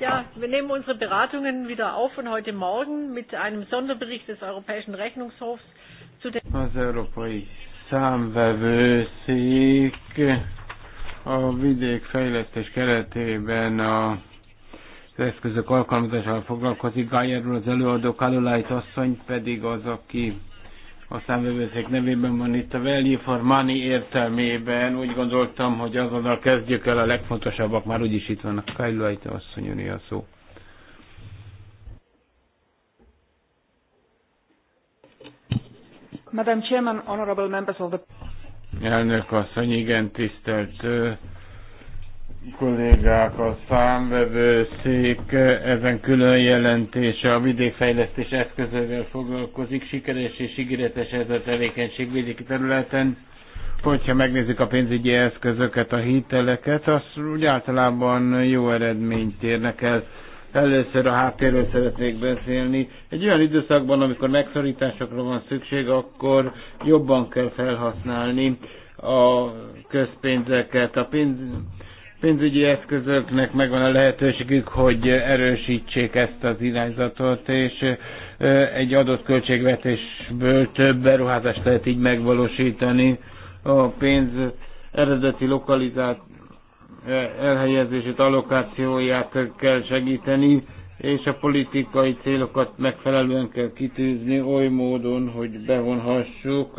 Ja, wir nehmen unsere Beratungen wieder auf von heute Morgen mit einem Sonderbericht des Europäischen Rechnungshofs zu den... Az Európai Számvevőszék a vidék fejlesztés keretében a az eszközök alkalmazásával foglalkozik, Gájerről az előadó, Kalulájt asszony pedig az, aki a számvevőszék nevében van itt a value for money értelmében. Úgy gondoltam, hogy azonnal kezdjük el, a legfontosabbak már úgyis itt vannak. Kajlajta asszony a szó. Madam Chairman, honorable members of the... Elnök asszony, igen, tisztelt kollégák, a számvevőszék eh, ezen külön jelentése a vidékfejlesztés eszközével foglalkozik, sikeres és ígéretes ez a tevékenység vidéki területen. Hogyha megnézzük a pénzügyi eszközöket, a hiteleket, az úgy általában jó eredményt érnek el. Először a háttérről szeretnék beszélni. Egy olyan időszakban, amikor megszorításokra van szükség, akkor jobban kell felhasználni a közpénzeket. A pénz, pénzügyi eszközöknek megvan a lehetőségük, hogy erősítsék ezt az irányzatot, és egy adott költségvetésből több beruházást lehet így megvalósítani. A pénz eredeti lokalizált elhelyezését, allokációját kell segíteni, és a politikai célokat megfelelően kell kitűzni oly módon, hogy bevonhassuk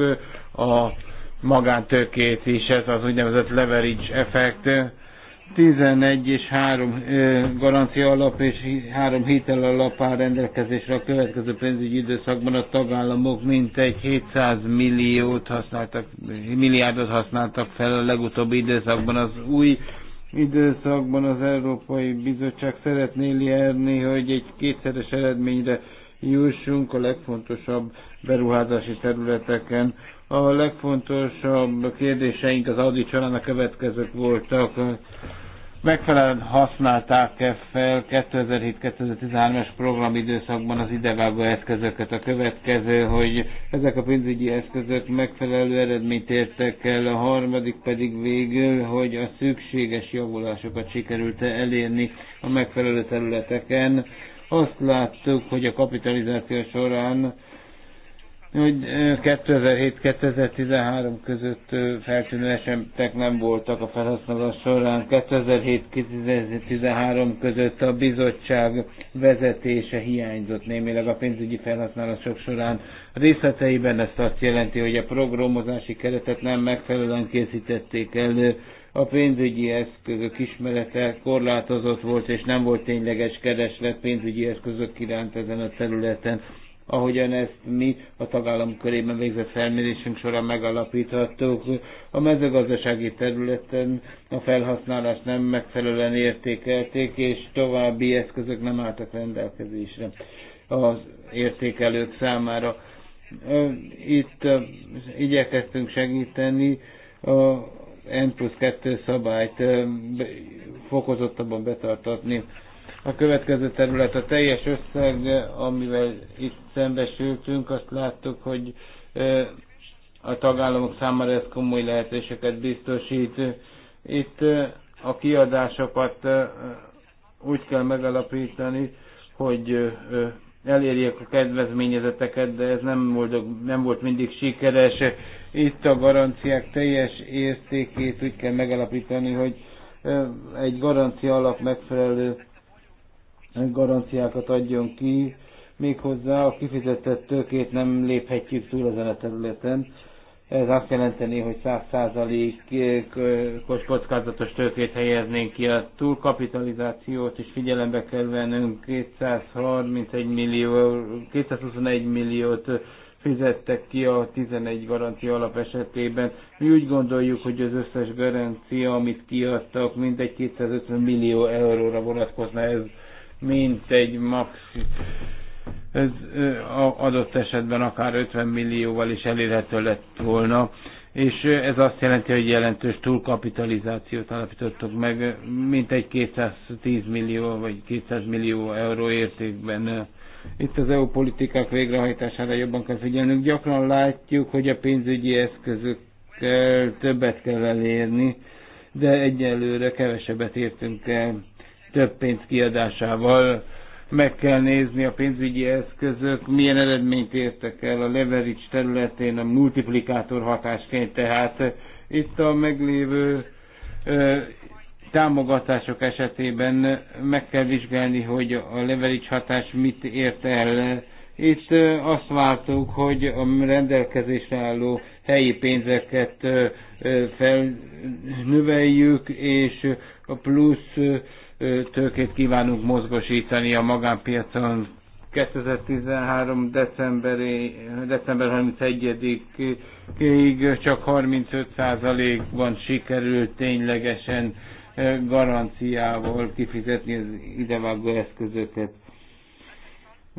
a magántőkét is, ez az úgynevezett leverage effekt 11 és 3 garancia alap és 3 hitel alap áll rendelkezésre a következő pénzügyi időszakban a tagállamok mintegy 700 milliót használtak, milliárdot használtak fel a legutóbbi időszakban. Az új időszakban az Európai Bizottság szeretné elérni, hogy egy kétszeres eredményre jussunk a legfontosabb beruházási területeken a legfontosabb kérdéseink az Audi a következők voltak. Megfelelően használták-e fel 2007-2013-es programidőszakban az idevágó eszközöket? A következő, hogy ezek a pénzügyi eszközök megfelelő eredményt értek el, a harmadik pedig végül, hogy a szükséges javulásokat sikerült -e elérni a megfelelő területeken. Azt láttuk, hogy a kapitalizáció során hogy 2007-2013 között feltűnő esetek nem voltak a felhasználás során. 2007-2013 között a bizottság vezetése hiányzott némileg a pénzügyi felhasználások során. A részleteiben ezt azt jelenti, hogy a programozási keretet nem megfelelően készítették elő, a pénzügyi eszközök ismerete korlátozott volt, és nem volt tényleges kereslet pénzügyi eszközök iránt ezen a területen ahogyan ezt mi a tagállam körében végzett felmérésünk során megalapíthattuk. A mezőgazdasági területen a felhasználást nem megfelelően értékelték, és további eszközök nem álltak rendelkezésre az értékelők számára. Itt igyekeztünk segíteni a N plusz 2 szabályt fokozottabban betartatni a következő terület a teljes összeg, amivel itt szembesültünk, azt láttuk, hogy a tagállamok számára ez komoly lehetőséget biztosít. Itt a kiadásokat úgy kell megalapítani, hogy elérjék a kedvezményezeteket, de ez nem volt, nem volt mindig sikeres. Itt a garanciák teljes értékét úgy kell megalapítani, hogy egy garancia alap megfelelő garanciákat adjon ki, méghozzá a kifizetett tőkét nem léphetjük túl ezen a területen. Ez azt jelenteni, hogy 100%-os kockázatos tőkét helyeznénk ki. A túlkapitalizációt és figyelembe kell vennünk. 231 millió, 221 milliót fizettek ki a 11 garancia alap esetében. Mi úgy gondoljuk, hogy az összes garancia, amit kiadtak, mindegy 250 millió euróra vonatkozna ez mint egy max ez adott esetben akár 50 millióval is elérhető lett volna, és ez azt jelenti, hogy jelentős túlkapitalizációt alapítottuk meg, mint egy 210 millió vagy 200 millió euró értékben. Itt az EU politikák végrehajtására jobban kell figyelnünk. Gyakran látjuk, hogy a pénzügyi eszközökkel többet kell elérni, de egyelőre kevesebbet értünk el több pénz kiadásával. Meg kell nézni a pénzügyi eszközök, milyen eredményt értek el a leverage területén, a multiplikátor hatásként, tehát itt a meglévő ö, támogatások esetében meg kell vizsgálni, hogy a leverage hatás mit ért el. Itt azt vártuk, hogy a rendelkezésre álló helyi pénzeket felnöveljük, és a plusz tőkét kívánunk mozgosítani a magánpiacon. 2013. Decemberi, december 31-ig csak 35%-ban sikerült ténylegesen garanciával kifizetni az idevágó eszközöket.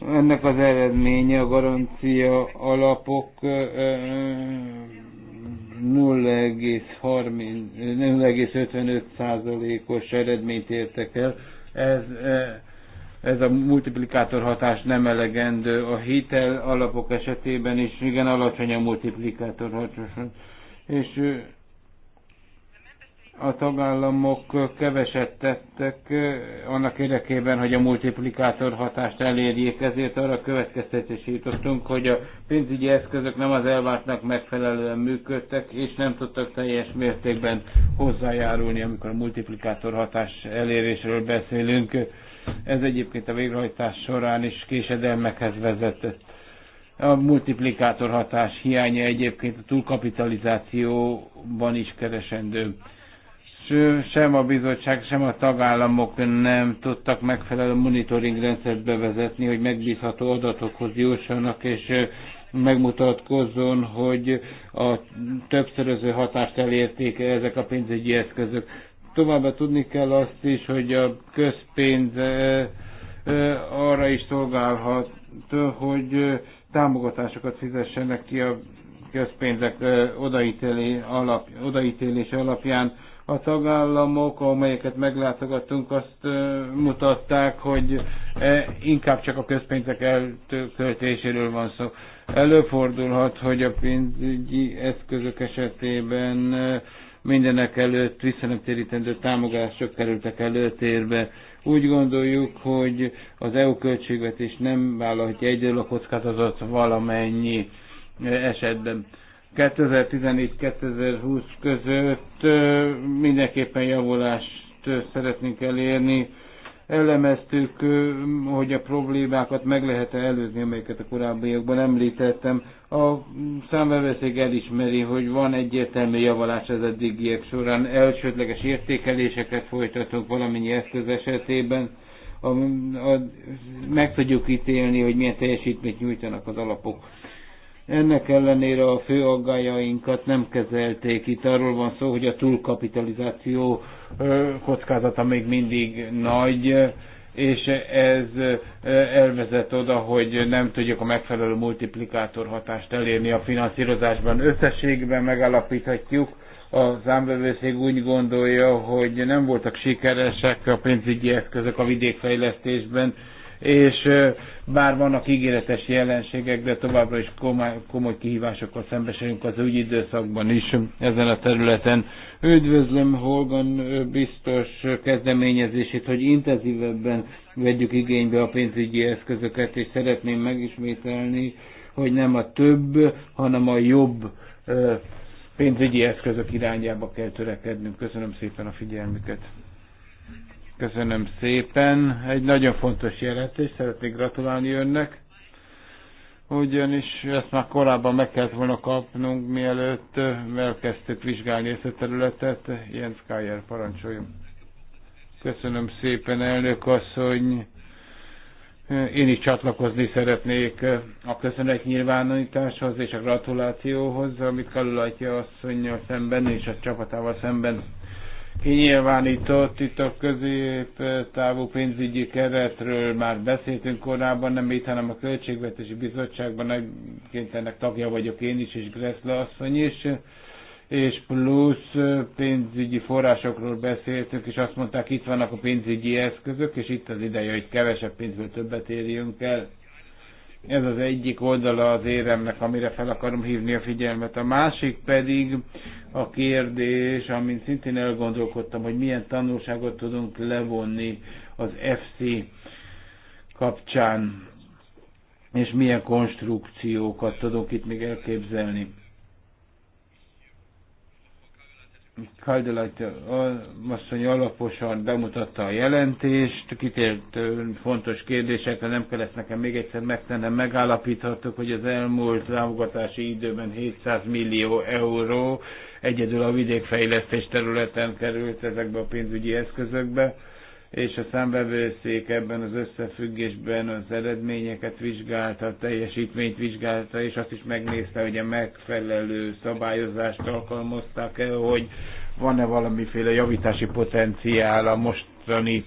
Ennek az eredménye a garancia alapok 0,55%-os eredményt értek el. Ez, e, ez a multiplikátor hatás nem elegendő. A hitel alapok esetében is igen alacsony a multiplikátor hatás. És a tagállamok keveset tettek eh, annak érdekében, hogy a multiplikátor hatást elérjék, ezért arra következtetési jutottunk, hogy a pénzügyi eszközök nem az elvártnak megfelelően működtek, és nem tudtak teljes mértékben hozzájárulni, amikor a multiplikátor hatás elérésről beszélünk. Ez egyébként a végrehajtás során is késedelmekhez vezetett. A multiplikátor hatás hiánya egyébként a túlkapitalizációban is keresendő sem a bizottság, sem a tagállamok nem tudtak megfelelő monitoring rendszert bevezetni, hogy megbízható adatokhoz jussanak, és megmutatkozzon, hogy a többszöröző hatást elérték ezek a pénzügyi eszközök. Továbbá tudni kell azt is, hogy a közpénz arra is szolgálhat, hogy támogatásokat fizessenek ki a közpénzek odaítélé odaítélése alapján a tagállamok, amelyeket meglátogattunk, azt mutatták, hogy e, inkább csak a közpénzek elköltéséről van szó. Előfordulhat, hogy a pénzügyi eszközök esetében mindenek előtt visszanemtérítendő támogatások kerültek előtérbe. Úgy gondoljuk, hogy az EU költségvetés nem vállalhatja egyedül a kockázatot valamennyi esetben. 2014-2020 között mindenképpen javulást szeretnénk elérni. Elemeztük, hogy a problémákat meg lehet -e előzni, amelyeket a korábbiakban említettem. A számveveszék elismeri, hogy van egyértelmű javulás az eddigiek során. Elsődleges értékeléseket folytatunk valamennyi eszköz esetében. A, a, meg tudjuk ítélni, hogy milyen teljesítményt nyújtanak az alapok ennek ellenére a fő aggájainkat nem kezelték. Itt arról van szó, hogy a túlkapitalizáció kockázata még mindig nagy, és ez elvezet oda, hogy nem tudjuk a megfelelő multiplikátor hatást elérni a finanszírozásban. Összességben megállapíthatjuk, a számbevőszék úgy gondolja, hogy nem voltak sikeresek a pénzügyi eszközök a vidékfejlesztésben, és bár vannak ígéretes jelenségek, de továbbra is komoly, kihívásokkal szembesülünk az időszakban is ezen a területen. Üdvözlöm Holgan biztos kezdeményezését, hogy intenzívebben vegyük igénybe a pénzügyi eszközöket, és szeretném megismételni, hogy nem a több, hanem a jobb pénzügyi eszközök irányába kell törekednünk. Köszönöm szépen a figyelmüket. Köszönöm szépen. Egy nagyon fontos jelentés, szeretnék gratulálni önnek. Ugyanis ezt már korábban meg kellett volna kapnunk, mielőtt elkezdtük vizsgálni ezt a területet. Jens Kájer, parancsoljon. Köszönöm szépen, elnök asszony. Én is csatlakozni szeretnék a köszönet nyilvánításhoz és a gratulációhoz, amit Kalulatja asszonynal szemben és a csapatával szemben kinyilvánított itt a középtávú eh, pénzügyi keretről már beszéltünk korábban, nem itt, hanem a Költségvetési Bizottságban, egyébként ennek tagja vagyok én is, és Greszla asszony is, és plusz eh, pénzügyi forrásokról beszéltünk, és azt mondták, itt vannak a pénzügyi eszközök, és itt az ideje, hogy kevesebb pénzből többet érjünk el. Ez az egyik oldala az éremnek, amire fel akarom hívni a figyelmet. A másik pedig a kérdés, amint szintén elgondolkodtam, hogy milyen tanulságot tudunk levonni az FC kapcsán, és milyen konstrukciókat tudunk itt még elképzelni. Kaldelajt asszony alaposan bemutatta a jelentést, kitért fontos kérdésekre, nem kellett nekem még egyszer megtennem, megállapíthattuk, hogy az elmúlt támogatási időben 700 millió euró egyedül a vidékfejlesztés területen került ezekbe a pénzügyi eszközökbe, és a számbevőszék ebben az összefüggésben az eredményeket vizsgálta, a teljesítményt vizsgálta, és azt is megnézte, hogy a megfelelő szabályozást alkalmazták-e, hogy van-e valamiféle javítási potenciál a mostani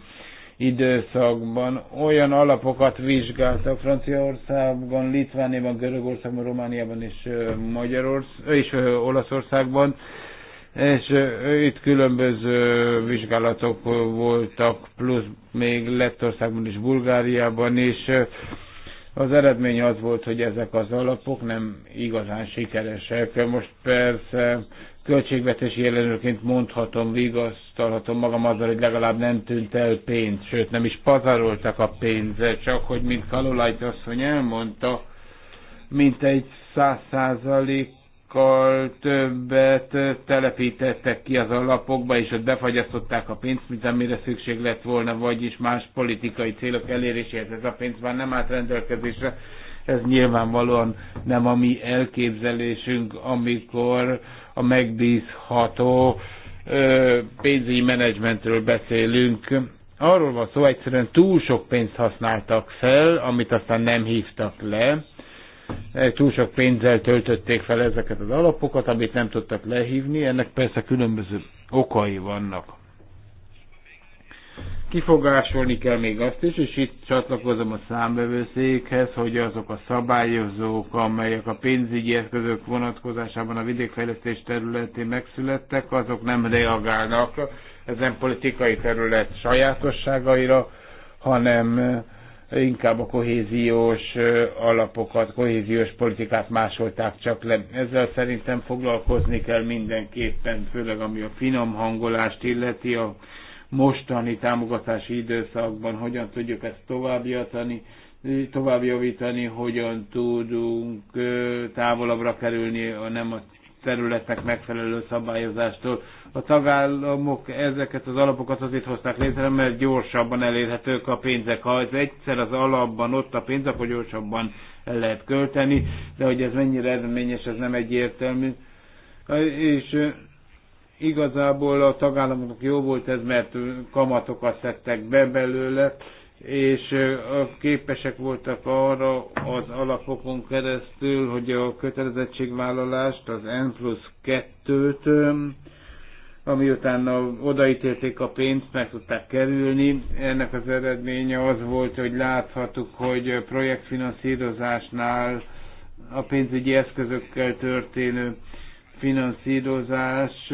időszakban olyan alapokat vizsgáltak Franciaországban, Litvániában, Görögországban, Romániában és Magyarország és Olaszországban, és itt különböző vizsgálatok voltak, plusz még Lettországban és Bulgáriában is. Az eredmény az volt, hogy ezek az alapok nem igazán sikeresek. Most persze költségvetési ellenőrként mondhatom, vigasztalhatom magam azzal, hogy legalább nem tűnt el pénz, sőt nem is pazaroltak a pénzre, csak hogy mint Kalolajt asszony elmondta, mint egy száz százalékkal többet telepítettek ki az alapokba, és ott befagyasztották a pénzt, mint amire szükség lett volna, vagyis más politikai célok eléréséhez ez a pénz már nem állt rendelkezésre. Ez nyilvánvalóan nem a mi elképzelésünk, amikor a megbízható pénzügyi menedzsmentről beszélünk. Arról van szó, egyszerűen túl sok pénzt használtak fel, amit aztán nem hívtak le. Túl sok pénzzel töltötték fel ezeket az alapokat, amit nem tudtak lehívni. Ennek persze különböző okai vannak kifogásolni kell még azt is, és itt csatlakozom a számbevőszékhez, hogy azok a szabályozók, amelyek a pénzügyi eszközök vonatkozásában a vidékfejlesztés területén megszülettek, azok nem reagálnak ezen politikai terület sajátosságaira, hanem eh, inkább a kohéziós eh, alapokat, kohéziós politikát másolták csak le. Ezzel szerintem foglalkozni kell mindenképpen, főleg ami a finom hangolást illeti, a mostani támogatási időszakban, hogyan tudjuk ezt továbbjatani, tovább javítani, hogyan tudunk távolabbra kerülni a nem a területnek megfelelő szabályozástól. A tagállamok ezeket az alapokat azért hozták létre, mert gyorsabban elérhetők a pénzek. Ha ez egyszer az alapban ott a pénz, akkor gyorsabban el lehet költeni, de hogy ez mennyire eredményes, ez nem egyértelmű. És Igazából a tagállamoknak jó volt ez, mert kamatokat szedtek be belőle, és képesek voltak arra az alapokon keresztül, hogy a kötelezettségvállalást, az N plusz 2-t, ami utána odaítélték a pénzt, meg tudták kerülni. Ennek az eredménye az volt, hogy láthattuk, hogy projektfinanszírozásnál a pénzügyi eszközökkel történő finanszírozás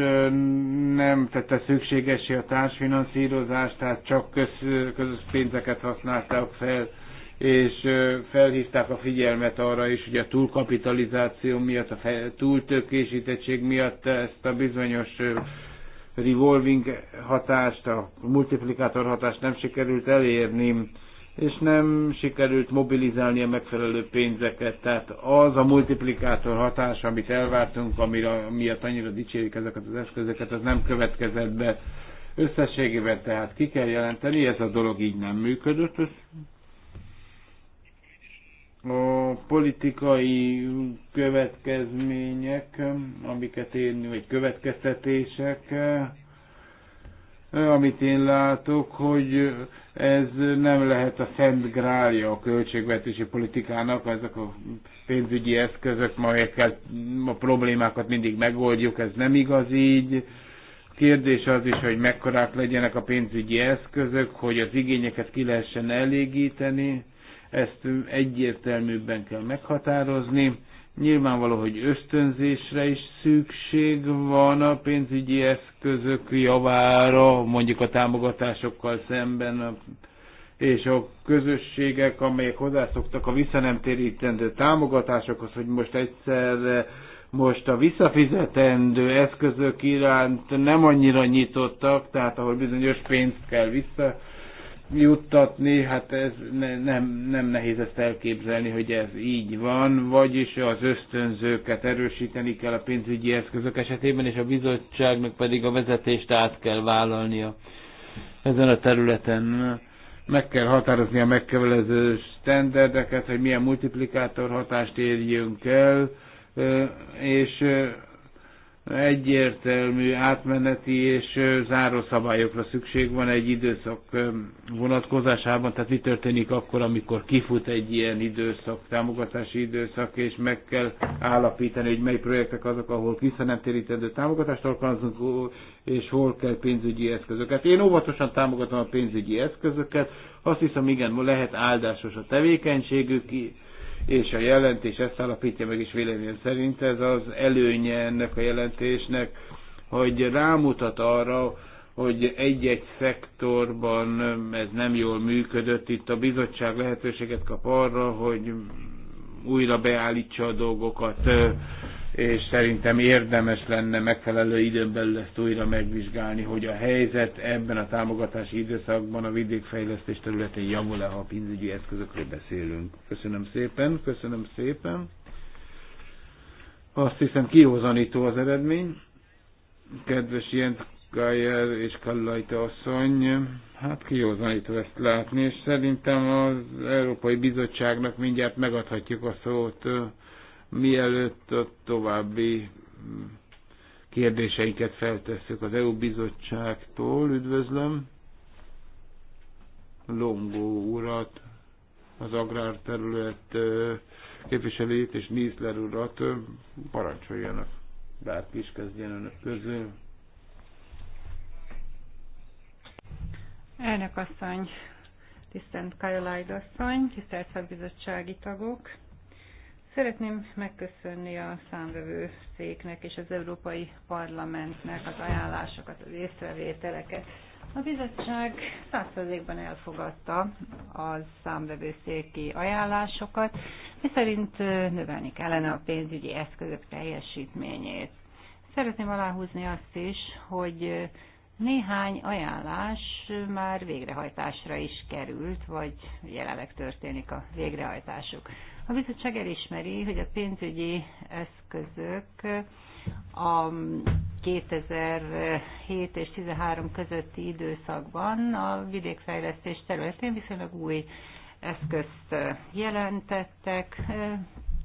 nem tette szükségesé a társfinanszírozás, tehát csak köz, közös pénzeket használták fel, és felhívták a figyelmet arra is, hogy a túlkapitalizáció miatt, a túltökésítettség miatt ezt a bizonyos revolving hatást, a multiplikátor hatást nem sikerült elérni és nem sikerült mobilizálni a megfelelő pénzeket. Tehát az a multiplikátor hatás, amit elvártunk, amire miatt annyira dicsérik ezeket az eszközöket, az nem következett be. Összességében tehát ki kell jelenteni, ez a dolog így nem működött. A politikai következmények, amiket én, vagy következtetések, amit én látok, hogy ez nem lehet a szent grálja a költségvetési politikának, ezek a pénzügyi eszközök, melyekkel hát a problémákat mindig megoldjuk, ez nem igaz így. Kérdés az is, hogy mekkorák legyenek a pénzügyi eszközök, hogy az igényeket ki lehessen elégíteni, ezt egyértelműbben kell meghatározni Nyilvánvaló, hogy ösztönzésre is szükség van a pénzügyi eszközök javára, mondjuk a támogatásokkal szemben, és a közösségek, amelyek hozzászoktak a visszanemtérítendő támogatásokhoz, hogy most egyszer most a visszafizetendő eszközök iránt nem annyira nyitottak, tehát ahol bizonyos pénzt kell vissza juttatni, hát ez ne, nem, nem nehéz ezt elképzelni, hogy ez így van, vagyis az ösztönzőket erősíteni kell a pénzügyi eszközök esetében, és a bizottságnak pedig a vezetést át kell vállalnia ezen a területen. Meg kell határozni a megkövelező standardeket, hogy milyen multiplikátor hatást érjünk el, és egyértelmű átmeneti és záró szabályokra szükség van egy időszak vonatkozásában, tehát mi történik akkor, amikor kifut egy ilyen időszak, támogatási időszak, és meg kell állapítani, hogy mely projektek azok, ahol vissza nem térítendő támogatást alkalmazunk, és hol kell pénzügyi eszközöket. Én óvatosan támogatom a pénzügyi eszközöket, azt hiszem igen, lehet áldásos a tevékenységük, és a jelentés ezt állapítja meg is véleményem szerint, ez az előnye ennek a jelentésnek, hogy rámutat arra, hogy egy-egy szektorban ez nem jól működött. Itt a bizottság lehetőséget kap arra, hogy újra beállítsa a dolgokat, és szerintem érdemes lenne megfelelő időn belül ezt újra megvizsgálni, hogy a helyzet ebben a támogatási időszakban a vidékfejlesztés területén javul-e, ha a pénzügyi eszközökről beszélünk. Köszönöm szépen, köszönöm szépen. Azt hiszem kihozanító az eredmény. Kedves ilyen Gájer és Kallajta asszony, hát kihozanító ezt látni, és szerintem az Európai Bizottságnak mindjárt megadhatjuk a szót, Mielőtt a további kérdéseinket feltesszük az EU bizottságtól, üdvözlöm Longó urat, az agrárterület képviselőjét és Nízler urat, parancsoljanak. Bárki is kezdjen önök közül. Elnök asszony, tisztelt asszony, tisztelt szakbizottsági tagok, Szeretném megköszönni a számvevő széknek és az Európai Parlamentnek az ajánlásokat, az észrevételeket. A bizottság 100%-ban elfogadta a számvevőszéki ajánlásokat, miszerint növelni kellene a pénzügyi eszközök teljesítményét. Szeretném aláhúzni azt is, hogy néhány ajánlás már végrehajtásra is került, vagy jelenleg történik a végrehajtásuk. A bizottság elismeri, hogy a pénzügyi eszközök a 2007 és 13 közötti időszakban a vidékfejlesztés területén viszonylag új eszközt jelentettek,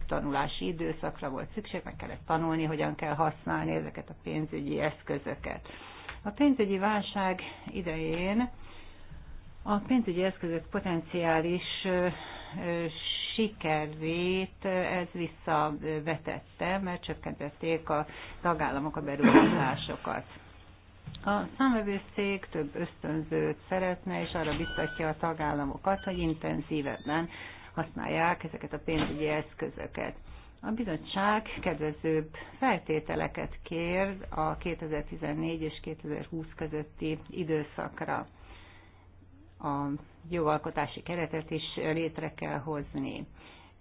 tanulási időszakra volt szükség, meg kellett tanulni, hogyan kell használni ezeket a pénzügyi eszközöket. A pénzügyi válság idején a pénzügyi eszközök potenciális sikervét ez visszavetette, mert csökkentették a tagállamok a beruházásokat. A számvevőszék több ösztönzőt szeretne, és arra biztatja a tagállamokat, hogy intenzívebben használják ezeket a pénzügyi eszközöket. A bizottság kedvezőbb feltételeket kér a 2014 és 2020 közötti időszakra a jogalkotási keretet is létre kell hozni.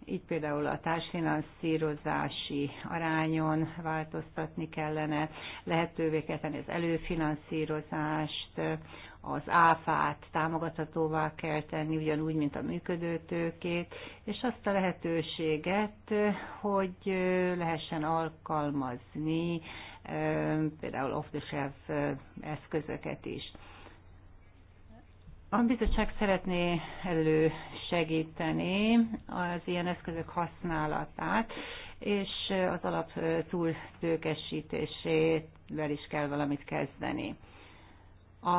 Így például a társfinanszírozási arányon változtatni kellene, lehetővé kell tenni az előfinanszírozást, az áfát támogathatóvá kell tenni, ugyanúgy, mint a működőtőkét, és azt a lehetőséget, hogy lehessen alkalmazni eh, például off-the-shelf eh, eszközöket is. A bizottság szeretné elősegíteni az ilyen eszközök használatát, és az alap túltőkesítésével is kell valamit kezdeni. A,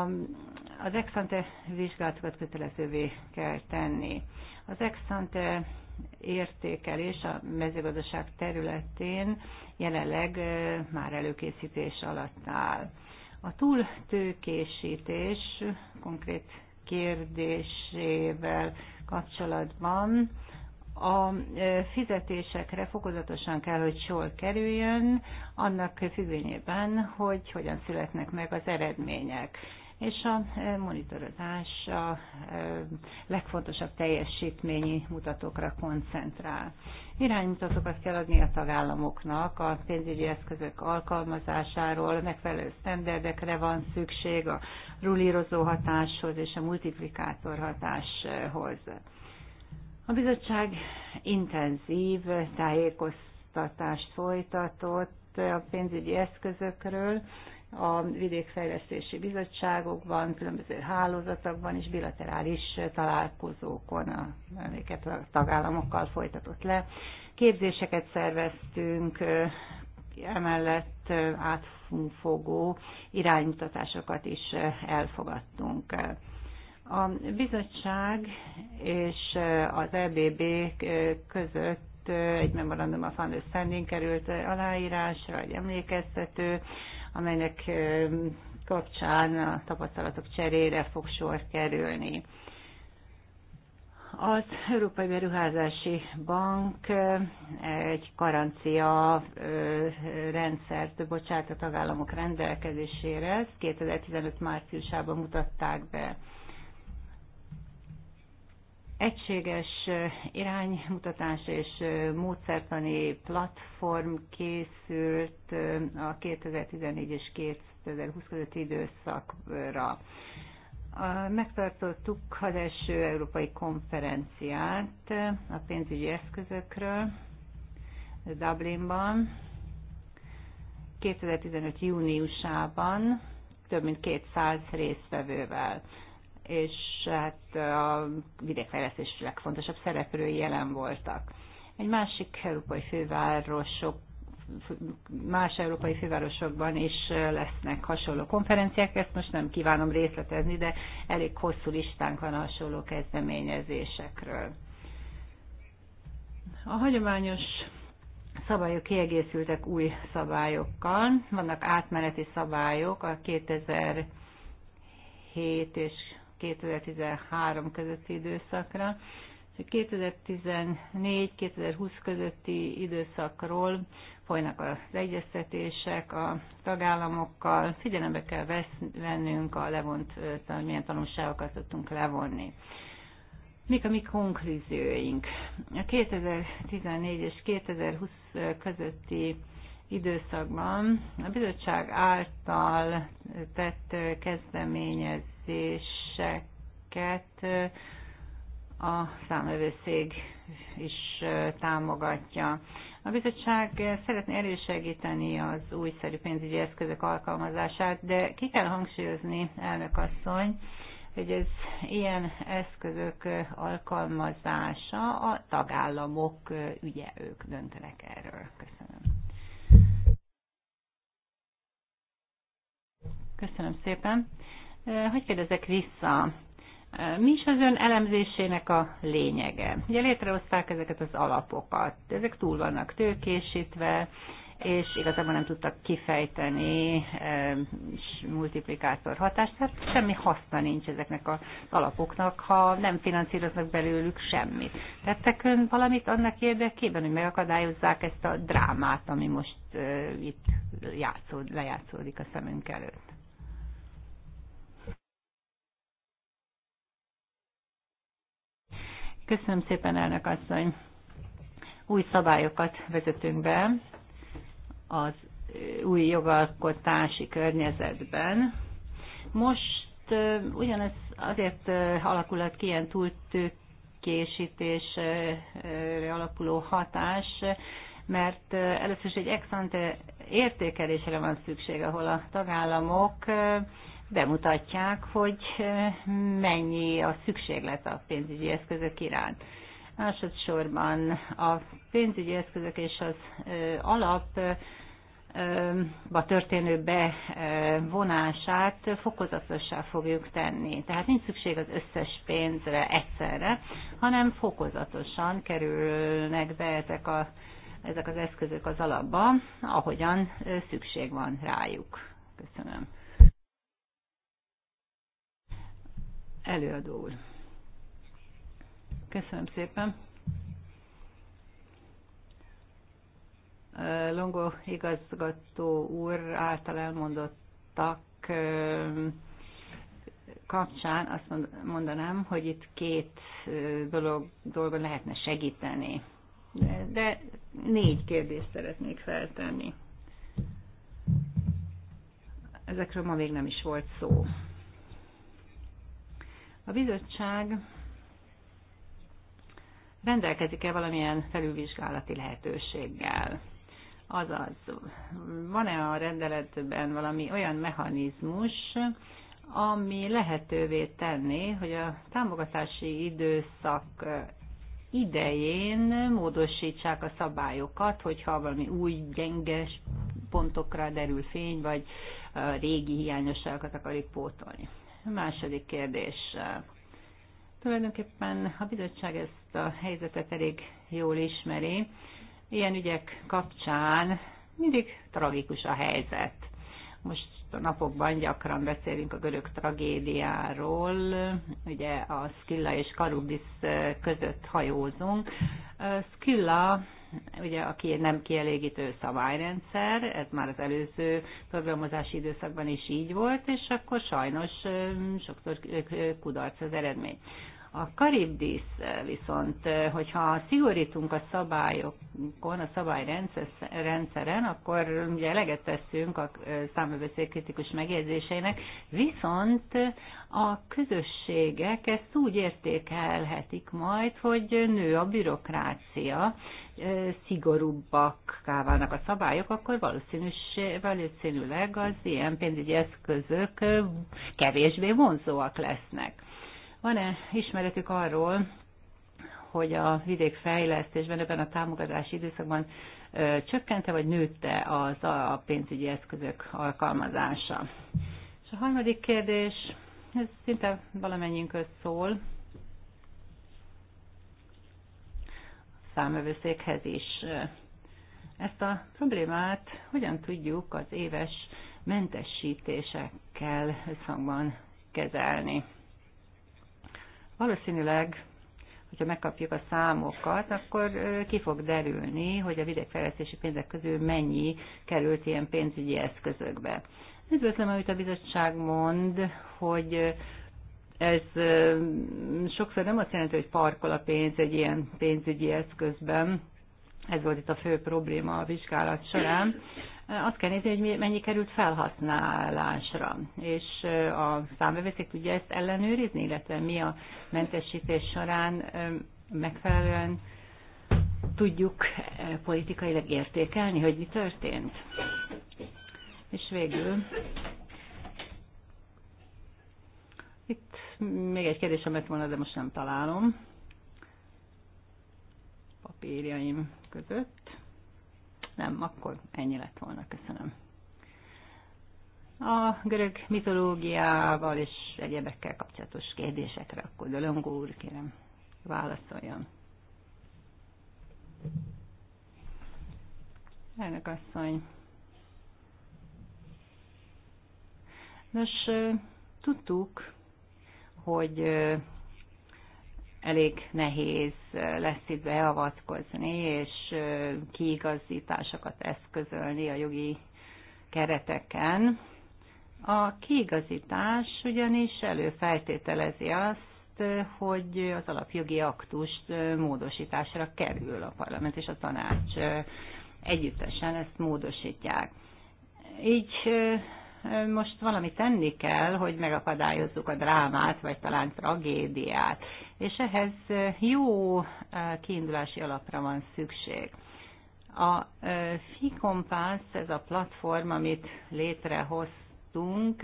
az exante vizsgálatokat kötelezővé kell tenni. Az exante értékelés a mezőgazdaság területén jelenleg már előkészítés alatt áll. A túltőkésítés konkrét kérdésével kapcsolatban a fizetésekre fokozatosan kell, hogy sor kerüljön, annak függvényében, hogy hogyan születnek meg az eredmények. És a monitorozás a legfontosabb teljesítményi mutatókra koncentrál. Iránymutatókat kell adni a tagállamoknak a pénzügyi eszközök alkalmazásáról, megfelelő sztenderdekre van szükség a rulírozó hatáshoz és a multiplikátor hatáshoz. A bizottság intenzív tájékoztatást folytatott a pénzügyi eszközökről, a vidékfejlesztési bizottságokban, különböző hálózatokban és bilaterális találkozókon, amiket a tagállamokkal folytatott le. Képzéseket szerveztünk, emellett átfogó iránymutatásokat is elfogadtunk. A bizottság és az EBB között egy memorandum of understanding került aláírásra, egy emlékeztető, amelynek kapcsán a tapasztalatok cserére fog sor kerülni. Az Európai Beruházási Bank egy garancia rendszert bocsát a tagállamok rendelkezésére, 2015 márciusában mutatták be egységes iránymutatás és módszertani platform készült a 2014 és 2020 közötti időszakra. Megtartottuk az első európai konferenciát a pénzügyi eszközökről Dublinban 2015. júniusában több mint 200 résztvevővel és hát a vidékfejlesztés legfontosabb szereplői jelen voltak. Egy másik európai fővárosok más európai fővárosokban is lesznek hasonló konferenciák, ezt most nem kívánom részletezni, de elég hosszú listánk van hasonló kezdeményezésekről. A hagyományos szabályok kiegészültek új szabályokkal. Vannak átmeneti szabályok, a 2007 és 2013 közötti időszakra. 2014-2020 közötti időszakról folynak az egyeztetések a tagállamokkal, figyelembe kell vennünk a levont, milyen tanulságokat tudtunk levonni. Mik a mi konklúzióink? A 2014 és 2020 közötti időszakban a bizottság által tett kezdeményezéseket a számövőszég is támogatja. A bizottság szeretné elősegíteni az újszerű pénzügyi eszközök alkalmazását, de ki kell hangsúlyozni, elnök asszony, hogy ez ilyen eszközök alkalmazása a tagállamok ügye, ők döntenek erről. Köszönöm. Köszönöm szépen. Hogy kérdezek vissza? Mi is az ön elemzésének a lényege? Ugye létrehozták ezeket az alapokat, ezek túl vannak tőkésítve, és igazából nem tudtak kifejteni e, multiplikátor hatást, tehát semmi haszna nincs ezeknek az alapoknak, ha nem finanszíroznak belőlük semmit. Tettek ön valamit annak érdekében, hogy megakadályozzák ezt a drámát, ami most e, itt játszód, lejátszódik a szemünk előtt? Köszönöm szépen, elnök asszony. Új szabályokat vezetünk be az új jogalkotási környezetben. Most ugyanez azért alakulhat ki ilyen túltőkésítésre alapuló hatás, mert először is egy ex ante értékelésre van szükség, ahol a tagállamok bemutatják, hogy mennyi a szükséglet a pénzügyi eszközök iránt. Másodszorban a pénzügyi eszközök és az alap a történő bevonását fokozatossá fogjuk tenni. Tehát nincs szükség az összes pénzre egyszerre, hanem fokozatosan kerülnek be ezek, a, ezek az eszközök az alapba, ahogyan szükség van rájuk. Köszönöm. Előadó úr. Köszönöm szépen. Longo igazgató úr által elmondottak kapcsán azt mondanám, hogy itt két dolog, dolgon lehetne segíteni. De négy kérdést szeretnék feltenni. Ezekről ma még nem is volt szó. A bizottság rendelkezik-e valamilyen felülvizsgálati lehetőséggel? Azaz, van-e a rendeletben valami olyan mechanizmus, ami lehetővé tenni, hogy a támogatási időszak idején módosítsák a szabályokat, hogyha valami új gyenges pontokra derül fény, vagy régi hiányosságokat akarjuk pótolni. Második kérdés. Tulajdonképpen a bizottság ezt a helyzetet elég jól ismeri. Ilyen ügyek kapcsán mindig tragikus a helyzet. Most a napokban gyakran beszélünk a görög tragédiáról, ugye a Skilla és Karubis között hajózunk. Skilla ugye aki nem kielégítő szabályrendszer, ez már az előző programozási időszakban is így volt, és akkor sajnos sokszor kudarc az eredmény. A karibdísz eh, viszont, eh, hogyha szigorítunk a szabályokon, a szabályrendszeren, akkor ugye eleget teszünk a eh, számövőszék kritikus megjegyzéseinek, viszont a közösségek ezt úgy értékelhetik majd, hogy nő a bürokrácia, szigorúbbak válnak a szabályok, akkor valószínűleg az ilyen pénzügyi eszközök kevésbé vonzóak lesznek. Van-e ismeretük arról, hogy a vidékfejlesztésben ebben a támogatási időszakban ö, csökkente vagy nőtte az a pénzügyi eszközök alkalmazása? És a harmadik kérdés, ez szinte valamennyiünkhöz szól, számövőszékhez is. Ezt a problémát hogyan tudjuk az éves mentesítésekkel összhangban kezelni? Valószínűleg, hogyha megkapjuk a számokat, akkor ki fog derülni, hogy a vidékfejlesztési pénzek közül mennyi került ilyen pénzügyi eszközökbe. Üdvözlöm, amit a bizottság mond, hogy ez sokszor nem azt jelenti, hogy parkol a pénz egy ilyen pénzügyi eszközben, ez volt itt a fő probléma a vizsgálat során, azt kell nézni, hogy mennyi került felhasználásra, és a számbevészék tudja ezt ellenőrizni, illetve mi a mentesítés során megfelelően tudjuk politikailag értékelni, hogy mi történt. És végül itt még egy kérdésem lett volna, de most nem találom papírjaim között. Nem, akkor ennyi lett volna. Köszönöm. A görög mitológiával és egyebekkel kapcsolatos kérdésekre akkor Dölöngó úr, kérem, válaszoljon. Elnök asszony. Nos, tudtuk, hogy elég nehéz eh, lesz itt beavatkozni, és eh, kiigazításokat eszközölni a jogi kereteken. A kiigazítás ugyanis előfeltételezi azt, hogy az alapjogi aktust eh, módosításra kerül a parlament és a tanács együttesen ezt módosítják. Így most valami tenni kell, hogy megakadályozzuk a drámát, vagy talán tragédiát és ehhez jó kiindulási alapra van szükség. A FICOMPASS, ez a platform, amit létrehoztunk,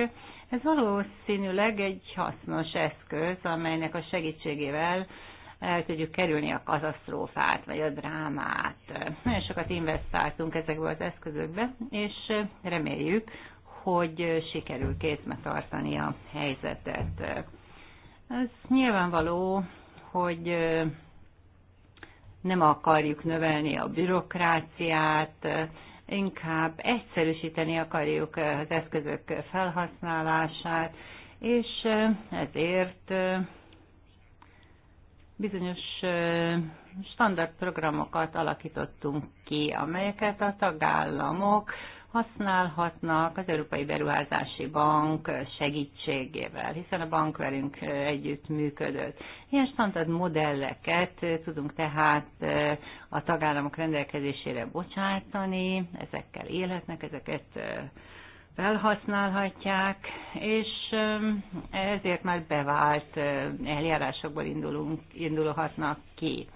ez valószínűleg egy hasznos eszköz, amelynek a segítségével el tudjuk kerülni a katasztrófát, vagy a drámát. Nagyon sokat investáltunk ezekbe az eszközökbe, és reméljük, hogy sikerül kézbe tartani a helyzetet. Ez nyilvánvaló, hogy nem akarjuk növelni a bürokráciát, inkább egyszerűsíteni akarjuk az eszközök felhasználását, és ezért bizonyos standard programokat alakítottunk ki, amelyeket a tagállamok használhatnak az Európai Beruházási Bank segítségével, hiszen a bank velünk együtt működött. Ilyen standard modelleket tudunk tehát a tagállamok rendelkezésére bocsátani, ezekkel élhetnek, ezeket felhasználhatják, és ezért már bevált eljárásokból indulunk, indulhatnak ki.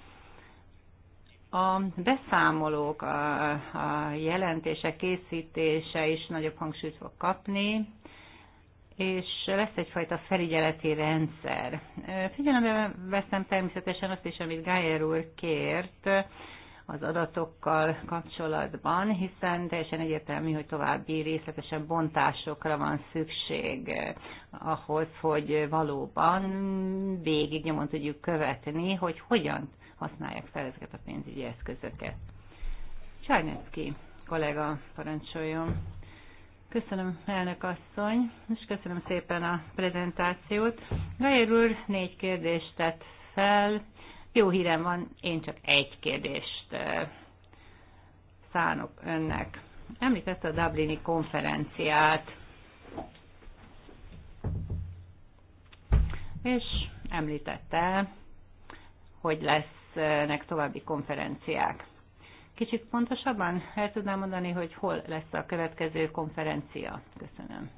A beszámolók, a, a jelentések készítése is nagyobb hangsúlyt fog kapni, és lesz egyfajta felügyeleti rendszer. Figyelembe veszem természetesen azt is, amit Gájer úr kért, az adatokkal kapcsolatban, hiszen teljesen egyértelmű, hogy további részletesebb bontásokra van szükség eh, ahhoz, hogy valóban végig nyomon tudjuk követni, hogy hogyan használják fel ezeket a pénzügyi eszközöket. Csajnecki kollega parancsoljon. Köszönöm, elnök asszony, és köszönöm szépen a prezentációt. Gajer úr négy kérdést tett fel, jó hírem van, én csak egy kérdést szánok önnek. Említette a Dublini konferenciát, és említette, hogy lesznek további konferenciák. Kicsit pontosabban el tudnám mondani, hogy hol lesz a következő konferencia? Köszönöm.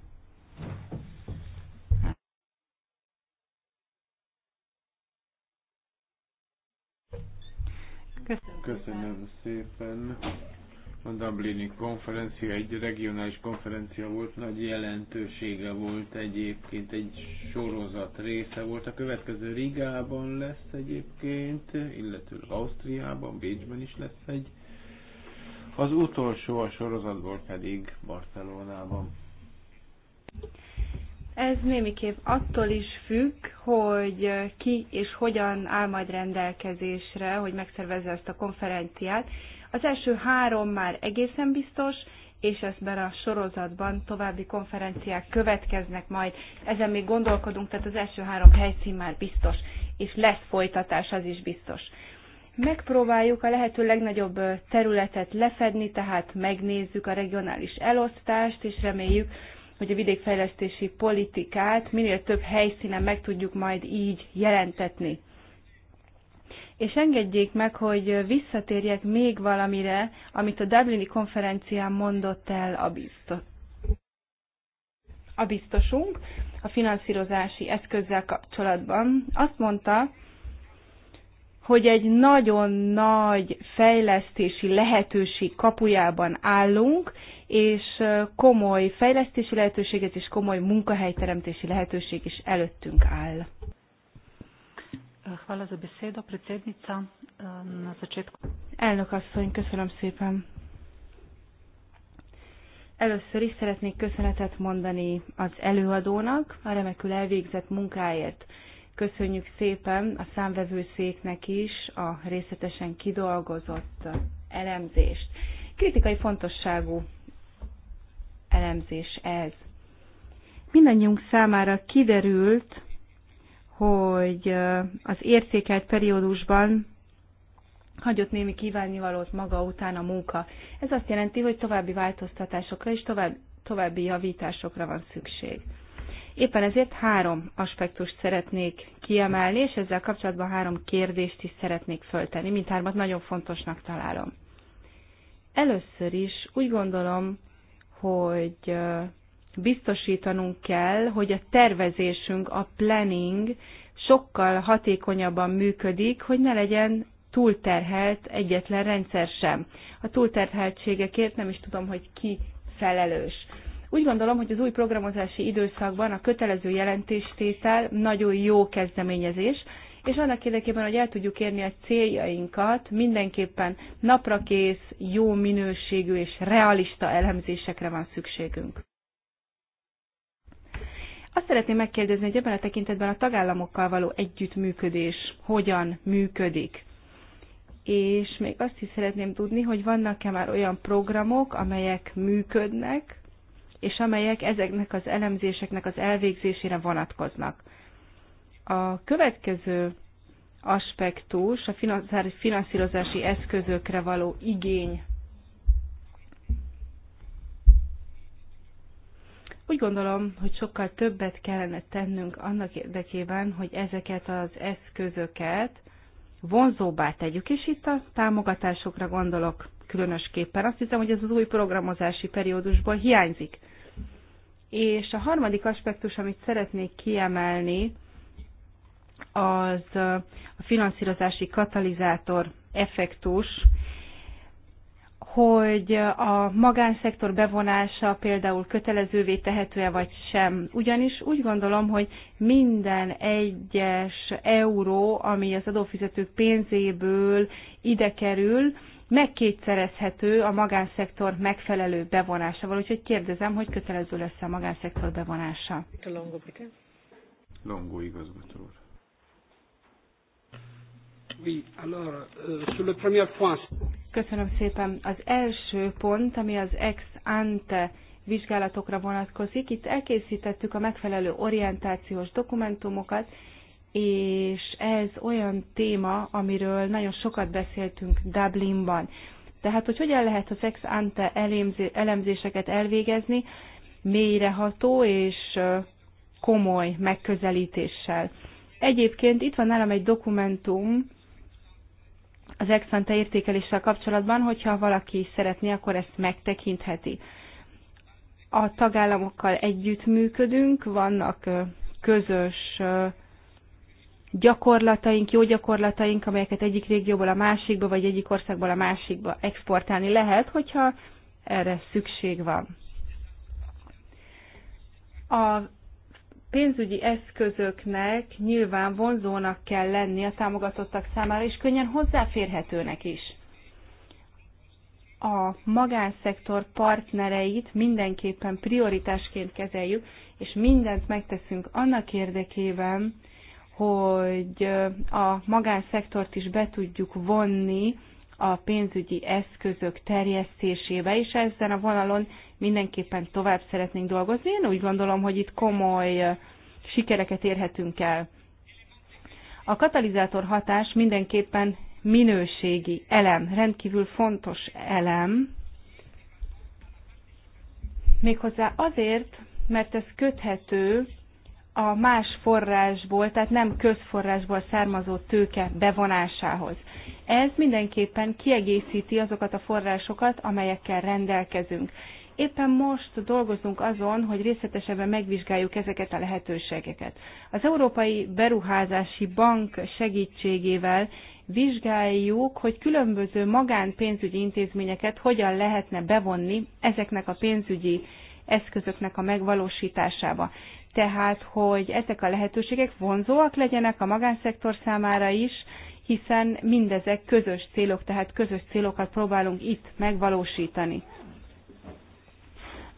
Köszönöm, Köszönöm szépen. A Dublini konferencia egy regionális konferencia volt, nagy jelentősége volt egyébként, egy sorozat része volt. A következő Rigában lesz egyébként, illetőleg Ausztriában, Bécsben is lesz egy. Az utolsó a sorozatból pedig Barcelonában. Ez némiképp attól is függ, hogy ki és hogyan áll majd rendelkezésre, hogy megszervezze ezt a konferenciát. Az első három már egészen biztos, és ebben a sorozatban további konferenciák következnek majd. Ezen még gondolkodunk, tehát az első három helyszín már biztos, és lesz folytatás, az is biztos. Megpróbáljuk a lehető legnagyobb területet lefedni, tehát megnézzük a regionális elosztást, és reméljük, hogy a vidékfejlesztési politikát minél több helyszínen meg tudjuk majd így jelentetni. És engedjék meg, hogy visszatérjek még valamire, amit a Dublini konferencián mondott el a biztos. A biztosunk a finanszírozási eszközzel kapcsolatban azt mondta, hogy egy nagyon nagy fejlesztési lehetőség kapujában állunk, és komoly fejlesztési lehetőséget és komoly munkahelyteremtési lehetőség is előttünk áll. Hvala za besedo, predsednica. E, na začetku. Elnök asszony, köszönöm szépen. Először is szeretnék köszönetet mondani az előadónak a remekül elvégzett munkáért. Köszönjük szépen a számvevőszéknek is a részletesen kidolgozott elemzést. Kritikai fontosságú elemzés ez. Mindannyiunk számára kiderült, hogy az értékelt periódusban hagyott némi kívánnivalót maga után a munka. Ez azt jelenti, hogy további változtatásokra és tovább, további javításokra van szükség. Éppen ezért három aspektust szeretnék kiemelni, és ezzel kapcsolatban három kérdést is szeretnék föltenni. hármat nagyon fontosnak találom. Először is úgy gondolom, hogy biztosítanunk kell, hogy a tervezésünk, a planning sokkal hatékonyabban működik, hogy ne legyen túlterhelt egyetlen rendszer sem. A túlterheltségekért nem is tudom, hogy ki felelős. Úgy gondolom, hogy az új programozási időszakban a kötelező jelentéstétel nagyon jó kezdeményezés, és annak érdekében, hogy el tudjuk érni a céljainkat, mindenképpen naprakész, jó minőségű és realista elemzésekre van szükségünk. Azt szeretném megkérdezni, hogy ebben a tekintetben a tagállamokkal való együttműködés hogyan működik. És még azt is szeretném tudni, hogy vannak-e már olyan programok, amelyek működnek, és amelyek ezeknek az elemzéseknek az elvégzésére vonatkoznak. A következő aspektus a finanszírozási eszközökre való igény. Úgy gondolom, hogy sokkal többet kellene tennünk annak érdekében, hogy ezeket az eszközöket vonzóbbá tegyük, és itt a támogatásokra gondolok különösképpen. Azt hiszem, hogy ez az új programozási periódusból hiányzik. És a harmadik aspektus, amit szeretnék kiemelni, az a finanszírozási katalizátor effektus, hogy a magánszektor bevonása például kötelezővé tehető-e vagy sem. Ugyanis úgy gondolom, hogy minden egyes euró, ami az adófizetők pénzéből ide kerül, megkétszerezhető a magánszektor megfelelő bevonásával. Úgyhogy kérdezem, hogy kötelező lesz a magánszektor bevonása. Longo igazgató úr. Euh, Köszönöm szépen. Az első pont, ami az ex ante vizsgálatokra vonatkozik, itt elkészítettük a megfelelő orientációs dokumentumokat, és ez olyan téma, amiről nagyon sokat beszéltünk Dublinban. Tehát, hogy hogyan lehet az ex ante elemzéseket elvégezni mélyreható és komoly megközelítéssel. Egyébként itt van nálam egy dokumentum, az exante értékeléssel kapcsolatban, hogyha valaki szeretné, akkor ezt megtekintheti. A tagállamokkal együttműködünk, vannak közös gyakorlataink, jó gyakorlataink, amelyeket egyik régióból a másikba, vagy egyik országból a másikba exportálni lehet, hogyha erre szükség van. A pénzügyi eszközöknek nyilván vonzónak kell lenni a támogatottak számára, és könnyen hozzáférhetőnek is. A magánszektor partnereit mindenképpen prioritásként kezeljük, és mindent megteszünk annak érdekében, hogy a magánszektort is be tudjuk vonni a pénzügyi eszközök terjesztésébe, és ezen a vonalon mindenképpen tovább szeretnénk dolgozni. Én úgy gondolom, hogy itt komoly sikereket érhetünk el. A katalizátor hatás mindenképpen minőségi elem, rendkívül fontos elem, méghozzá azért, mert ez köthető a más forrásból, tehát nem közforrásból származó tőke bevonásához. Ez mindenképpen kiegészíti azokat a forrásokat, amelyekkel rendelkezünk. Éppen most dolgozunk azon, hogy részletesebben megvizsgáljuk ezeket a lehetőségeket. Az Európai Beruházási Bank segítségével vizsgáljuk, hogy különböző magánpénzügyi intézményeket hogyan lehetne bevonni ezeknek a pénzügyi eszközöknek a megvalósításába. Tehát, hogy ezek a lehetőségek vonzóak legyenek a magánszektor számára is, hiszen mindezek közös célok, tehát közös célokat próbálunk itt megvalósítani.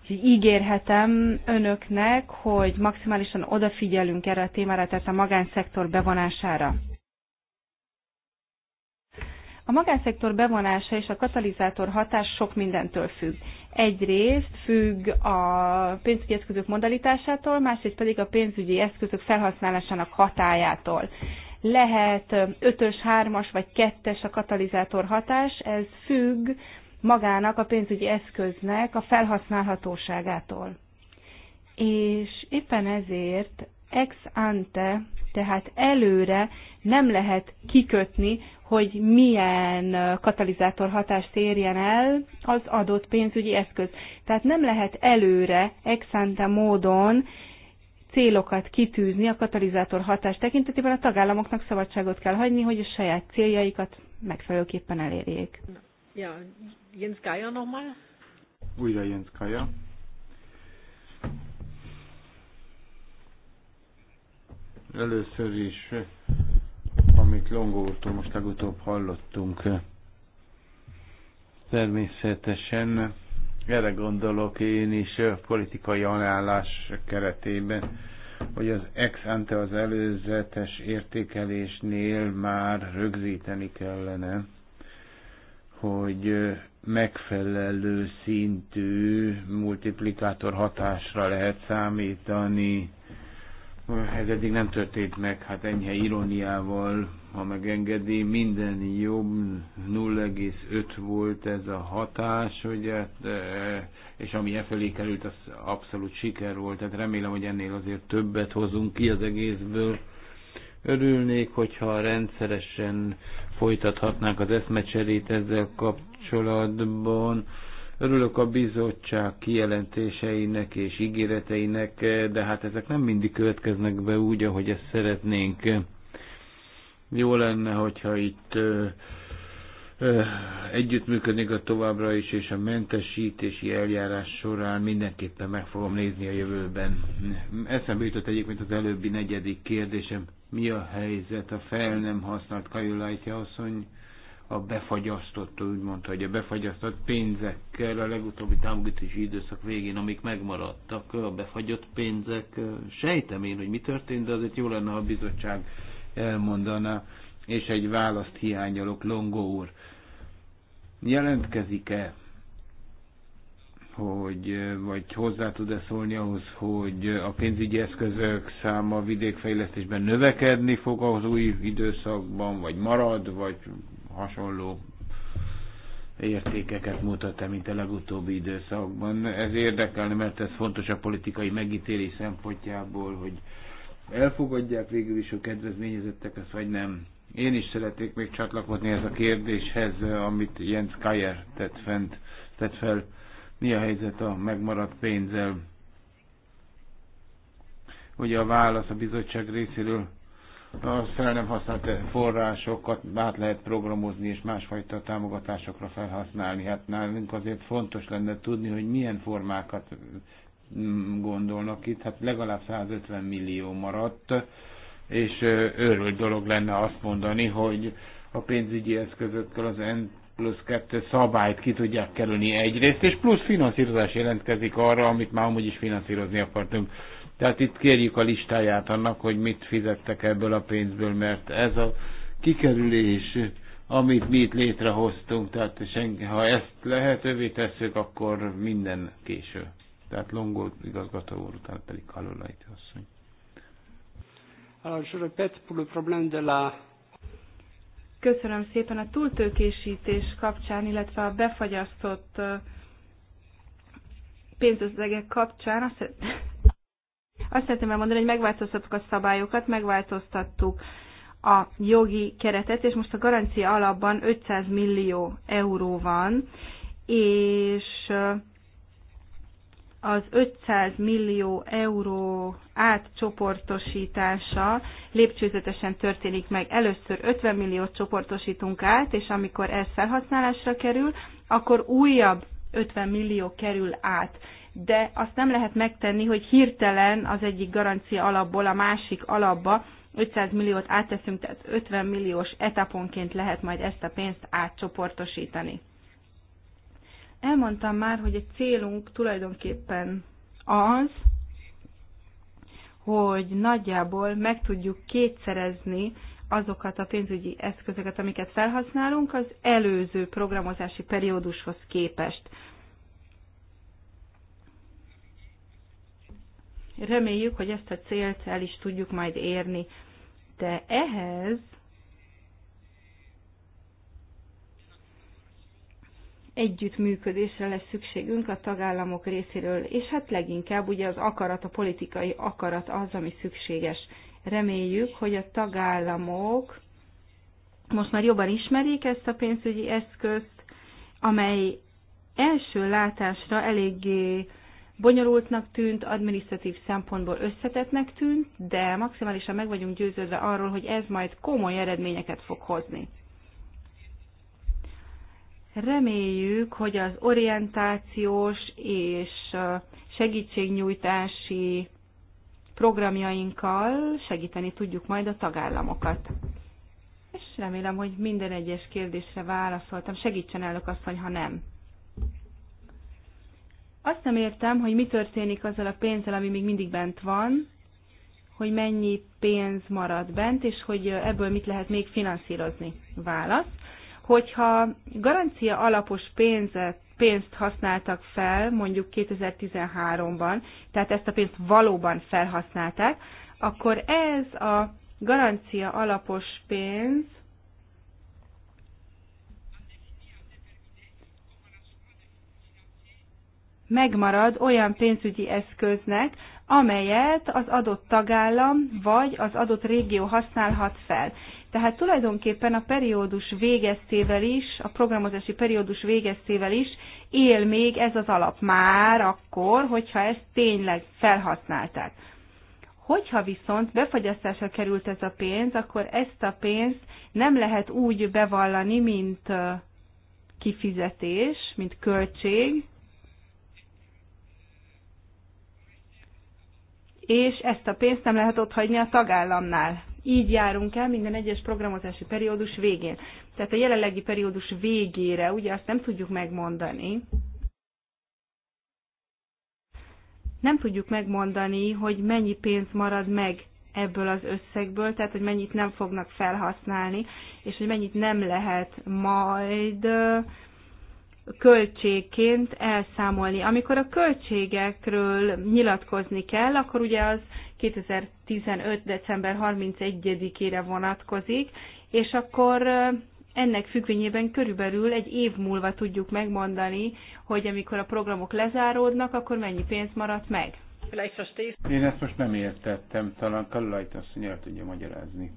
Úgyhogy ígérhetem önöknek, hogy maximálisan odafigyelünk erre a témára, tehát a magánszektor bevonására. A magánszektor bevonása és a katalizátor hatás sok mindentől függ. Egyrészt függ a pénzügyi eszközök modalitásától, másrészt pedig a pénzügyi eszközök felhasználásának hatájától. Lehet ötös-hármas vagy kettes a katalizátor hatás, ez függ magának a pénzügyi eszköznek a felhasználhatóságától. És éppen ezért ex ante, tehát előre nem lehet kikötni, hogy milyen katalizátor hatást érjen el az adott pénzügyi eszköz. Tehát nem lehet előre ex ante módon célokat kitűzni a katalizátor hatás tekintetében a tagállamoknak szabadságot kell hagyni, hogy a saját céljaikat megfelelőképpen elérjék. Ja, Jens Geier nochmal. Újra Jens Geier. Először is, amit Longo úrtól most legutóbb hallottunk, természetesen erre gondolok én is politikai ajánlás keretében, hogy az ex ante az előzetes értékelésnél már rögzíteni kellene, hogy megfelelő szintű multiplikátor hatásra lehet számítani. Ez eddig nem történt meg, hát enyhe iróniával, ha megengedi, minden jobb, 0,5 volt ez a hatás, ugye, hát, és ami e felé került, az abszolút siker volt, tehát remélem, hogy ennél azért többet hozunk ki az egészből örülnék, hogyha rendszeresen folytathatnánk az eszmecserét ezzel kapcsolatban. Örülök a bizottság kijelentéseinek és ígéreteinek, de hát ezek nem mindig következnek be úgy, ahogy ezt szeretnénk. Jó lenne, hogyha itt ö, együttműködnék a továbbra is, és a mentesítési eljárás során mindenképpen meg fogom nézni a jövőben. Eszembe jutott egyébként az előbbi negyedik kérdésem mi a helyzet a fel nem használt kajulajtja asszony a befagyasztott, úgy mondta, hogy a befagyasztott pénzekkel a legutóbbi támogatási időszak végén, amik megmaradtak, a befagyott pénzek, sejtem én, hogy mi történt, de azért jó lenne, ha a bizottság elmondaná, és egy választ hiányolok, Longó úr. Jelentkezik-e hogy vagy hozzá tud-e szólni ahhoz, hogy a pénzügyi eszközök száma vidékfejlesztésben növekedni fog az új időszakban, vagy marad, vagy hasonló értékeket mutat-e, mint a legutóbbi időszakban. Ez érdekelne, mert ez fontos a politikai megítélés szempontjából, hogy elfogadják végül is a kedvezményezettek ezt, vagy nem. Én is szeretnék még csatlakozni ez a kérdéshez, amit Jens Kajer tett, fent, tett fel mi a helyzet a megmaradt pénzzel? Ugye a válasz a bizottság részéről a fel nem használt forrásokat át lehet programozni és másfajta támogatásokra felhasználni. Hát nálunk azért fontos lenne tudni, hogy milyen formákat mm, gondolnak itt. Hát legalább 150 millió maradt, és őrült dolog lenne azt mondani, hogy a pénzügyi eszközökkel az plusz kettő szabályt ki tudják kerülni egyrészt, és plusz finanszírozás jelentkezik arra, amit már amúgy is finanszírozni akartunk. Tehát itt kérjük a listáját annak, hogy mit fizettek ebből a pénzből, mert ez a kikerülés, amit mi itt létrehoztunk, tehát senki, ha ezt lehetővé tesszük, akkor minden késő. Tehát Longó igazgató úr, utána pedig Kalolait asszony. Alors, je répète, pour le problème de la Köszönöm szépen a túltőkésítés kapcsán, illetve a befagyasztott pénzösszegek kapcsán. Azt, azt szeretném elmondani, hogy megváltoztattuk a szabályokat, megváltoztattuk a jogi keretet, és most a garancia alapban 500 millió euró van, és az 500 millió euró átcsoportosítása lépcsőzetesen történik meg. Először 50 milliót csoportosítunk át, és amikor ez felhasználásra kerül, akkor újabb 50 millió kerül át. De azt nem lehet megtenni, hogy hirtelen az egyik garancia alapból a másik alapba 500 milliót átteszünk, tehát 50 milliós etaponként lehet majd ezt a pénzt átcsoportosítani. Elmondtam már, hogy a célunk tulajdonképpen az, hogy nagyjából meg tudjuk kétszerezni azokat a pénzügyi eszközöket, amiket felhasználunk az előző programozási periódushoz képest. Reméljük, hogy ezt a célt el is tudjuk majd érni. De ehhez együttműködésre lesz szükségünk a tagállamok részéről, és hát leginkább ugye az akarat, a politikai akarat az, ami szükséges. Reméljük, hogy a tagállamok most már jobban ismerik ezt a pénzügyi eszközt, amely első látásra eléggé bonyolultnak tűnt, administratív szempontból összetettnek tűnt, de maximálisan meg vagyunk győződve arról, hogy ez majd komoly eredményeket fog hozni. Reméljük, hogy az orientációs és segítségnyújtási programjainkkal segíteni tudjuk majd a tagállamokat. És remélem, hogy minden egyes kérdésre válaszoltam. Segítsen elnök asszony, ha nem. Azt nem értem, hogy mi történik azzal a pénzzel, ami még mindig bent van, hogy mennyi pénz marad bent, és hogy ebből mit lehet még finanszírozni. Válasz. Hogyha garancia alapos pénzet, pénzt használtak fel, mondjuk 2013-ban, tehát ezt a pénzt valóban felhasználták, akkor ez a garancia alapos pénz megmarad olyan pénzügyi eszköznek, amelyet az adott tagállam vagy az adott régió használhat fel. Tehát tulajdonképpen a periódus végeztével is, a programozási periódus végeztével is él még ez az alap már akkor, hogyha ezt tényleg felhasználták. Hogyha viszont befagyasztásra került ez a pénz, akkor ezt a pénzt nem lehet úgy bevallani, mint kifizetés, mint költség, és ezt a pénzt nem lehet otthagyni a tagállamnál így járunk el minden egyes programozási periódus végén. Tehát a jelenlegi periódus végére, ugye azt nem tudjuk megmondani, nem tudjuk megmondani, hogy mennyi pénz marad meg ebből az összegből, tehát hogy mennyit nem fognak felhasználni, és hogy mennyit nem lehet majd költségként elszámolni. Amikor a költségekről nyilatkozni kell, akkor ugye az 2015. december 31-ére vonatkozik, és akkor ennek függvényében körülbelül egy év múlva tudjuk megmondani, hogy amikor a programok lezáródnak, akkor mennyi pénz maradt meg. Én ezt most nem értettem, talán Kallajt azt el tudja magyarázni.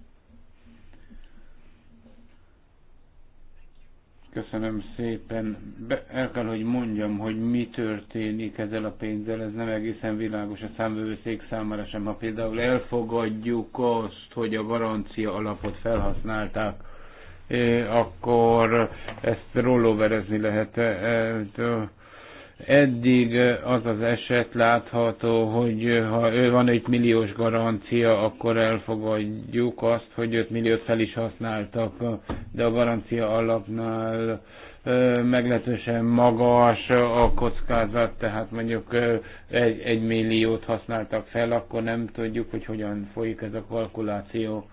Köszönöm szépen. Be, el kell, hogy mondjam, hogy mi történik ezzel a pénzzel, ez nem egészen világos a számvevőszék számára sem. Ha például elfogadjuk azt, hogy a garancia alapot felhasználták, eh, akkor ezt rolloverezni lehet. Eh, Eddig az az eset látható, hogy ha ő van egy milliós garancia, akkor elfogadjuk azt, hogy 5 milliót fel is használtak, de a garancia alapnál meglehetősen magas a kockázat, tehát mondjuk egy, egy milliót használtak fel, akkor nem tudjuk, hogy hogyan folyik ez a kalkuláció.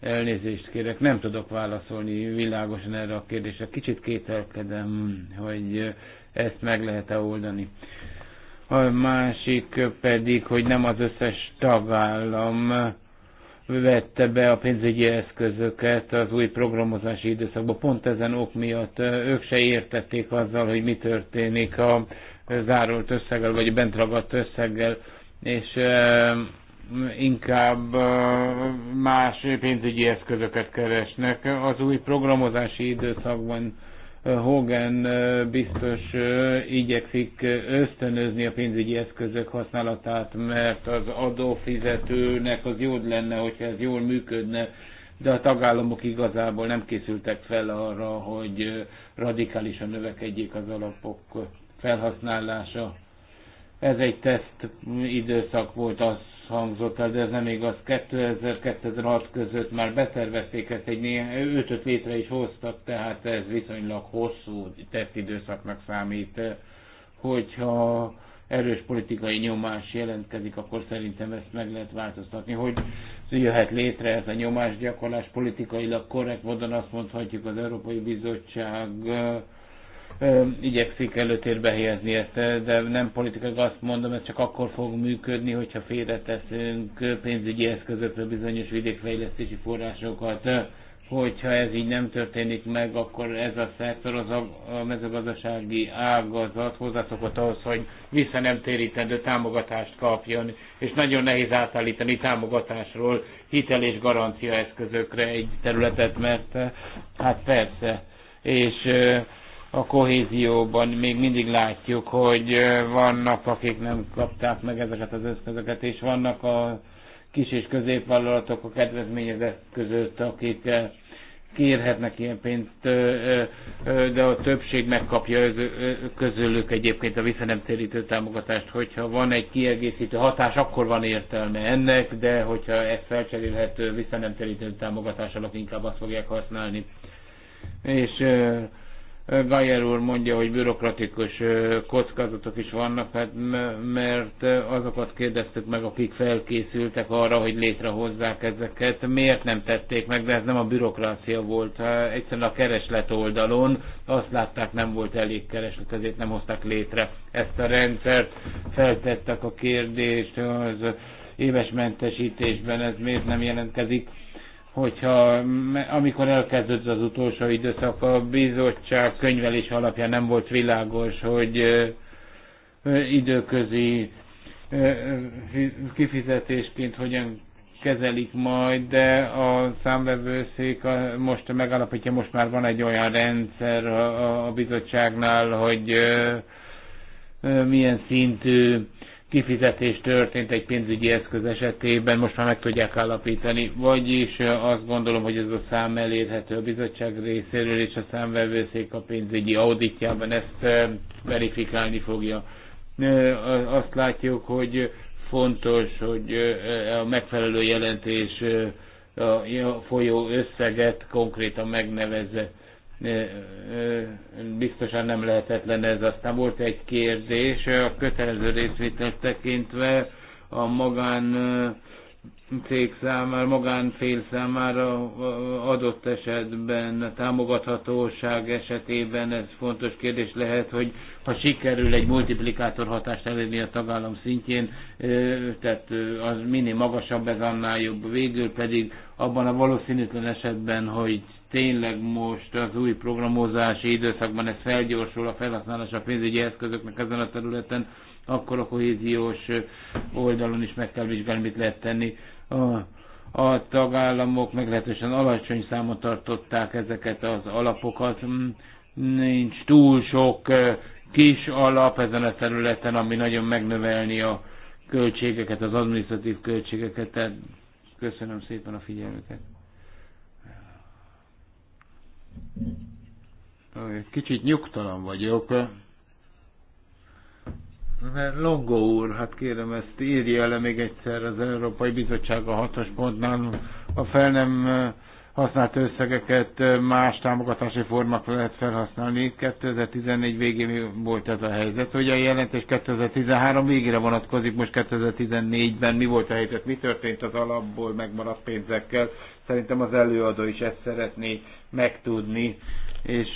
Elnézést kérek, nem tudok válaszolni világosan erre a kérdésre. Kicsit kételkedem, hogy ezt meg lehet-e oldani. A másik pedig, hogy nem az összes tagállam vette be a pénzügyi eszközöket az új programozási időszakban. Pont ezen ok miatt ők se értették azzal, hogy mi történik a zárult összeggel, vagy bent ragadt összeggel, és inkább más pénzügyi eszközöket keresnek. Az új programozási időszakban Hogan biztos igyekszik ösztönözni a pénzügyi eszközök használatát, mert az adófizetőnek az jó lenne, hogyha ez jól működne, de a tagállamok igazából nem készültek fel arra, hogy radikálisan növekedjék az alapok felhasználása. Ez egy teszt időszak volt, az hangzott de ez nem igaz. 2000-2006 között már betervezték ezt, egy néhány, ötöt létre is hoztak, tehát ez viszonylag hosszú időszaknak számít. Hogyha erős politikai nyomás jelentkezik, akkor szerintem ezt meg lehet változtatni, hogy jöhet létre ez a nyomásgyakorlás politikailag korrekt módon azt mondhatjuk az Európai Bizottság igyekszik előtérbe helyezni ezt, de nem politikai azt mondom, ez csak akkor fog működni, hogyha félreteszünk pénzügyi eszközökre bizonyos vidékfejlesztési forrásokat. Hogyha ez így nem történik meg, akkor ez a szektor, az a mezőgazdasági ágazat hozzászokott ahhoz, hogy vissza nem térítendő támogatást kapjon, és nagyon nehéz átállítani támogatásról hitel és garancia eszközökre egy területet, mert hát persze, és a kohézióban még mindig látjuk, hogy vannak, akik nem kapták meg ezeket az eszközöket, és vannak a kis és középvállalatok a kedvezményezek között, akik kérhetnek ilyen pénzt, de a többség megkapja közülük egyébként a visszanemtérítő támogatást, hogyha van egy kiegészítő hatás, akkor van értelme ennek, de hogyha ez felcserélhető visszanemtérítő támogatás alatt inkább azt fogják használni. És Gajer úr mondja, hogy bürokratikus kockázatok is vannak, hát mert azokat kérdeztük meg, akik felkészültek arra, hogy létrehozzák ezeket. Miért nem tették meg, de ez nem a bürokrácia volt. Egyszerűen a kereslet oldalon azt látták, nem volt elég kereslet, ezért nem hozták létre ezt a rendszert. Feltettek a kérdést az éves mentesítésben, ez miért nem jelentkezik hogyha amikor elkezdődött az utolsó időszak, a bizottság könyvelés alapján nem volt világos, hogy időközi kifizetésként hogyan kezelik majd, de a számvevőszék most megalapítja, most már van egy olyan rendszer a bizottságnál, hogy milyen szintű kifizetés történt egy pénzügyi eszköz esetében, most már meg tudják állapítani. Vagyis azt gondolom, hogy ez a szám elérhető a bizottság részéről, és a számvevőszék a pénzügyi auditjában ezt verifikálni fogja. Azt látjuk, hogy fontos, hogy a megfelelő jelentés a folyó összeget konkrétan megnevezze biztosan nem lehetetlen ez. Aztán volt egy kérdés a kötelező részvételt tekintve a magán cég számára, magán fél számára adott esetben, a támogathatóság esetében ez fontos kérdés lehet, hogy ha sikerül egy multiplikátor hatást elérni a tagállam szintjén, tehát az minél magasabb, ez annál jobb. Végül pedig abban a valószínűtlen esetben, hogy tényleg most az új programozási időszakban ez felgyorsul a felhasználás a pénzügyi eszközöknek ezen a területen, akkor a kohéziós oldalon is meg kell vizsgálni, mit lehet tenni. A, a tagállamok meglehetősen alacsony számon tartották ezeket az alapokat. Nincs túl sok kis alap ezen a területen, ami nagyon megnövelni a költségeket, az adminisztratív költségeket. Tehát köszönöm szépen a figyelmüket. Kicsit nyugtalan vagyok. Mert Longo úr, hát kérem, ezt írja le még egyszer az Európai Bizottság a hatos pontnál. A fel nem használt összegeket más támogatási formák lehet felhasználni. 2014 végén volt ez a helyzet. Ugye a jelentés 2013 végére vonatkozik, most 2014-ben mi volt a helyzet, mi történt az alapból megmaradt pénzekkel, Szerintem az előadó is ezt szeretné megtudni, és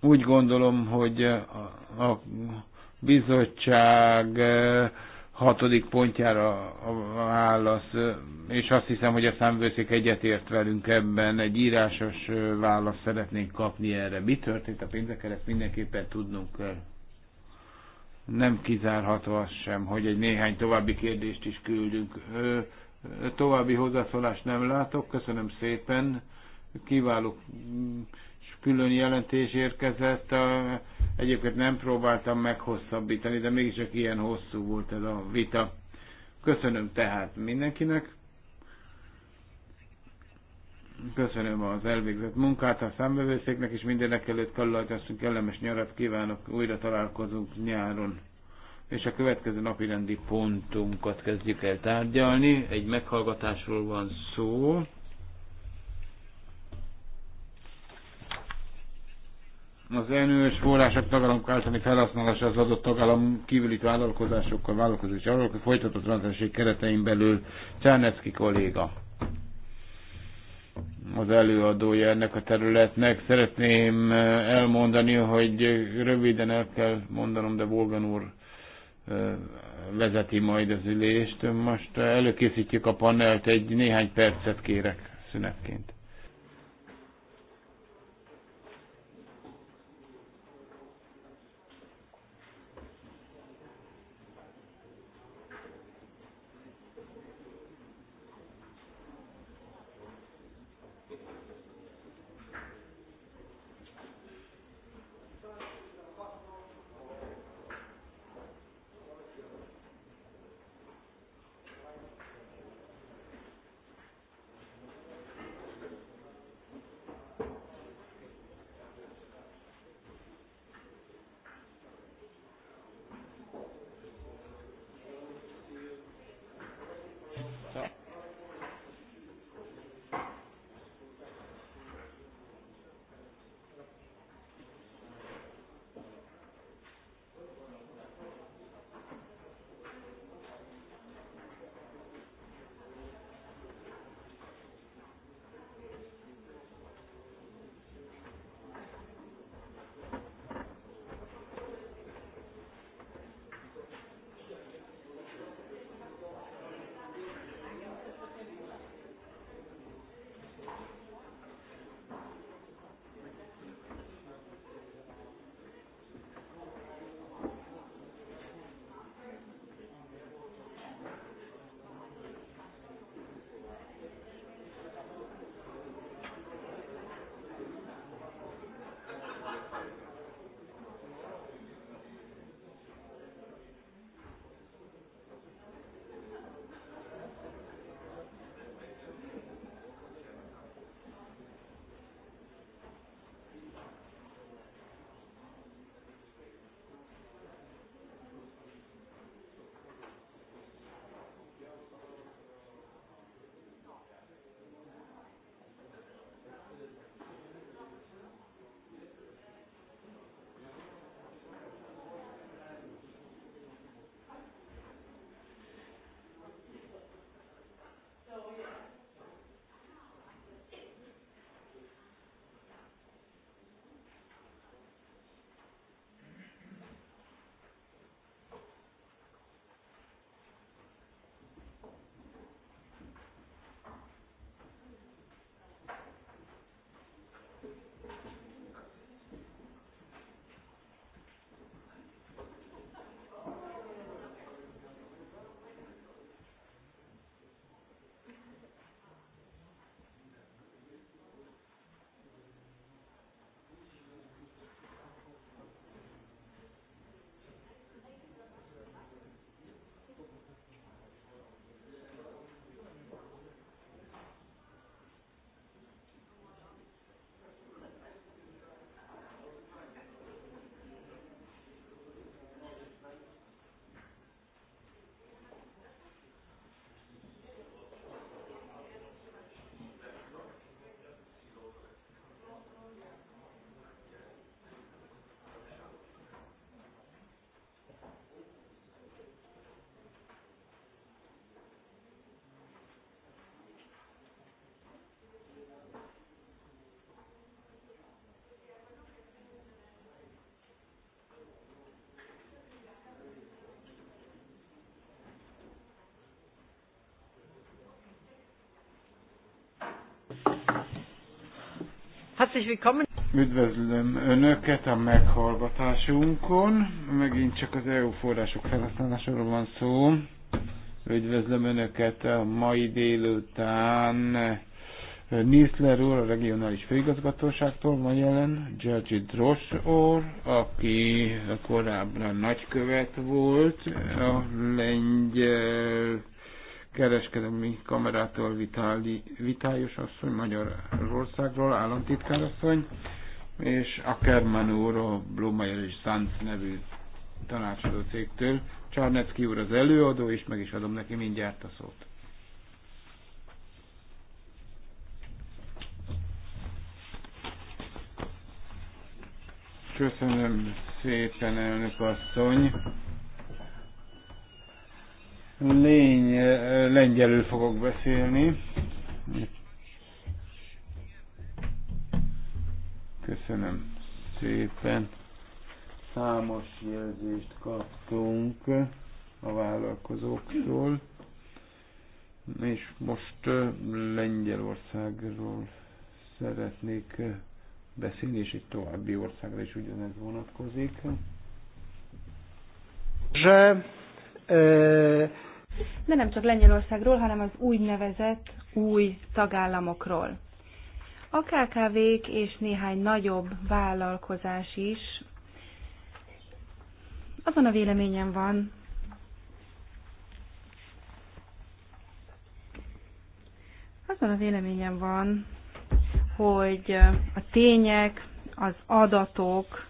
úgy gondolom, hogy a bizottság hatodik pontjára a válasz, és azt hiszem, hogy a számvőszék egyetért velünk ebben, egy írásos választ szeretnénk kapni erre. Mi történt a pénzekkel, ezt mindenképpen tudnunk kell. Nem kizárható az sem, hogy egy néhány további kérdést is küldünk. További hozzászólást nem látok, köszönöm szépen. Kiváló mm, külön jelentés érkezett. Egyébként nem próbáltam meghosszabbítani, de mégiscsak ilyen hosszú volt ez a vita. Köszönöm tehát mindenkinek. Köszönöm az elvégzett munkát a számbevőszéknek, és mindenek előtt kellemes nyarat kívánok, újra találkozunk nyáron és a következő napi rendi pontunkat kezdjük el tárgyalni. Egy meghallgatásról van szó. Az elnős források tagállamok általani felhasználása az adott tagállam kívüli vállalkozásokkal, vállalkozó és folytatott rendszerség keretein belül Csárnecki kolléga az előadója ennek a területnek. Szeretném elmondani, hogy röviden el kell mondanom, de Volgan úr vezeti majd az ülést. Most előkészítjük a panelt, egy néhány percet kérek szünetként. Herzlich willkommen. Üdvözlöm Önöket a meghallgatásunkon. Megint csak az EU források felhasználásáról van szó. Üdvözlöm Önöket a mai délután. Nisler úr, a regionális főigazgatóságtól van jelen, Georgi Dross úr, aki korábban nagykövet volt, a lengyel kereskedelmi kamerától Vitáli, Vitályos asszony, Magyarországról, államtitkár asszony, és a Kerman úr a Blumeyer és Sanz nevű tanácsadó cégtől. Csarnecki úr az előadó, és meg is adom neki mindjárt a szót. Köszönöm szépen, elnök asszony. Lény, eh, lengyelül fogok beszélni. Köszönöm szépen. Számos jelzést kaptunk a vállalkozóktól, és most eh, Lengyelországról szeretnék eh, beszélni, és egy további országra is ugyanez vonatkozik. Że e, de nem csak Lengyelországról, hanem az úgynevezett új tagállamokról. A KKV-k és néhány nagyobb vállalkozás is azon a véleményem van, azon a véleményem van, hogy a tények, az adatok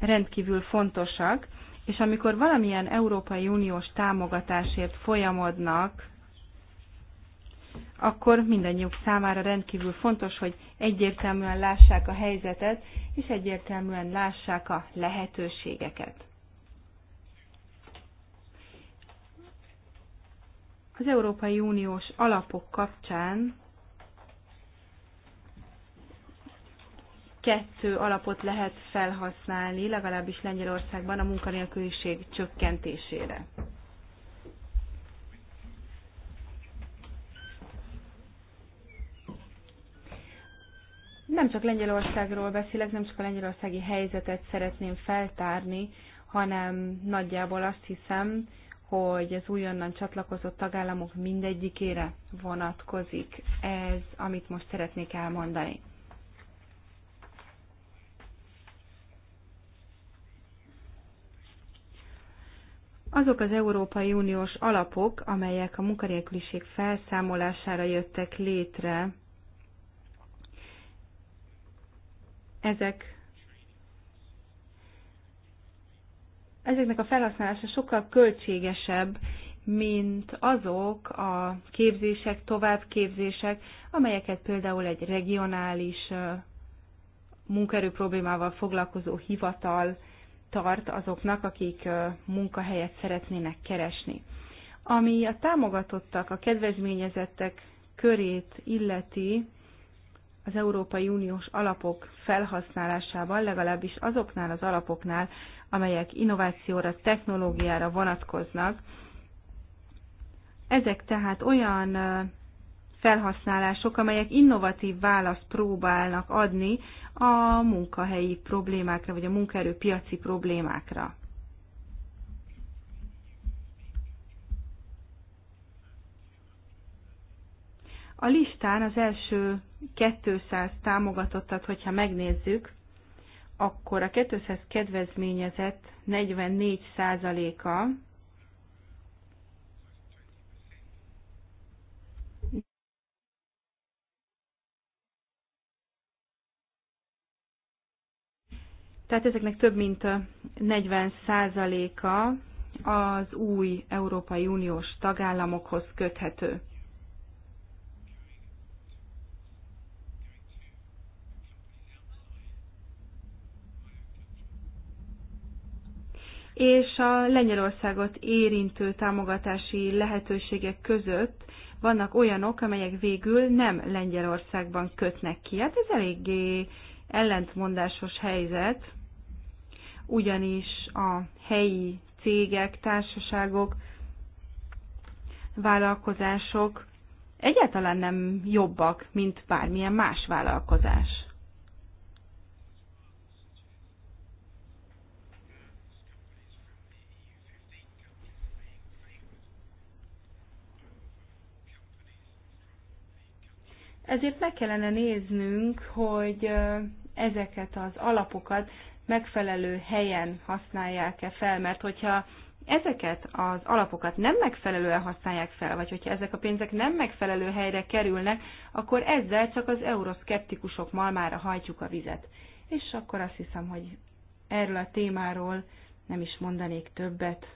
rendkívül fontosak, és amikor valamilyen Európai Uniós támogatásért folyamodnak, akkor mindannyiuk számára rendkívül fontos, hogy egyértelműen lássák a helyzetet, és egyértelműen lássák a lehetőségeket. Az Európai Uniós alapok kapcsán kettő alapot lehet felhasználni, legalábbis Lengyelországban a munkanélküliség csökkentésére. Nem csak Lengyelországról beszélek, nem csak a lengyelországi helyzetet szeretném feltárni, hanem nagyjából azt hiszem, hogy az újonnan csatlakozott tagállamok mindegyikére vonatkozik ez, amit most szeretnék elmondani. Azok az Európai Uniós alapok, amelyek a munkanélküliség felszámolására jöttek létre, ezek ezeknek a felhasználása sokkal költségesebb, mint azok a képzések, továbbképzések, amelyeket például egy regionális munkaerő problémával foglalkozó hivatal tart azoknak, akik munkahelyet szeretnének keresni. Ami a támogatottak, a kedvezményezettek körét illeti az Európai Uniós alapok felhasználásában, legalábbis azoknál az alapoknál, amelyek innovációra, technológiára vonatkoznak. Ezek tehát olyan felhasználások, amelyek innovatív választ próbálnak adni a munkahelyi problémákra, vagy a munkaerőpiaci problémákra. A listán az első 200 támogatottat, hogyha megnézzük, akkor a 200 kedvezményezett 44%-a Tehát ezeknek több mint 40%-a az új Európai Uniós tagállamokhoz köthető. És a Lengyelországot érintő támogatási lehetőségek között vannak olyanok, amelyek végül nem Lengyelországban kötnek ki. Hát ez eléggé ellentmondásos helyzet ugyanis a helyi cégek, társaságok, vállalkozások egyáltalán nem jobbak, mint bármilyen más vállalkozás. Ezért meg kellene néznünk, hogy ezeket az alapokat megfelelő helyen használják-e fel, mert hogyha ezeket az alapokat nem megfelelően használják fel, vagy hogyha ezek a pénzek nem megfelelő helyre kerülnek, akkor ezzel csak az euroszkeptikusok malmára hajtjuk a vizet. És akkor azt hiszem, hogy erről a témáról nem is mondanék többet.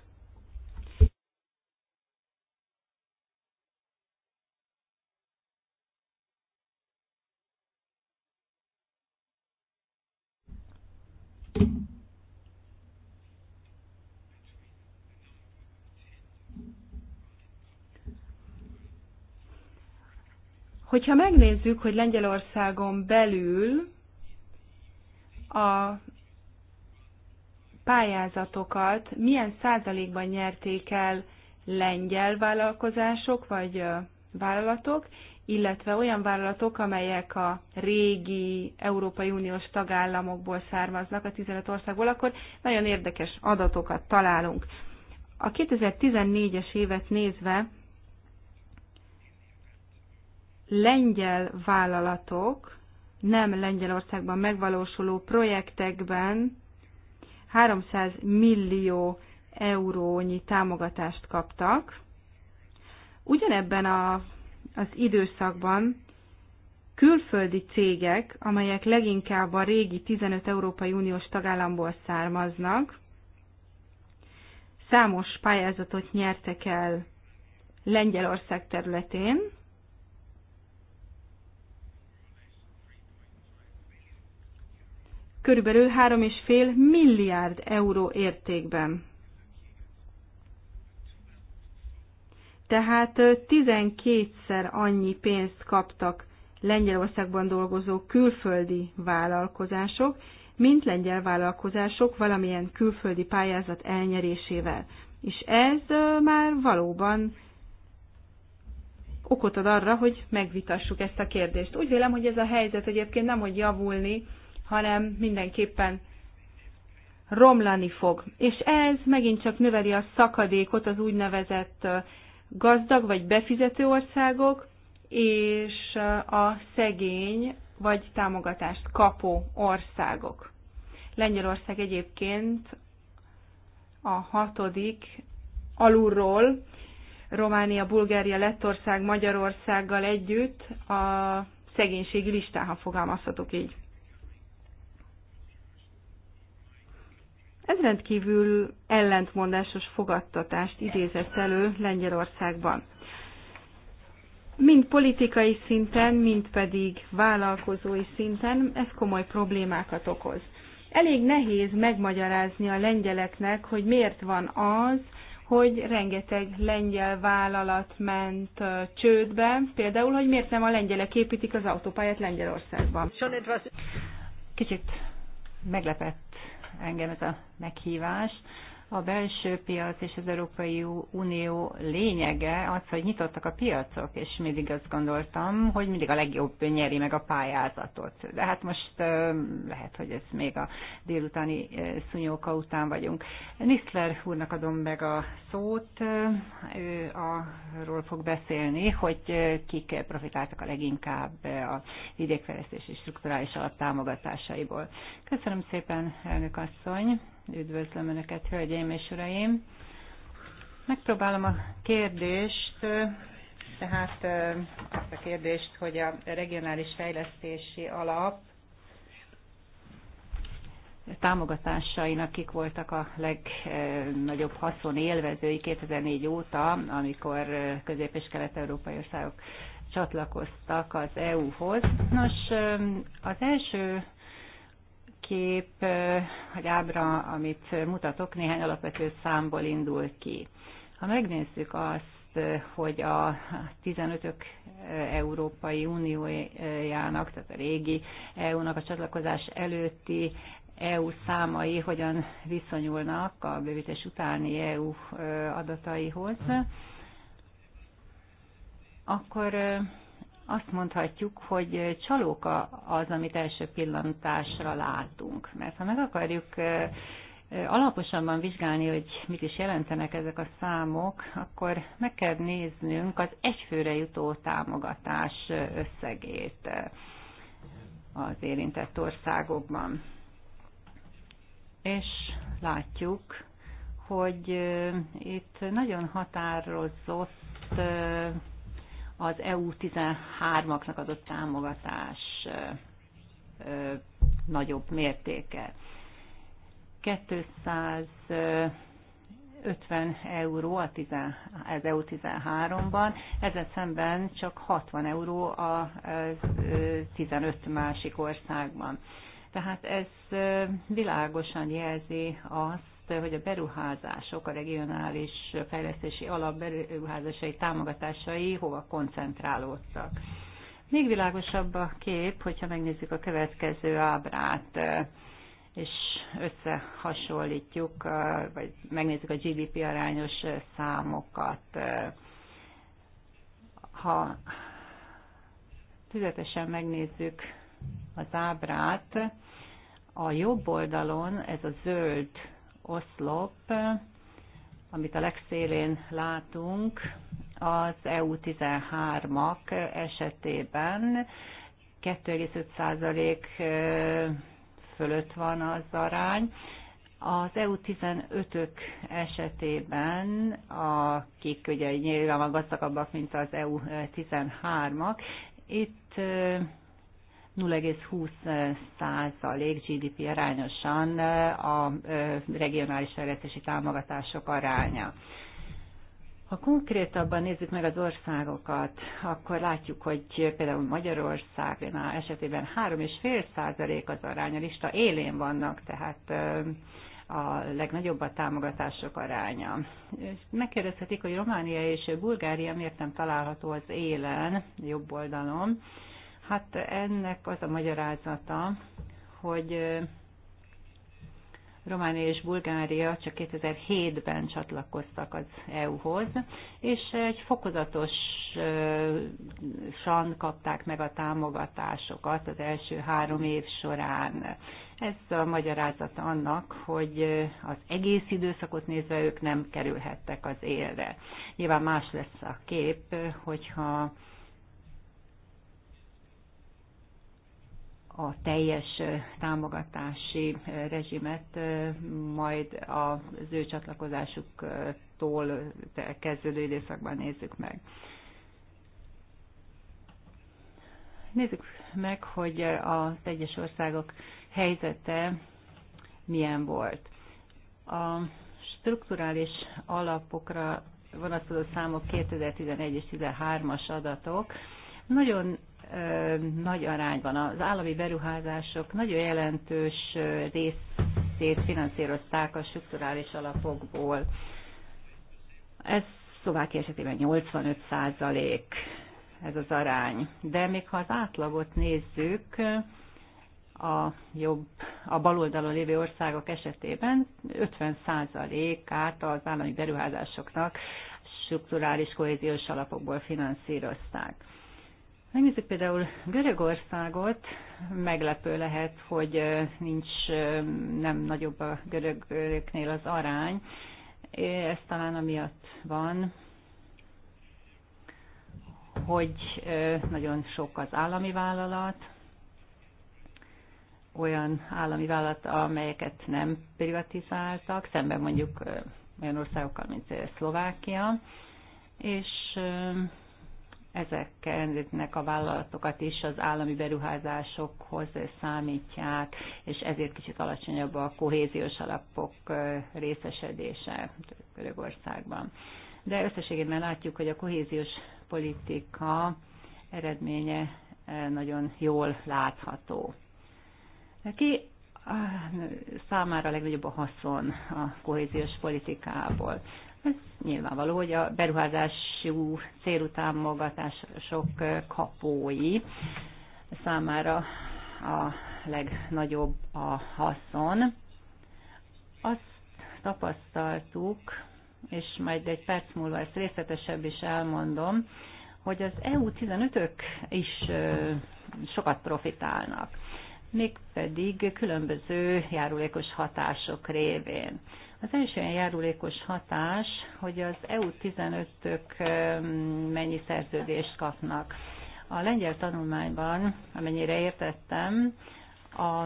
Hogyha megnézzük, hogy Lengyelországon belül a pályázatokat milyen százalékban nyerték el lengyel vállalkozások vagy vállalatok, illetve olyan vállalatok, amelyek a régi Európai Uniós tagállamokból származnak, a 15 országból, akkor nagyon érdekes adatokat találunk. A 2014-es évet nézve lengyel vállalatok nem Lengyelországban megvalósuló projektekben 300 millió eurónyi támogatást kaptak. Ugyanebben a, az időszakban külföldi cégek, amelyek leginkább a régi 15 Európai Uniós tagállamból származnak, számos pályázatot nyertek el Lengyelország területén, körülbelül 3,5 milliárd euró értékben. Tehát 12-szer annyi pénzt kaptak Lengyelországban dolgozó külföldi vállalkozások, mint lengyel vállalkozások valamilyen külföldi pályázat elnyerésével. És ez már valóban okot ad arra, hogy megvitassuk ezt a kérdést. Úgy vélem, hogy ez a helyzet egyébként nem, hogy javulni, hanem mindenképpen romlani fog. És ez megint csak növeli a szakadékot az úgynevezett gazdag vagy befizető országok és a szegény vagy támogatást kapó országok. Lengyelország egyébként a hatodik alulról, Románia, Bulgária, Lettország, Magyarországgal együtt a szegénységi listán, ha fogalmazhatok így. Ez rendkívül ellentmondásos fogadtatást idézett elő Lengyelországban. Mind politikai szinten, mind pedig vállalkozói szinten ez komoly problémákat okoz. Elég nehéz megmagyarázni a lengyeleknek, hogy miért van az, hogy rengeteg lengyel vállalat ment csődbe, például, hogy miért nem a lengyelek építik az autópályát Lengyelországban. Kicsit meglepett engem ez a meghívás. A belső piac és az Európai Unió lényege az, hogy nyitottak a piacok, és mindig azt gondoltam, hogy mindig a legjobb nyeri meg a pályázatot. De hát most lehet, hogy ez még a délutáni szunyóka után vagyunk. Nisler úrnak adom meg a szót, ő arról fog beszélni, hogy kik profitáltak a leginkább a vidékfejlesztési strukturális alap támogatásaiból. Köszönöm szépen, elnök asszony! Üdvözlöm Önöket, hölgyeim és uraim! Megpróbálom a kérdést, tehát azt a kérdést, hogy a regionális fejlesztési alap támogatásainak kik voltak a legnagyobb haszon élvezői 2004 óta, amikor közép- és kelet-európai országok csatlakoztak az EU-hoz. Nos, az első kép, eh, vagy ábra, amit mutatok, néhány alapvető számból indul ki. Ha megnézzük azt, eh, hogy a 15-ök eh, Európai Uniójának, tehát a régi EU-nak a csatlakozás előtti EU számai hogyan viszonyulnak a bővítés utáni EU adataihoz, akkor azt mondhatjuk, hogy csalóka az, amit első pillantásra látunk. Mert ha meg akarjuk alaposabban vizsgálni, hogy mit is jelentenek ezek a számok, akkor meg kell néznünk az egyfőre jutó támogatás összegét az érintett országokban. És látjuk, hogy itt nagyon határozott az EU13-aknak adott támogatás nagyobb mértéke. 250 euró az EU13-ban, ezzel szemben csak 60 euró a 15 másik országban. Tehát ez világosan jelzi azt, azt, hogy a beruházások, a regionális fejlesztési alap beruházásai támogatásai hova koncentrálódtak. Még világosabb a kép, hogyha megnézzük a következő ábrát, és összehasonlítjuk, vagy megnézzük a GDP arányos számokat. Ha tüzetesen megnézzük az ábrát, a jobb oldalon ez a zöld oszlop, amit a legszélén látunk, az EU13-ak esetében 2,5% fölött van az arány. Az EU15-ök esetében, akik ugye nyilván gazdagabbak, mint az EU13-ak, itt 0,20 százalék GDP arányosan a regionális fejlesztési támogatások aránya. Ha konkrétabban nézzük meg az országokat, akkor látjuk, hogy például Magyarország esetében 3,5 százalék az aránya lista élén vannak, tehát a legnagyobb a támogatások aránya. Megkérdezhetik, hogy Románia és Bulgária miért nem található az élen, jobb oldalon. Hát ennek az a magyarázata, hogy Románia és Bulgária csak 2007-ben csatlakoztak az EU-hoz, és egy fokozatosan kapták meg a támogatásokat az első három év során. Ez a magyarázata annak, hogy az egész időszakot nézve ők nem kerülhettek az élre. Nyilván más lesz a kép, hogyha a teljes támogatási rezsimet majd az ő csatlakozásuktól kezdődő időszakban nézzük meg. Nézzük meg, hogy az egyes országok helyzete milyen volt. A strukturális alapokra vonatkozó számok 2011 és 2013-as adatok nagyon nagy arányban az állami beruházások nagyon jelentős részét finanszírozták a strukturális alapokból. Ez Szlovákia esetében 85 százalék ez az arány. De még ha az átlagot nézzük, a jobb, a oldalon lévő országok esetében 50 százalékát az állami beruházásoknak strukturális kohéziós alapokból finanszírozták. Megnézzük például Görögországot, meglepő lehet, hogy nincs nem nagyobb a görögöknél az arány. Ez talán amiatt van, hogy nagyon sok az állami vállalat, olyan állami vállalat, amelyeket nem privatizáltak, szemben mondjuk olyan országokkal, mint Szlovákia, és ezeknek a vállalatokat is az állami beruházásokhoz számítják, és ezért kicsit alacsonyabb a kohéziós alapok részesedése Görögországban. De összességében látjuk, hogy a kohéziós politika eredménye nagyon jól látható. Ki számára a legnagyobb a haszon a kohéziós politikából. Ez nyilvánvaló, hogy a beruházású célú sok kapói számára a legnagyobb a haszon. Azt tapasztaltuk, és majd egy perc múlva ezt részletesebb is elmondom, hogy az EU15-ök is sokat profitálnak, mégpedig különböző járulékos hatások révén. Az első olyan járulékos hatás, hogy az EU-15-ök mennyi szerződést kapnak. A lengyel tanulmányban, amennyire értettem, a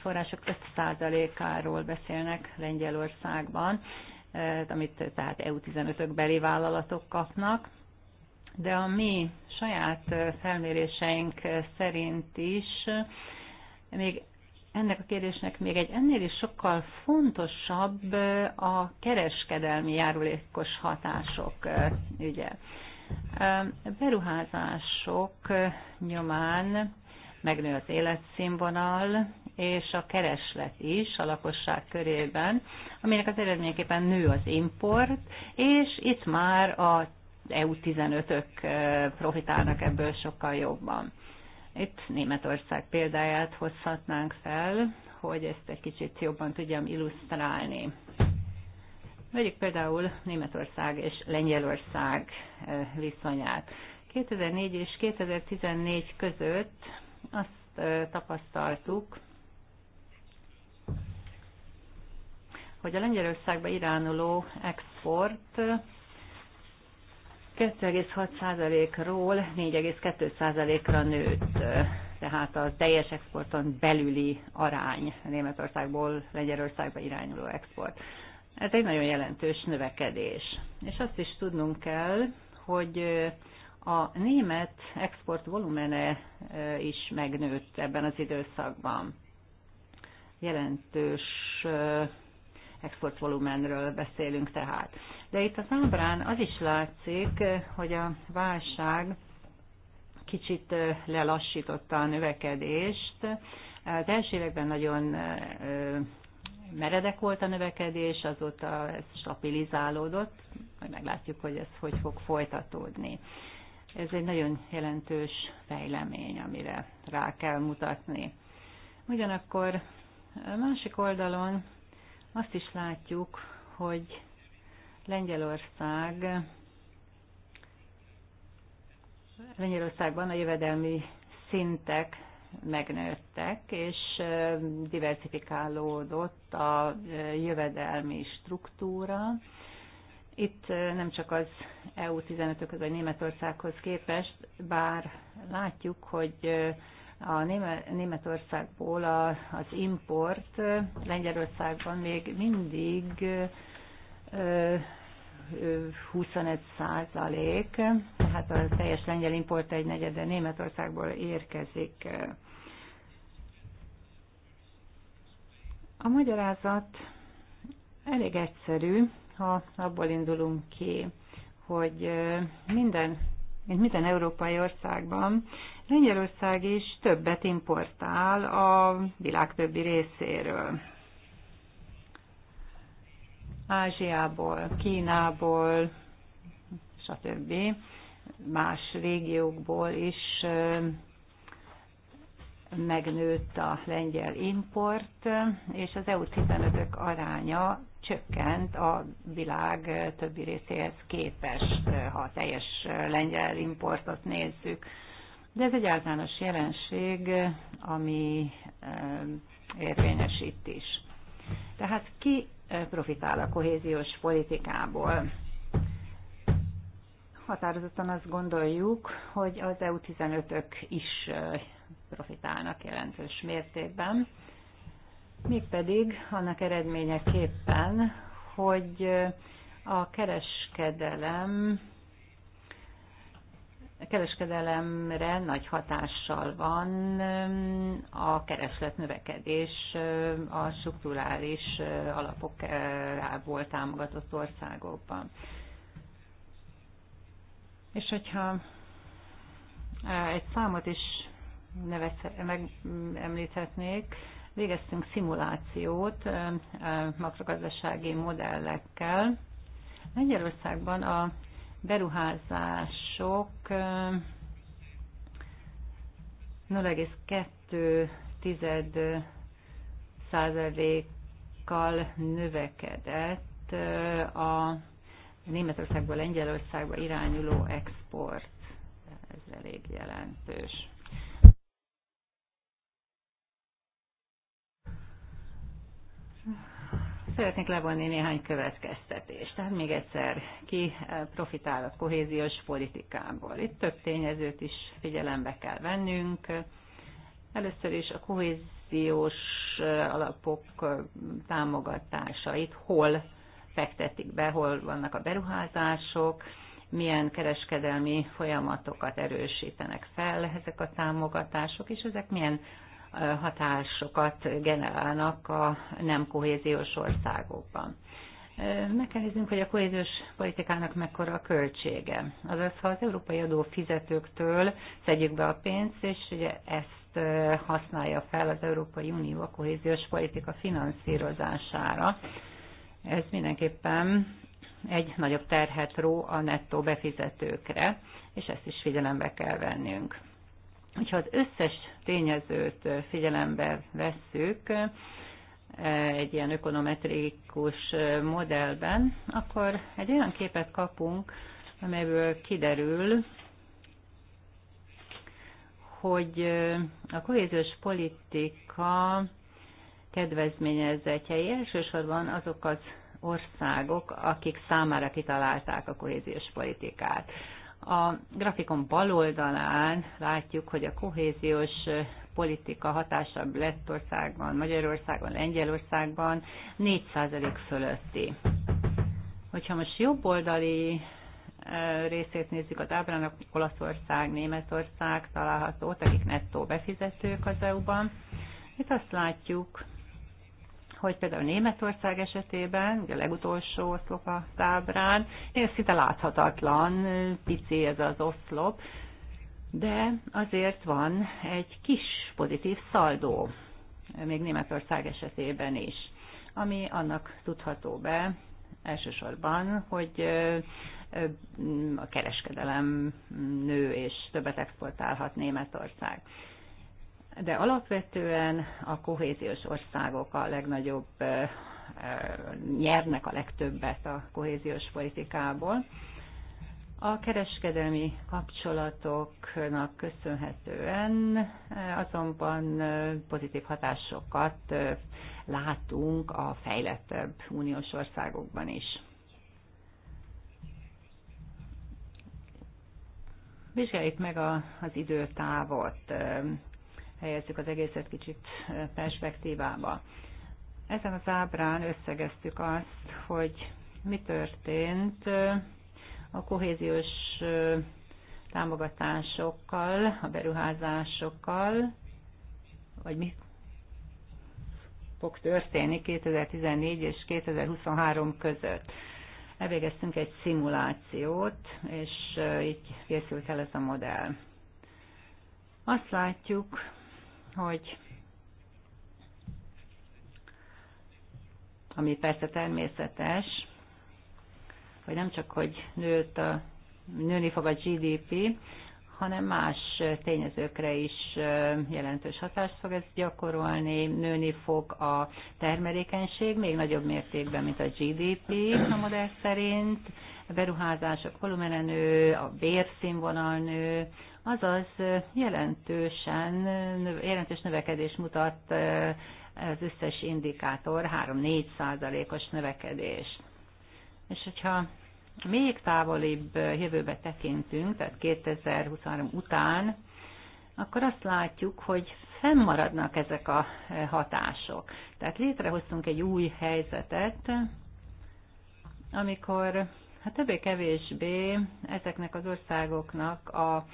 források 5%-áról beszélnek Lengyelországban, amit tehát EU-15-ök beli vállalatok kapnak, de a mi saját felméréseink szerint is még ennek a kérdésnek még egy ennél is sokkal fontosabb a kereskedelmi járulékos hatások ügye. Beruházások nyomán megnő az életszínvonal, és a kereslet is a lakosság körében, aminek az eredményeképpen nő az import, és itt már a EU-15-ök profitálnak ebből sokkal jobban. Itt Németország példáját hozhatnánk fel, hogy ezt egy kicsit jobban tudjam illusztrálni. Vegyük például Németország és Lengyelország eh, viszonyát. 2004 és 2014 között azt eh, tapasztaltuk, hogy a Lengyelországba irányuló export 2,6%-ról 4,2%-ra nőtt, tehát a teljes exporton belüli arány Németországból Lengyelországba irányuló export. Ez egy nagyon jelentős növekedés. És azt is tudnunk kell, hogy a német export volumene is megnőtt ebben az időszakban. Jelentős exportvolumenről beszélünk tehát. De itt az ábrán az is látszik, hogy a válság kicsit lelassította a növekedést. Az első években nagyon meredek volt a növekedés, azóta ez stabilizálódott, majd meglátjuk, hogy ez hogy fog folytatódni. Ez egy nagyon jelentős fejlemény, amire rá kell mutatni. Ugyanakkor a másik oldalon azt is látjuk, hogy Lengyelország Lengyelországban a jövedelmi szintek megnőttek, és diversifikálódott a jövedelmi struktúra. Itt nem csak az EU 15 ök vagy Németországhoz képest, bár látjuk, hogy a Németországból az import Lengyelországban még mindig 25 százalék, tehát a teljes lengyel import egy negyede Németországból érkezik. A magyarázat elég egyszerű, ha abból indulunk ki, hogy minden, mint minden európai országban Lengyelország is többet importál a világ többi részéről. Ázsiából, Kínából, stb. más régiókból is megnőtt a lengyel import, és az EU-15-ök aránya csökkent a világ többi részéhez képest, ha a teljes lengyel importot nézzük. De ez egy általános jelenség, ami érvényes itt is. Tehát ki profitál a kohéziós politikából? Határozottan azt gondoljuk, hogy az EU15-ök is profitálnak jelentős mértékben, mégpedig annak eredményeképpen, hogy a kereskedelem kereskedelemre nagy hatással van um, a kereslet növekedés um, a strukturális uh, alapokból uh, támogatott országokban. És hogyha uh, egy számot is megemlíthetnék, mm, végeztünk szimulációt um, makrogazdasági modellekkel. Lengyelországban a beruházások 0,2 kal növekedett a Németországból Lengyelországba irányuló export. Ez elég jelentős szeretnék levonni néhány következtetést. Tehát még egyszer, ki eh, profitál a kohéziós politikából. Itt több tényezőt is figyelembe kell vennünk. Először is a kohéziós eh, alapok eh, támogatásait hol fektetik be, hol vannak a beruházások, milyen kereskedelmi folyamatokat erősítenek fel ezek a támogatások, és ezek milyen hatásokat generálnak a nem kohéziós országokban. Meg kell néznünk, hogy a kohéziós politikának mekkora a költsége. Azaz, ha az európai adófizetőktől szedjük be a pénzt, és ugye ezt használja fel az Európai Unió a kohéziós politika finanszírozására, ez mindenképpen egy nagyobb terhet ró a nettó befizetőkre, és ezt is figyelembe kell vennünk. Hogyha az összes tényezőt figyelembe vesszük, egy ilyen ökonometrikus modellben, akkor egy olyan képet kapunk, amelyből kiderül, hogy a kohéziós politika kedvezményezetjei elsősorban azok az országok, akik számára kitalálták a kohéziós politikát. A grafikon bal oldalán látjuk, hogy a kohéziós politika hatása Lettországban, Magyarországon, Lengyelországban 4% fölötti. Hogyha most jobb oldali e, részét nézzük az ábrának, Olaszország, Németország található, akik nettó befizetők az EU-ban. Itt azt látjuk, hogy például Németország esetében, ugye a legutolsó oszlop a tábrán, ez szinte láthatatlan, pici ez az oszlop, de azért van egy kis pozitív szaldó, még Németország esetében is, ami annak tudható be elsősorban, hogy a kereskedelem nő és többet exportálhat Németország de alapvetően a kohéziós országok a legnagyobb nyernek a legtöbbet a kohéziós politikából. A kereskedelmi kapcsolatoknak köszönhetően azonban pozitív hatásokat látunk a fejlettebb uniós országokban is. Vizsgáljuk meg a, az időtávot helyezzük az egészet kicsit perspektívába. Ezen az ábrán összegeztük azt, hogy mi történt a kohéziós támogatásokkal, a beruházásokkal, vagy mi fog történni 2014 és 2023 között. Elvégeztünk egy szimulációt, és így készült el ez a modell. Azt látjuk, hogy ami persze természetes, hogy nem csak, hogy nőtt a, nőni fog a GDP, hanem más tényezőkre is jelentős hatást fog ez gyakorolni, nőni fog a termelékenység még nagyobb mértékben, mint a GDP a modell szerint, a beruházások volumenenő, a bérszínvonal nő, azaz jelentősen, jelentős növekedés mutat az összes indikátor, 3-4 százalékos növekedés. És hogyha még távolibb jövőbe tekintünk, tehát 2023 után, akkor azt látjuk, hogy fennmaradnak ezek a hatások. Tehát létrehoztunk egy új helyzetet, amikor hát többé-kevésbé ezeknek az országoknak a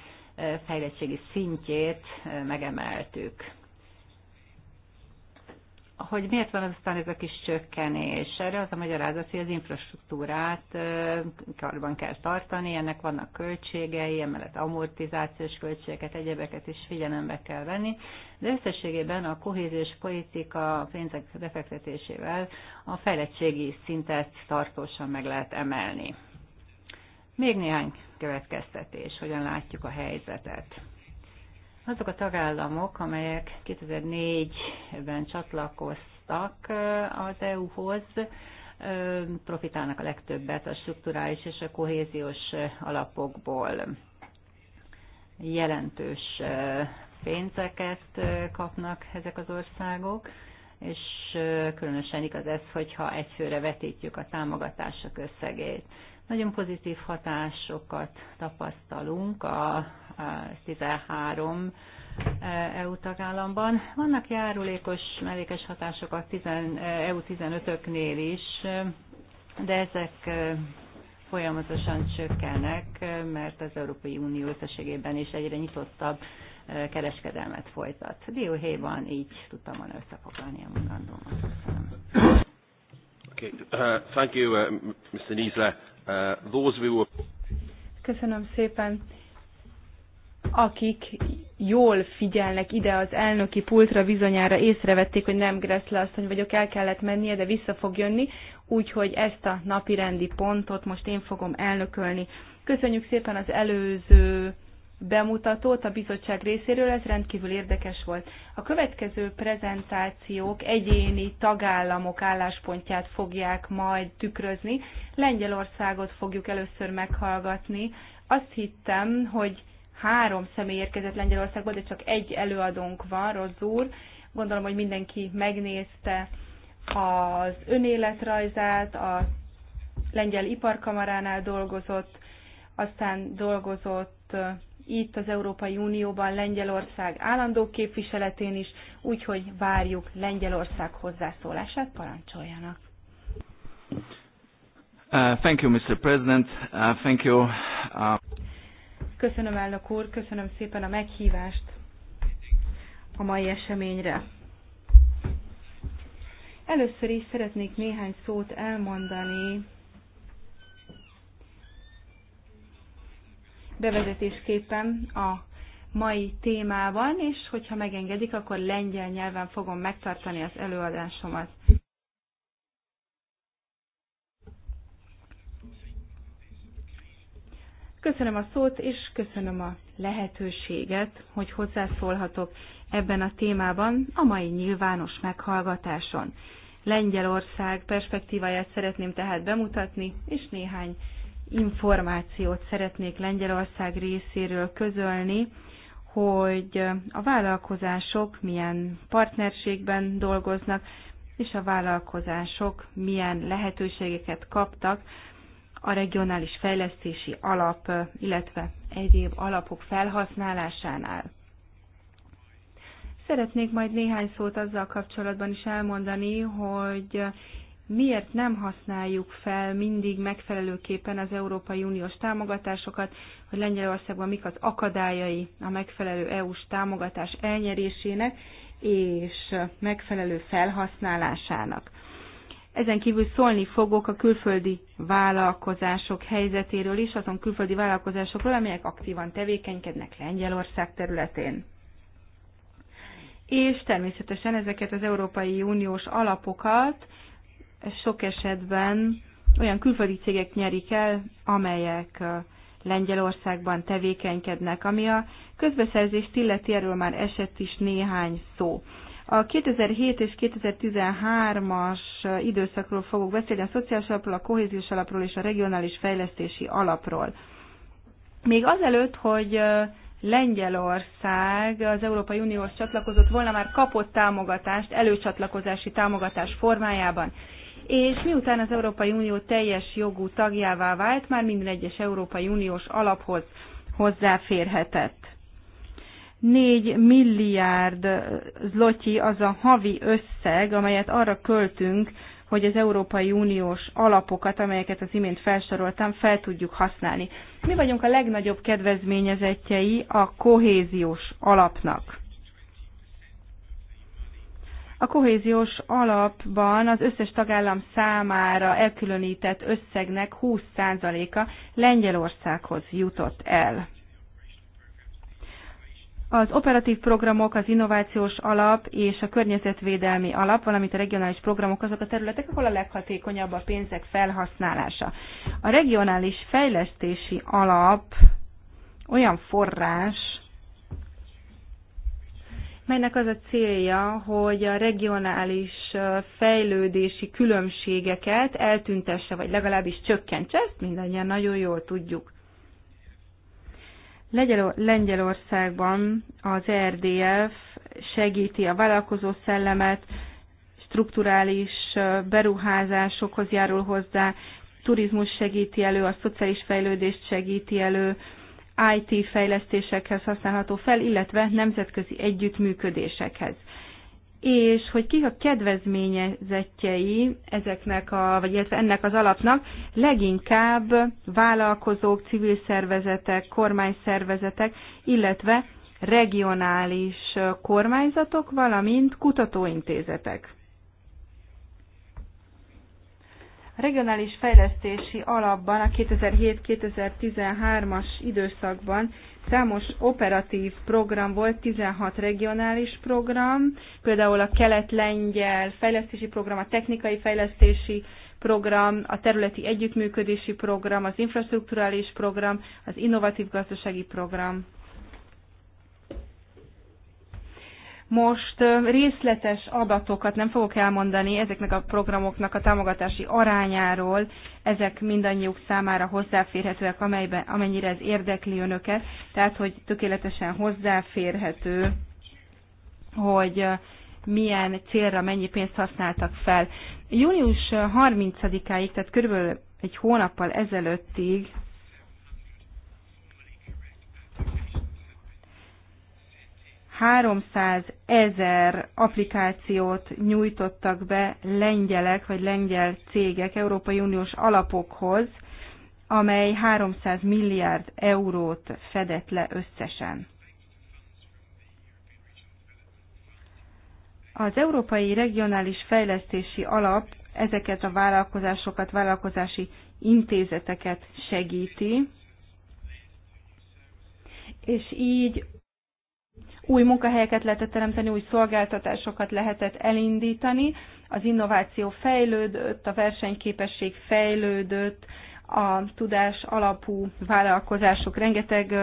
fejlettségi szintjét megemeltük. Hogy miért van aztán ez a kis csökkenés? Erre az a magyarázat, hogy az infrastruktúrát karban kell tartani, ennek vannak költségei, emellett amortizációs költségeket, egyebeket is figyelembe kell venni, de összességében a kohéziós politika pénzek befektetésével a fejlettségi szintet tartósan meg lehet emelni. Még néhány következtetés, hogyan látjuk a helyzetet. Azok a tagállamok, amelyek 2004-ben csatlakoztak az EU-hoz, profitálnak a legtöbbet a strukturális és a kohéziós alapokból. Jelentős pénzeket kapnak ezek az országok, és különösen igaz ez, hogyha egyfőre vetítjük a támogatások összegét. Nagyon pozitív hatásokat tapasztalunk a 13 e, EU tagállamban. Vannak járulékos, mellékes hatások a 10, e, EU 15-öknél is, de ezek e, folyamatosan csökkennek, mert az Európai Unió összességében is egyre nyitottabb kereskedelmet folytat. Dióhéjban így tudtam volna összefoglalni a mondandómat. Köszönöm. Okay. Uh, thank you, uh, Mr. Niesler. Uh, those we Köszönöm szépen. Akik jól figyelnek ide az elnöki pultra, bizonyára észrevették, hogy nem Gressle asszony vagyok, el kellett mennie, de vissza fog jönni, úgyhogy ezt a napirendi pontot most én fogom elnökölni. Köszönjük szépen az előző bemutatót a bizottság részéről, ez rendkívül érdekes volt. A következő prezentációk egyéni tagállamok álláspontját fogják majd tükrözni. Lengyelországot fogjuk először meghallgatni. Azt hittem, hogy három személy érkezett Lengyelországból, de csak egy előadónk van, Rossz úr. Gondolom, hogy mindenki megnézte az önéletrajzát, a lengyel iparkamaránál dolgozott, aztán dolgozott itt az Európai Unióban Lengyelország állandó képviseletén is, úgyhogy várjuk Lengyelország hozzászólását, parancsoljanak. Uh, thank you, Mr. President. Uh, thank you. Uh... Köszönöm, elnök úr, köszönöm szépen a meghívást a mai eseményre. Először is szeretnék néhány szót elmondani bevezetésképpen a mai témában, és hogyha megengedik, akkor lengyel nyelven fogom megtartani az előadásomat. Köszönöm a szót, és köszönöm a lehetőséget, hogy hozzászólhatok ebben a témában a mai nyilvános meghallgatáson. Lengyelország perspektíváját szeretném tehát bemutatni, és néhány információt szeretnék Lengyelország részéről közölni, hogy a vállalkozások milyen partnerségben dolgoznak, és a vállalkozások milyen lehetőségeket kaptak a regionális fejlesztési alap, illetve egyéb alapok felhasználásánál. Szeretnék majd néhány szót azzal kapcsolatban is elmondani, hogy miért nem használjuk fel mindig megfelelőképpen az Európai Uniós támogatásokat, hogy Lengyelországban mik az akadályai a megfelelő EU-s támogatás elnyerésének és megfelelő felhasználásának. Ezen kívül szólni fogok a külföldi vállalkozások helyzetéről is, azon külföldi vállalkozásokról, amelyek aktívan tevékenykednek Lengyelország területén és természetesen ezeket az Európai Uniós alapokat sok esetben olyan külföldi cégek nyerik el, amelyek Lengyelországban tevékenykednek, ami a közbeszerzést illeti, erről már esett is néhány szó. A 2007 és 2013-as időszakról fogok beszélni, a szociális alapról, a kohéziós alapról és a regionális fejlesztési alapról. Még azelőtt, hogy Lengyelország az Európai Unióhoz csatlakozott volna, már kapott támogatást előcsatlakozási támogatás formájában és miután az Európai Unió teljes jogú tagjává vált, már minden egyes Európai Uniós alaphoz hozzáférhetett. 4 milliárd zlotyi az a havi összeg, amelyet arra költünk, hogy az Európai Uniós alapokat, amelyeket az imént felsoroltam, fel tudjuk használni. Mi vagyunk a legnagyobb kedvezményezettjei a kohéziós alapnak. A kohéziós alapban az összes tagállam számára elkülönített összegnek 20%-a Lengyelországhoz jutott el. Az operatív programok, az innovációs alap és a környezetvédelmi alap, valamint a regionális programok azok a területek, ahol a leghatékonyabb a pénzek felhasználása. A regionális fejlesztési alap olyan forrás, melynek az a célja, hogy a regionális fejlődési különbségeket eltüntesse, vagy legalábbis csökkentse, ezt mindannyian nagyon jól tudjuk. Lengyelországban az RDF segíti a vállalkozó szellemet, strukturális beruházásokhoz járul hozzá, turizmus segíti elő, a szociális fejlődést segíti elő, IT fejlesztésekhez használható fel, illetve nemzetközi együttműködésekhez. És hogy kik a kedvezményezettjei ezeknek, a, vagy illetve ennek az alapnak, leginkább vállalkozók, civil szervezetek, kormányszervezetek, illetve regionális kormányzatok, valamint kutatóintézetek. A regionális fejlesztési alapban a 2007-2013-as időszakban számos operatív program volt, 16 regionális program, például a kelet-lengyel fejlesztési program, a technikai fejlesztési program, a területi együttműködési program, az infrastruktúrális program, az innovatív gazdasági program. Most részletes adatokat nem fogok elmondani ezeknek a programoknak a támogatási arányáról, ezek mindannyiuk számára hozzáférhetőek, amelyben, amennyire ez érdekli önöket, tehát hogy tökéletesen hozzáférhető, hogy milyen célra mennyi pénzt használtak fel. Június 30-áig, tehát körülbelül egy hónappal ezelőttig 300 ezer applikációt nyújtottak be lengyelek vagy lengyel cégek Európai Uniós alapokhoz, amely 300 milliárd eurót fedett le összesen. Az Európai Regionális Fejlesztési Alap ezeket a vállalkozásokat, vállalkozási intézeteket segíti, és így új munkahelyeket lehetett teremteni, új szolgáltatásokat lehetett elindítani, az innováció fejlődött, a versenyképesség fejlődött, a tudás alapú vállalkozások rengeteg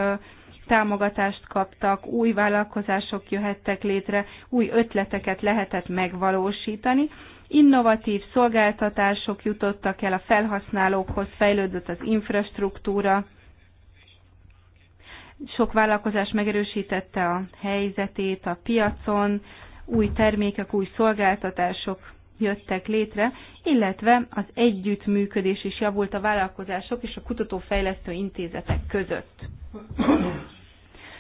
támogatást kaptak, új vállalkozások jöhettek létre, új ötleteket lehetett megvalósítani, innovatív szolgáltatások jutottak el a felhasználókhoz, fejlődött az infrastruktúra, sok vállalkozás megerősítette a helyzetét a piacon, új termékek, új szolgáltatások jöttek létre, illetve az együttműködés is javult a vállalkozások és a kutatófejlesztő intézetek között.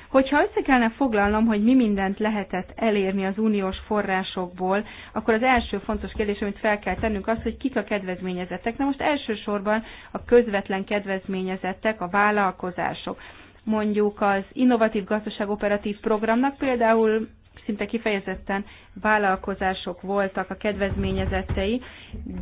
Hogyha össze kellene foglalnom, hogy mi mindent lehetett elérni az uniós forrásokból, akkor az első fontos kérdés, amit fel kell tennünk, az, hogy kik a kedvezményezettek. Na most elsősorban a közvetlen kedvezményezettek, a vállalkozások mondjuk az innovatív gazdaság operatív programnak például szinte kifejezetten vállalkozások voltak a kedvezményezettei,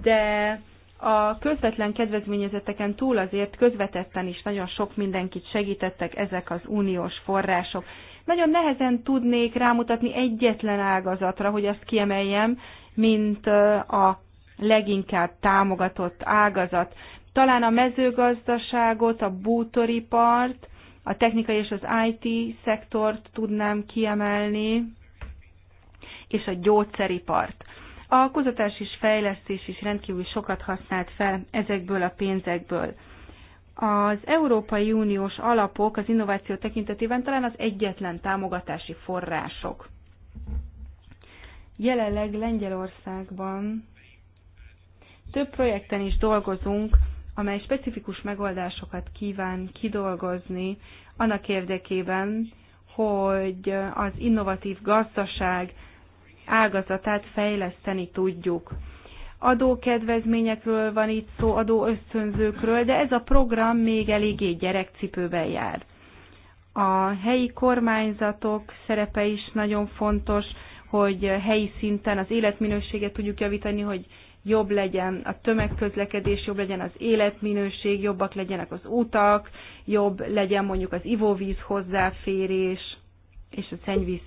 de a közvetlen kedvezményezeteken túl azért közvetetten is nagyon sok mindenkit segítettek ezek az uniós források. Nagyon nehezen tudnék rámutatni egyetlen ágazatra, hogy azt kiemeljem, mint a leginkább támogatott ágazat. Talán a mezőgazdaságot, a bútoripart, a technikai és az IT szektort tudnám kiemelni, és a gyógyszeripart. A kutatás és fejlesztés is rendkívül sokat használt fel ezekből a pénzekből. Az Európai Uniós alapok az innováció tekintetében talán az egyetlen támogatási források. Jelenleg Lengyelországban több projekten is dolgozunk, amely specifikus megoldásokat kíván kidolgozni annak érdekében, hogy az innovatív gazdaság ágazatát fejleszteni tudjuk. Adókedvezményekről van itt szó, adóösztönzőkről, de ez a program még eléggé gyerekcipőben jár. A helyi kormányzatok szerepe is nagyon fontos, hogy helyi szinten az életminőséget tudjuk javítani, hogy jobb legyen a tömegközlekedés, jobb legyen az életminőség, jobbak legyenek az utak, jobb legyen mondjuk az ivóvíz hozzáférés, és a szennyvíz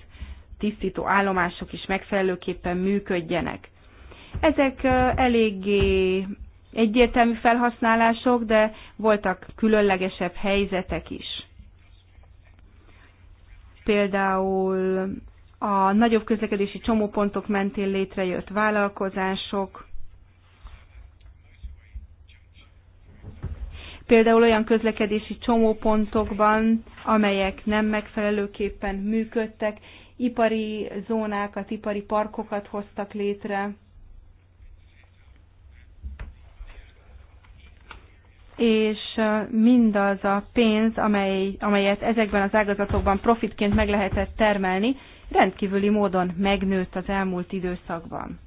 tisztító állomások is megfelelőképpen működjenek. Ezek eléggé egyértelmű felhasználások, de voltak különlegesebb helyzetek is. Például a nagyobb közlekedési csomópontok mentén létrejött vállalkozások, például olyan közlekedési csomópontokban, amelyek nem megfelelőképpen működtek, ipari zónákat, ipari parkokat hoztak létre, és mindaz a pénz, amely, amelyet ezekben az ágazatokban profitként meg lehetett termelni, rendkívüli módon megnőtt az elmúlt időszakban.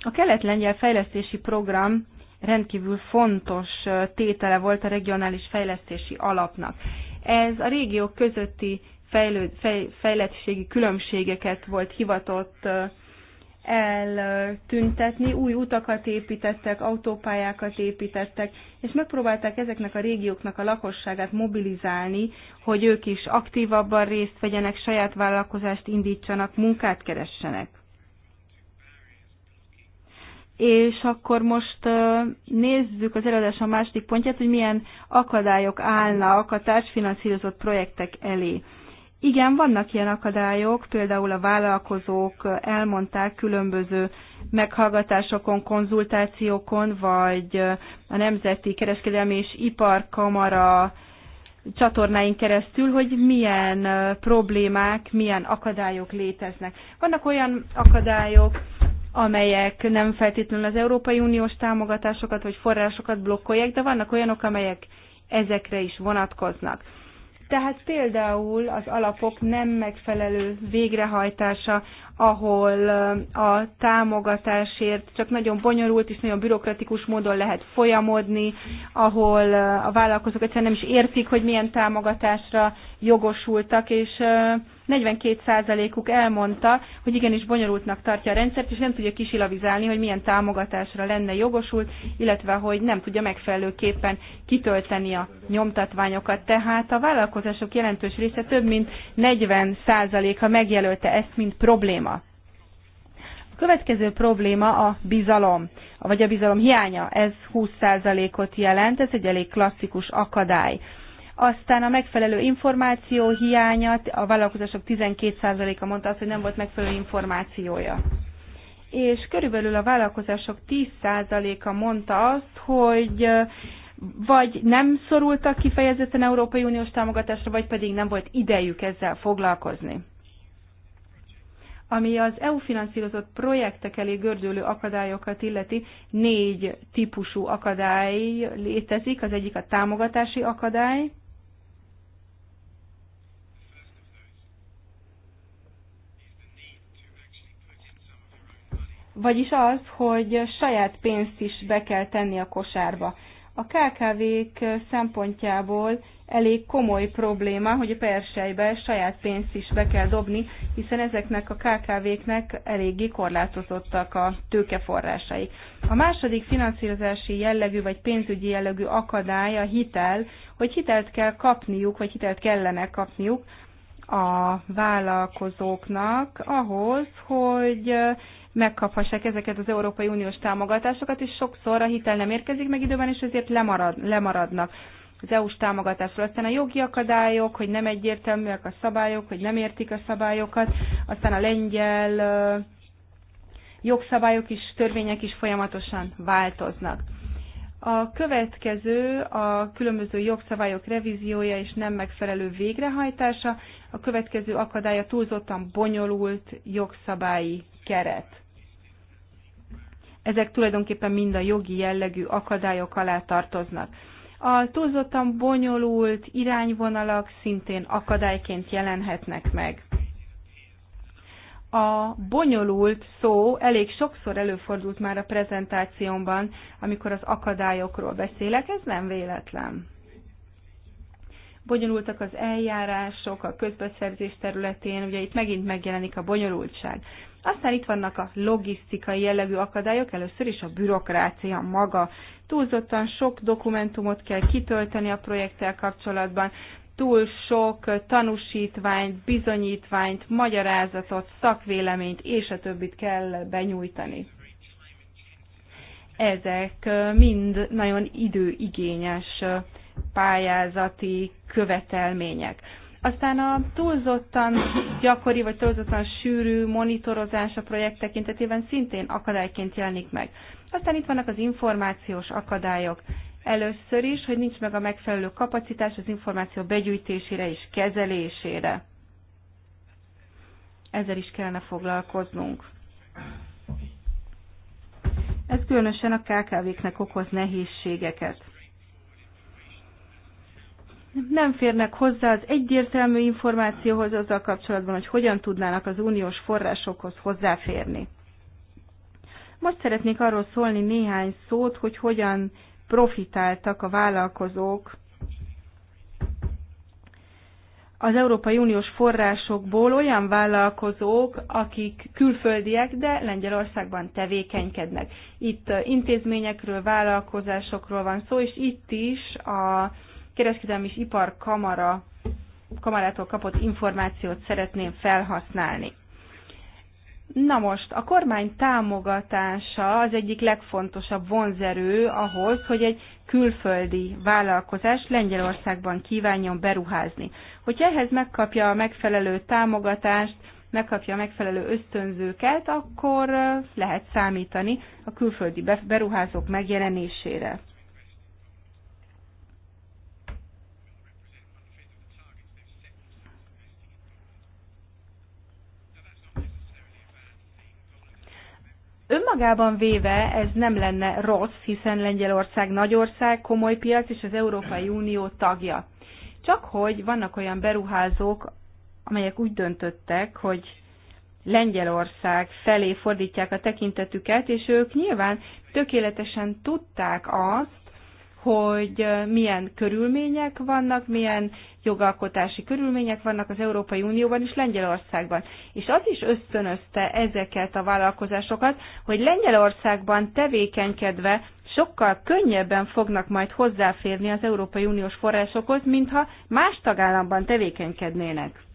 A kelet-lengyel fejlesztési program rendkívül fontos tétele volt a regionális fejlesztési alapnak. Ez a régiók közötti fejlő, fej, fejlettségi különbségeket volt hivatott eltüntetni, új utakat építettek, autópályákat építettek, és megpróbálták ezeknek a régióknak a lakosságát mobilizálni, hogy ők is aktívabban részt vegyenek, saját vállalkozást indítsanak, munkát keressenek. És akkor most nézzük az előadás a második pontját, hogy milyen akadályok állnak a társfinanszírozott projektek elé. Igen, vannak ilyen akadályok, például a vállalkozók elmondták különböző meghallgatásokon, konzultációkon, vagy a Nemzeti Kereskedelmi és Iparkamara csatornáin keresztül, hogy milyen problémák, milyen akadályok léteznek. Vannak olyan akadályok, amelyek nem feltétlenül az Európai Uniós támogatásokat vagy forrásokat blokkolják, de vannak olyanok, amelyek ezekre is vonatkoznak. Tehát például az alapok nem megfelelő végrehajtása, ahol a támogatásért csak nagyon bonyolult és nagyon bürokratikus módon lehet folyamodni, ahol a vállalkozók egyszerűen nem is értik, hogy milyen támogatásra jogosultak, és 42%-uk elmondta, hogy igenis bonyolultnak tartja a rendszert, és nem tudja kisilavizálni, hogy milyen támogatásra lenne jogosult, illetve hogy nem tudja megfelelőképpen kitölteni a nyomtatványokat. Tehát a vállalkozások jelentős része több mint 40%-a megjelölte ezt, mint probléma. A következő probléma a bizalom, vagy a bizalom hiánya. Ez 20%-ot jelent, ez egy elég klasszikus akadály. Aztán a megfelelő információ hiánya, a vállalkozások 12%-a mondta azt, hogy nem volt megfelelő információja. És körülbelül a vállalkozások 10%-a mondta azt, hogy vagy nem szorultak kifejezetten Európai Uniós támogatásra, vagy pedig nem volt idejük ezzel foglalkozni. Ami az EU finanszírozott projektek elé gördülő akadályokat illeti, négy típusú akadály létezik. Az egyik a támogatási akadály, Vagyis az, hogy saját pénzt is be kell tenni a kosárba. A KKV-k szempontjából elég komoly probléma, hogy a persejbe saját pénzt is be kell dobni, hiszen ezeknek a KKV-knek eléggé korlátozottak a tőkeforrásai. A második finanszírozási jellegű vagy pénzügyi jellegű akadály a hitel, hogy hitelt kell kapniuk, vagy hitelt kellene kapniuk a vállalkozóknak ahhoz, hogy megkaphassák ezeket az Európai Uniós támogatásokat, és sokszor a hitel nem érkezik meg időben, és ezért lemarad, lemaradnak az EU-s támogatásról. Aztán a jogi akadályok, hogy nem egyértelműek a szabályok, hogy nem értik a szabályokat, aztán a lengyel jogszabályok is, törvények is folyamatosan változnak. A következő a különböző jogszabályok revíziója és nem megfelelő végrehajtása, a következő akadálya túlzottan bonyolult jogszabályi keret. Ezek tulajdonképpen mind a jogi jellegű akadályok alá tartoznak. A túlzottan bonyolult irányvonalak szintén akadályként jelenhetnek meg a bonyolult szó elég sokszor előfordult már a prezentációmban, amikor az akadályokról beszélek, ez nem véletlen. Bonyolultak az eljárások a közbeszerzés területén, ugye itt megint megjelenik a bonyolultság. Aztán itt vannak a logisztikai jellegű akadályok, először is a bürokrácia maga. Túlzottan sok dokumentumot kell kitölteni a projekttel kapcsolatban, túl sok tanúsítványt, bizonyítványt, magyarázatot, szakvéleményt és a többit kell benyújtani. Ezek mind nagyon időigényes pályázati követelmények. Aztán a túlzottan gyakori vagy túlzottan sűrű monitorozás a projekt tekintetében szintén akadályként jelenik meg. Aztán itt vannak az információs akadályok. Először is, hogy nincs meg a megfelelő kapacitás az információ begyűjtésére és kezelésére. Ezzel is kellene foglalkoznunk. Ez különösen a KKV-knek okoz nehézségeket nem férnek hozzá az egyértelmű információhoz azzal kapcsolatban, hogy hogyan tudnának az uniós forrásokhoz hozzáférni. Most szeretnék arról szólni néhány szót, hogy hogyan profitáltak a vállalkozók az Európai Uniós forrásokból olyan vállalkozók, akik külföldiek, de Lengyelországban tevékenykednek. Itt uh, intézményekről, vállalkozásokról van szó, és itt is a Kereskedelmi és Ipar Kamara, kamarától kapott információt szeretném felhasználni. Na most, a kormány támogatása az egyik legfontosabb vonzerő ahhoz, hogy egy külföldi vállalkozás Lengyelországban kívánjon beruházni. Hogyha ehhez megkapja a megfelelő támogatást, megkapja a megfelelő ösztönzőket, akkor lehet számítani a külföldi beruházók megjelenésére. Önmagában véve ez nem lenne rossz, hiszen Lengyelország nagy ország, komoly piac és az Európai Unió tagja. Csak hogy vannak olyan beruházók, amelyek úgy döntöttek, hogy Lengyelország felé fordítják a tekintetüket, és ők nyilván tökéletesen tudták azt, hogy milyen körülmények vannak, milyen jogalkotási körülmények vannak az Európai Unióban és Lengyelországban. És az is ösztönözte ezeket a vállalkozásokat, hogy Lengyelországban tevékenykedve sokkal könnyebben fognak majd hozzáférni az Európai Uniós forrásokhoz, mintha más tagállamban tevékenykednének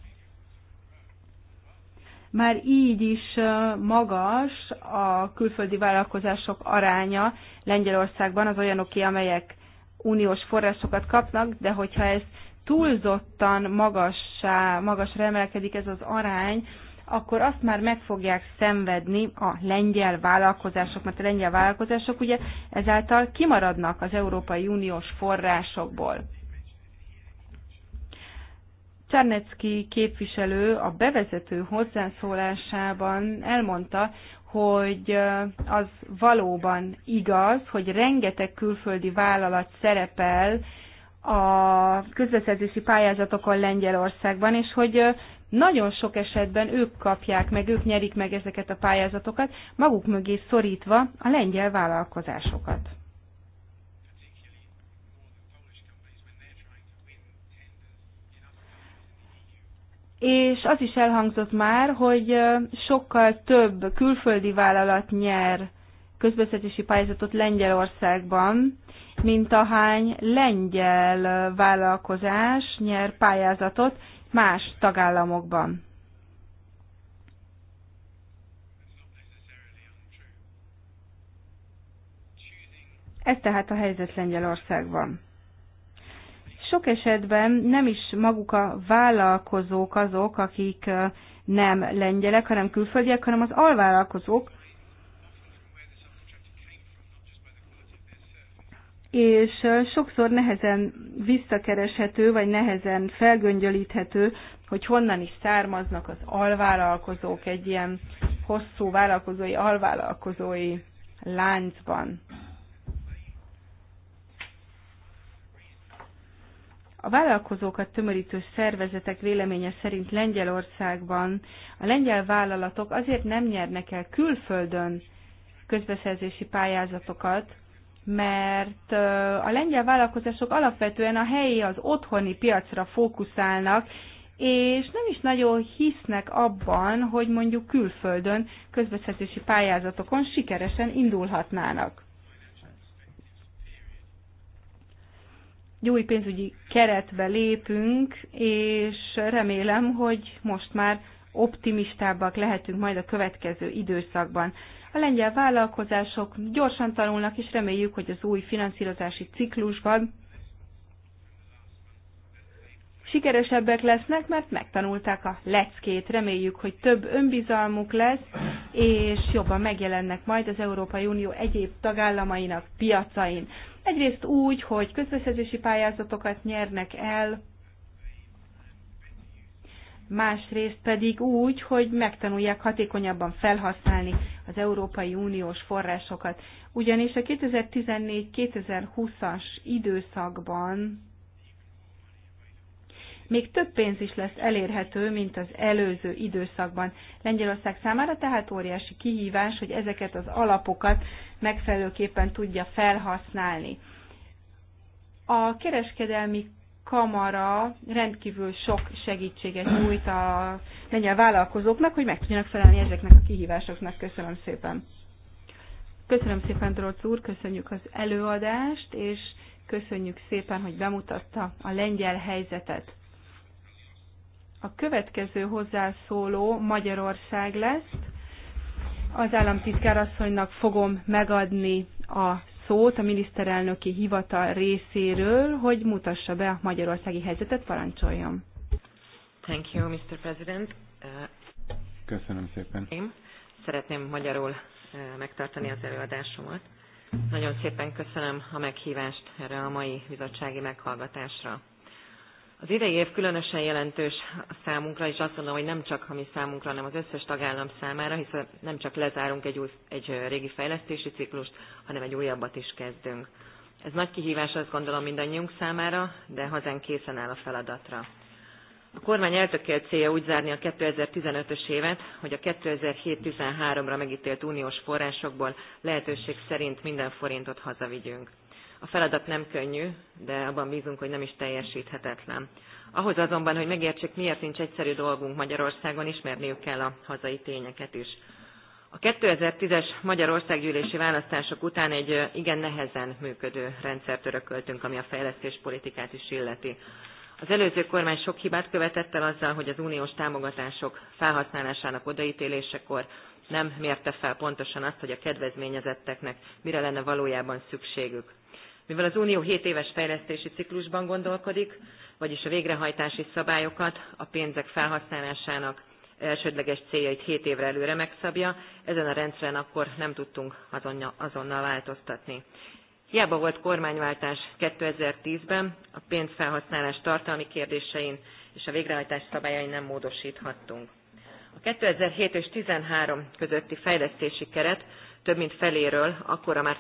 már így is magas a külföldi vállalkozások aránya Lengyelországban az olyanoké, amelyek uniós forrásokat kapnak, de hogyha ez túlzottan magassá, magasra emelkedik ez az arány, akkor azt már meg fogják szenvedni a lengyel vállalkozások, mert a lengyel vállalkozások ugye ezáltal kimaradnak az Európai Uniós forrásokból. Czarnecki képviselő a bevezető hozzászólásában elmondta, hogy az valóban igaz, hogy rengeteg külföldi vállalat szerepel a közbeszerzési pályázatokon Lengyelországban, és hogy nagyon sok esetben ők kapják meg, ők nyerik meg ezeket a pályázatokat, maguk mögé szorítva a lengyel vállalkozásokat. és az is elhangzott már, hogy sokkal több külföldi vállalat nyer közbeszerzési pályázatot Lengyelországban, mint ahány lengyel vállalkozás nyer pályázatot más tagállamokban. Ez tehát a helyzet Lengyelországban sok esetben nem is maguk a vállalkozók azok, akik nem lengyelek, hanem külföldiek, hanem az alvállalkozók. És sokszor nehezen visszakereshető, vagy nehezen felgöngyölíthető, hogy honnan is származnak az alvállalkozók egy ilyen hosszú vállalkozói, alvállalkozói láncban. A vállalkozókat tömörítő szervezetek véleménye szerint Lengyelországban a lengyel vállalatok azért nem nyernek el külföldön közbeszerzési pályázatokat, mert a lengyel vállalkozások alapvetően a helyi, az otthoni piacra fókuszálnak, és nem is nagyon hisznek abban, hogy mondjuk külföldön közbeszerzési pályázatokon sikeresen indulhatnának. egy új pénzügyi keretbe lépünk, és remélem, hogy most már optimistábbak lehetünk majd a következő időszakban. A lengyel vállalkozások gyorsan tanulnak, és reméljük, hogy az új finanszírozási ciklusban sikeresebbek lesznek, mert megtanulták a leckét. Reméljük, hogy több önbizalmuk lesz, és jobban megjelennek majd az Európai Unió egyéb tagállamainak piacain. Egyrészt úgy, hogy közbeszerzési pályázatokat nyernek el, másrészt pedig úgy, hogy megtanulják hatékonyabban felhasználni az Európai Uniós forrásokat. Ugyanis a 2014-2020-as időszakban még több pénz is lesz elérhető, mint az előző időszakban. Lengyelország számára tehát óriási kihívás, hogy ezeket az alapokat megfelelőképpen tudja felhasználni. A kereskedelmi kamara rendkívül sok segítséget nyújt a lengyel vállalkozóknak, hogy meg tudjanak felelni ezeknek a kihívásoknak. Köszönöm szépen. Köszönöm szépen, Drolc úr, köszönjük az előadást, és köszönjük szépen, hogy bemutatta a lengyel helyzetet. A következő hozzászóló Magyarország lesz. Az államtitkárasszonynak fogom megadni a szót a miniszterelnöki hivatal részéről, hogy mutassa be a magyarországi helyzetet, parancsoljon. Thank you, Mr. President. Uh, köszönöm szépen. Én szeretném magyarul uh, megtartani az előadásomat. Nagyon szépen köszönöm a meghívást erre a mai bizottsági meghallgatásra. Az idei év különösen jelentős számunkra, és azt mondom, hogy nem csak a mi számunkra, hanem az összes tagállam számára, hiszen nem csak lezárunk egy, új, egy régi fejlesztési ciklust, hanem egy újabbat is kezdünk. Ez nagy kihívás, azt gondolom, mindannyiunk számára, de hazánk készen áll a feladatra. A kormány eltökélt célja úgy zárni a 2015-ös évet, hogy a 2007-13-ra megítélt uniós forrásokból lehetőség szerint minden forintot hazavigyünk. A feladat nem könnyű, de abban bízunk, hogy nem is teljesíthetetlen. Ahhoz azonban, hogy megértsük, miért nincs egyszerű dolgunk Magyarországon, ismerniük kell a hazai tényeket is. A 2010-es Magyarországgyűlési választások után egy igen nehezen működő rendszert örököltünk, ami a fejlesztéspolitikát is illeti. Az előző kormány sok hibát követett el azzal, hogy az uniós támogatások felhasználásának odaítélésekor nem mérte fel pontosan azt, hogy a kedvezményezetteknek mire lenne valójában szükségük. Mivel az Unió 7 éves fejlesztési ciklusban gondolkodik, vagyis a végrehajtási szabályokat a pénzek felhasználásának elsődleges céljait 7 évre előre megszabja, ezen a rendszeren akkor nem tudtunk azonnal változtatni. Hiába volt kormányváltás 2010-ben, a pénzfelhasználás tartalmi kérdésein és a végrehajtás szabályain nem módosíthattunk. A 2007 és 2013 közötti fejlesztési keret több mint feléről akkora már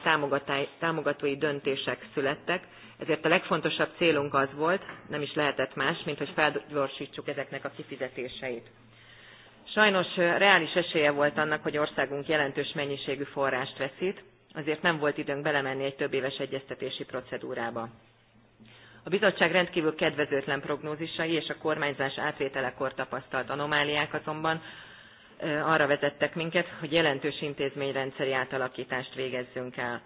támogatói döntések születtek, ezért a legfontosabb célunk az volt, nem is lehetett más, mint hogy felgyorsítsuk ezeknek a kifizetéseit. Sajnos reális esélye volt annak, hogy országunk jelentős mennyiségű forrást veszít, azért nem volt időnk belemenni egy több éves egyeztetési procedúrába. A bizottság rendkívül kedvezőtlen prognózisai és a kormányzás átvételekor tapasztalt anomáliák azonban arra vezettek minket, hogy jelentős intézményrendszeri átalakítást végezzünk el.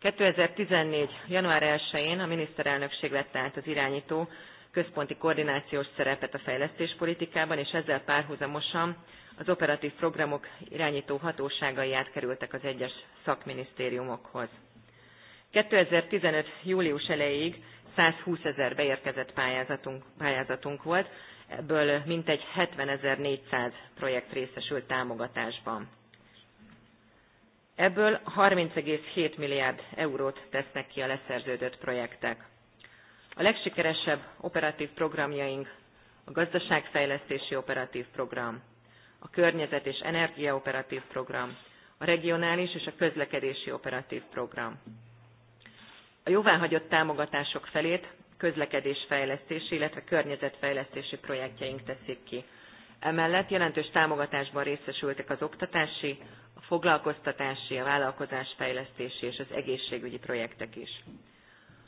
2014. január 1-én a miniszterelnökség vette át az irányító központi koordinációs szerepet a fejlesztéspolitikában, és ezzel párhuzamosan az operatív programok irányító hatóságai átkerültek az egyes szakminisztériumokhoz. 2015. július elejéig 120 ezer beérkezett pályázatunk, pályázatunk volt, ebből mintegy 70.400 projekt részesült támogatásban. Ebből 30,7 milliárd eurót tesznek ki a leszerződött projektek. A legsikeresebb operatív programjaink a gazdaságfejlesztési operatív program, a környezet és energia operatív program, a regionális és a közlekedési operatív program. A jóváhagyott támogatások felét közlekedésfejlesztési, illetve környezetfejlesztési projektjeink teszik ki. Emellett jelentős támogatásban részesültek az oktatási, a foglalkoztatási, a vállalkozásfejlesztési és az egészségügyi projektek is.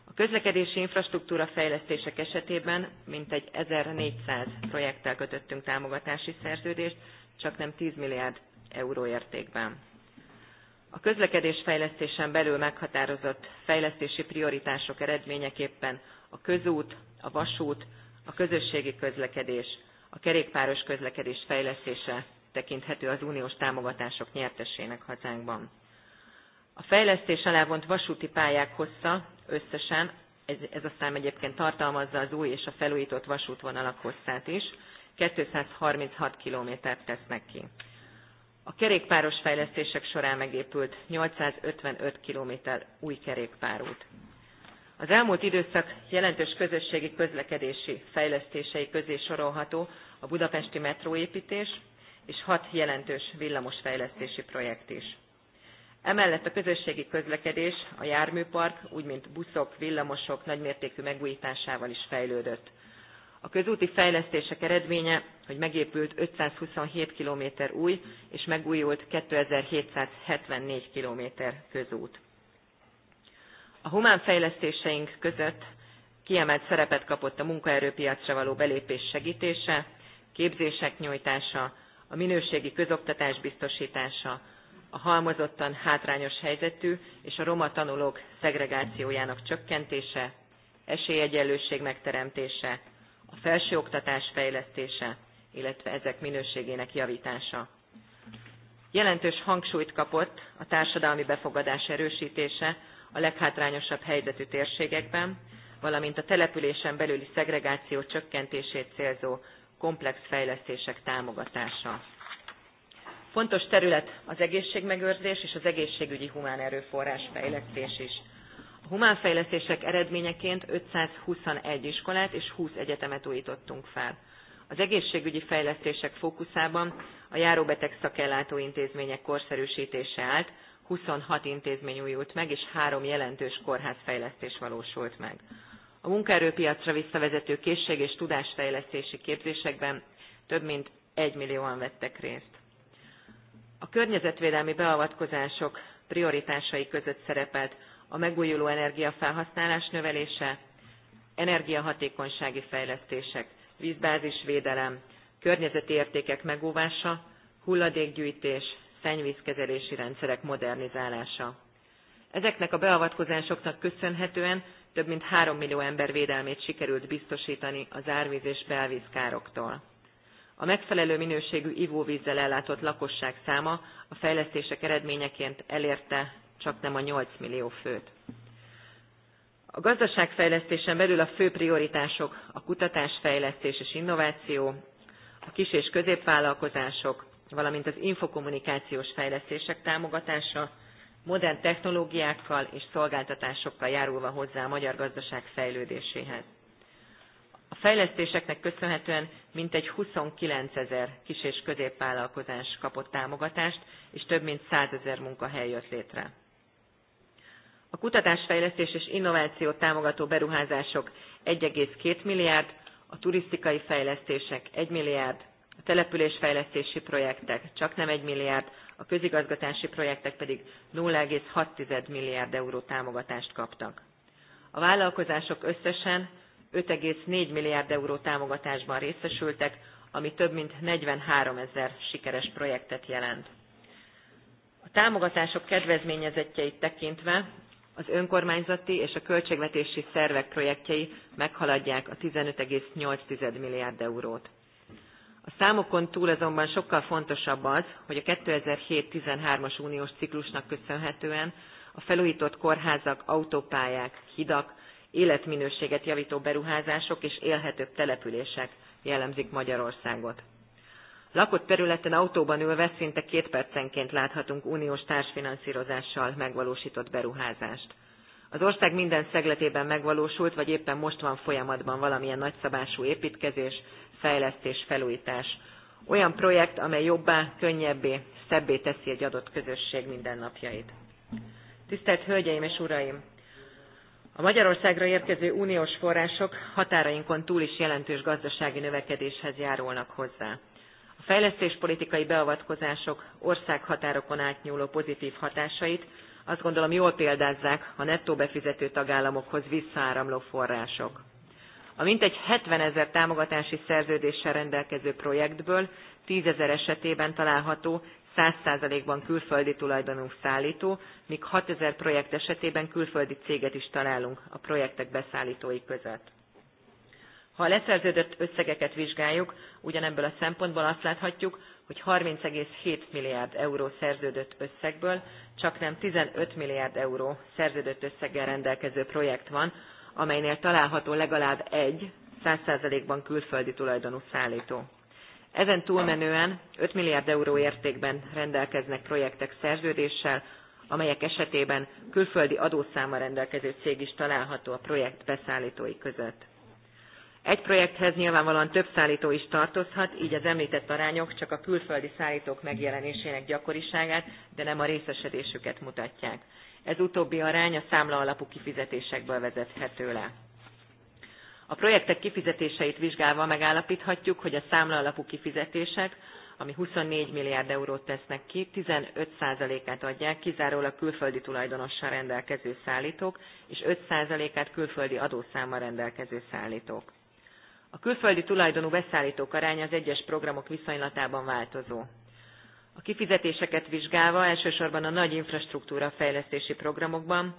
A közlekedési infrastruktúra fejlesztések esetében mintegy 1400 projekttel kötöttünk támogatási szerződést, csak nem 10 milliárd euró értékben. A közlekedés fejlesztésen belül meghatározott fejlesztési prioritások eredményeképpen a közút, a vasút, a közösségi közlekedés, a kerékpáros közlekedés fejlesztése tekinthető az uniós támogatások nyertesének hazánkban. A fejlesztés alá vont vasúti pályák hossza összesen, ez, ez aztán egyébként tartalmazza az új és a felújított vasútvonalak hosszát is, 236 kilométert tesznek ki. A kerékpáros fejlesztések során megépült 855 kilométer új kerékpárút. Az elmúlt időszak jelentős közösségi közlekedési fejlesztései közé sorolható a budapesti metróépítés és hat jelentős villamosfejlesztési projekt is. Emellett a közösségi közlekedés, a járműpark, úgy mint buszok, villamosok nagymértékű megújításával is fejlődött. A közúti fejlesztések eredménye, hogy megépült 527 km új és megújult 2774 km közút. A humán fejlesztéseink között kiemelt szerepet kapott a munkaerőpiacra való belépés segítése, képzések nyújtása, a minőségi közoktatás biztosítása, a halmozottan hátrányos helyzetű és a roma tanulók szegregációjának csökkentése, esélyegyenlőség megteremtése, a felsőoktatás fejlesztése, illetve ezek minőségének javítása. Jelentős hangsúlyt kapott a társadalmi befogadás erősítése, a leghátrányosabb helyzetű térségekben, valamint a településen belüli szegregáció csökkentését célzó komplex fejlesztések támogatása. Fontos terület az egészségmegőrzés és az egészségügyi humán erőforrás fejlesztés is. A humán fejlesztések eredményeként 521 iskolát és 20 egyetemet újítottunk fel. Az egészségügyi fejlesztések fókuszában a járóbeteg szakellátó intézmények korszerűsítése állt, 26 intézmény újult meg, és három jelentős kórházfejlesztés valósult meg. A munkaerőpiacra visszavezető készség és tudásfejlesztési képzésekben több mint 1 millióan vettek részt. A környezetvédelmi beavatkozások prioritásai között szerepelt a megújuló energiafelhasználás növelése, energiahatékonysági fejlesztések, vízbázisvédelem, környezeti értékek megóvása, hulladékgyűjtés, szennyvízkezelési rendszerek modernizálása. Ezeknek a beavatkozásoknak köszönhetően több mint 3 millió ember védelmét sikerült biztosítani az árvíz és belvízkároktól. A megfelelő minőségű ivóvízzel ellátott lakosság száma a fejlesztések eredményeként elérte csak nem a 8 millió főt. A gazdaságfejlesztésen belül a fő prioritások a kutatásfejlesztés és innováció, a kis- és középvállalkozások, valamint az infokommunikációs fejlesztések támogatása, modern technológiákkal és szolgáltatásokkal járulva hozzá a magyar gazdaság fejlődéséhez. A fejlesztéseknek köszönhetően mintegy 29 ezer kis- és középvállalkozás kapott támogatást, és több mint 100 ezer munkahely jött létre. A kutatásfejlesztés és innováció támogató beruházások 1,2 milliárd, a turisztikai fejlesztések 1 milliárd, a településfejlesztési projektek csak nem 1 milliárd, a közigazgatási projektek pedig 0,6 milliárd euró támogatást kaptak. A vállalkozások összesen 5,4 milliárd euró támogatásban részesültek, ami több mint 43 ezer sikeres projektet jelent. A támogatások kedvezményezettjeit tekintve az önkormányzati és a költségvetési szervek projektjei meghaladják a 15,8 milliárd eurót. A számokon túl azonban sokkal fontosabb az, hogy a 2007-13-as uniós ciklusnak köszönhetően a felújított kórházak, autópályák, hidak, életminőséget javító beruházások és élhetőbb települések jellemzik Magyarországot. Lakott területen autóban ülve szinte két percenként láthatunk uniós társfinanszírozással megvalósított beruházást. Az ország minden szegletében megvalósult, vagy éppen most van folyamatban valamilyen nagyszabású építkezés, fejlesztés, felújítás. Olyan projekt, amely jobbá, könnyebbé, szebbé teszi egy adott közösség mindennapjait. Tisztelt Hölgyeim és Uraim! A Magyarországra érkező uniós források határainkon túl is jelentős gazdasági növekedéshez járulnak hozzá. A fejlesztéspolitikai beavatkozások országhatárokon átnyúló pozitív hatásait azt gondolom jól példázzák a nettó befizető tagállamokhoz visszaáramló források. A mintegy 70 ezer támogatási szerződéssel rendelkező projektből 10 ezer esetében található 100%-ban külföldi tulajdonú szállító, míg 6 ezer projekt esetében külföldi céget is találunk a projektek beszállítói között. Ha a leszerződött összegeket vizsgáljuk, ugyanebből a szempontból azt láthatjuk, hogy 30,7 milliárd euró szerződött összegből csak nem 15 milliárd euró szerződött összeggel rendelkező projekt van, amelynél található legalább egy 100%-ban külföldi tulajdonú szállító. Ezen túlmenően 5 milliárd euró értékben rendelkeznek projektek szerződéssel, amelyek esetében külföldi adószáma rendelkező cég is található a projekt beszállítói között. Egy projekthez nyilvánvalóan több szállító is tartozhat, így az említett arányok csak a külföldi szállítók megjelenésének gyakoriságát, de nem a részesedésüket mutatják. Ez utóbbi arány a számla alapú kifizetésekből vezethető le. A projektek kifizetéseit vizsgálva megállapíthatjuk, hogy a számla alapú kifizetések, ami 24 milliárd eurót tesznek ki, 15%-át adják kizárólag külföldi tulajdonossal rendelkező szállítók, és 5%-át külföldi adószámmal rendelkező szállítók. A külföldi tulajdonú beszállítók aránya az egyes programok viszonylatában változó. A kifizetéseket vizsgálva elsősorban a nagy infrastruktúra fejlesztési programokban,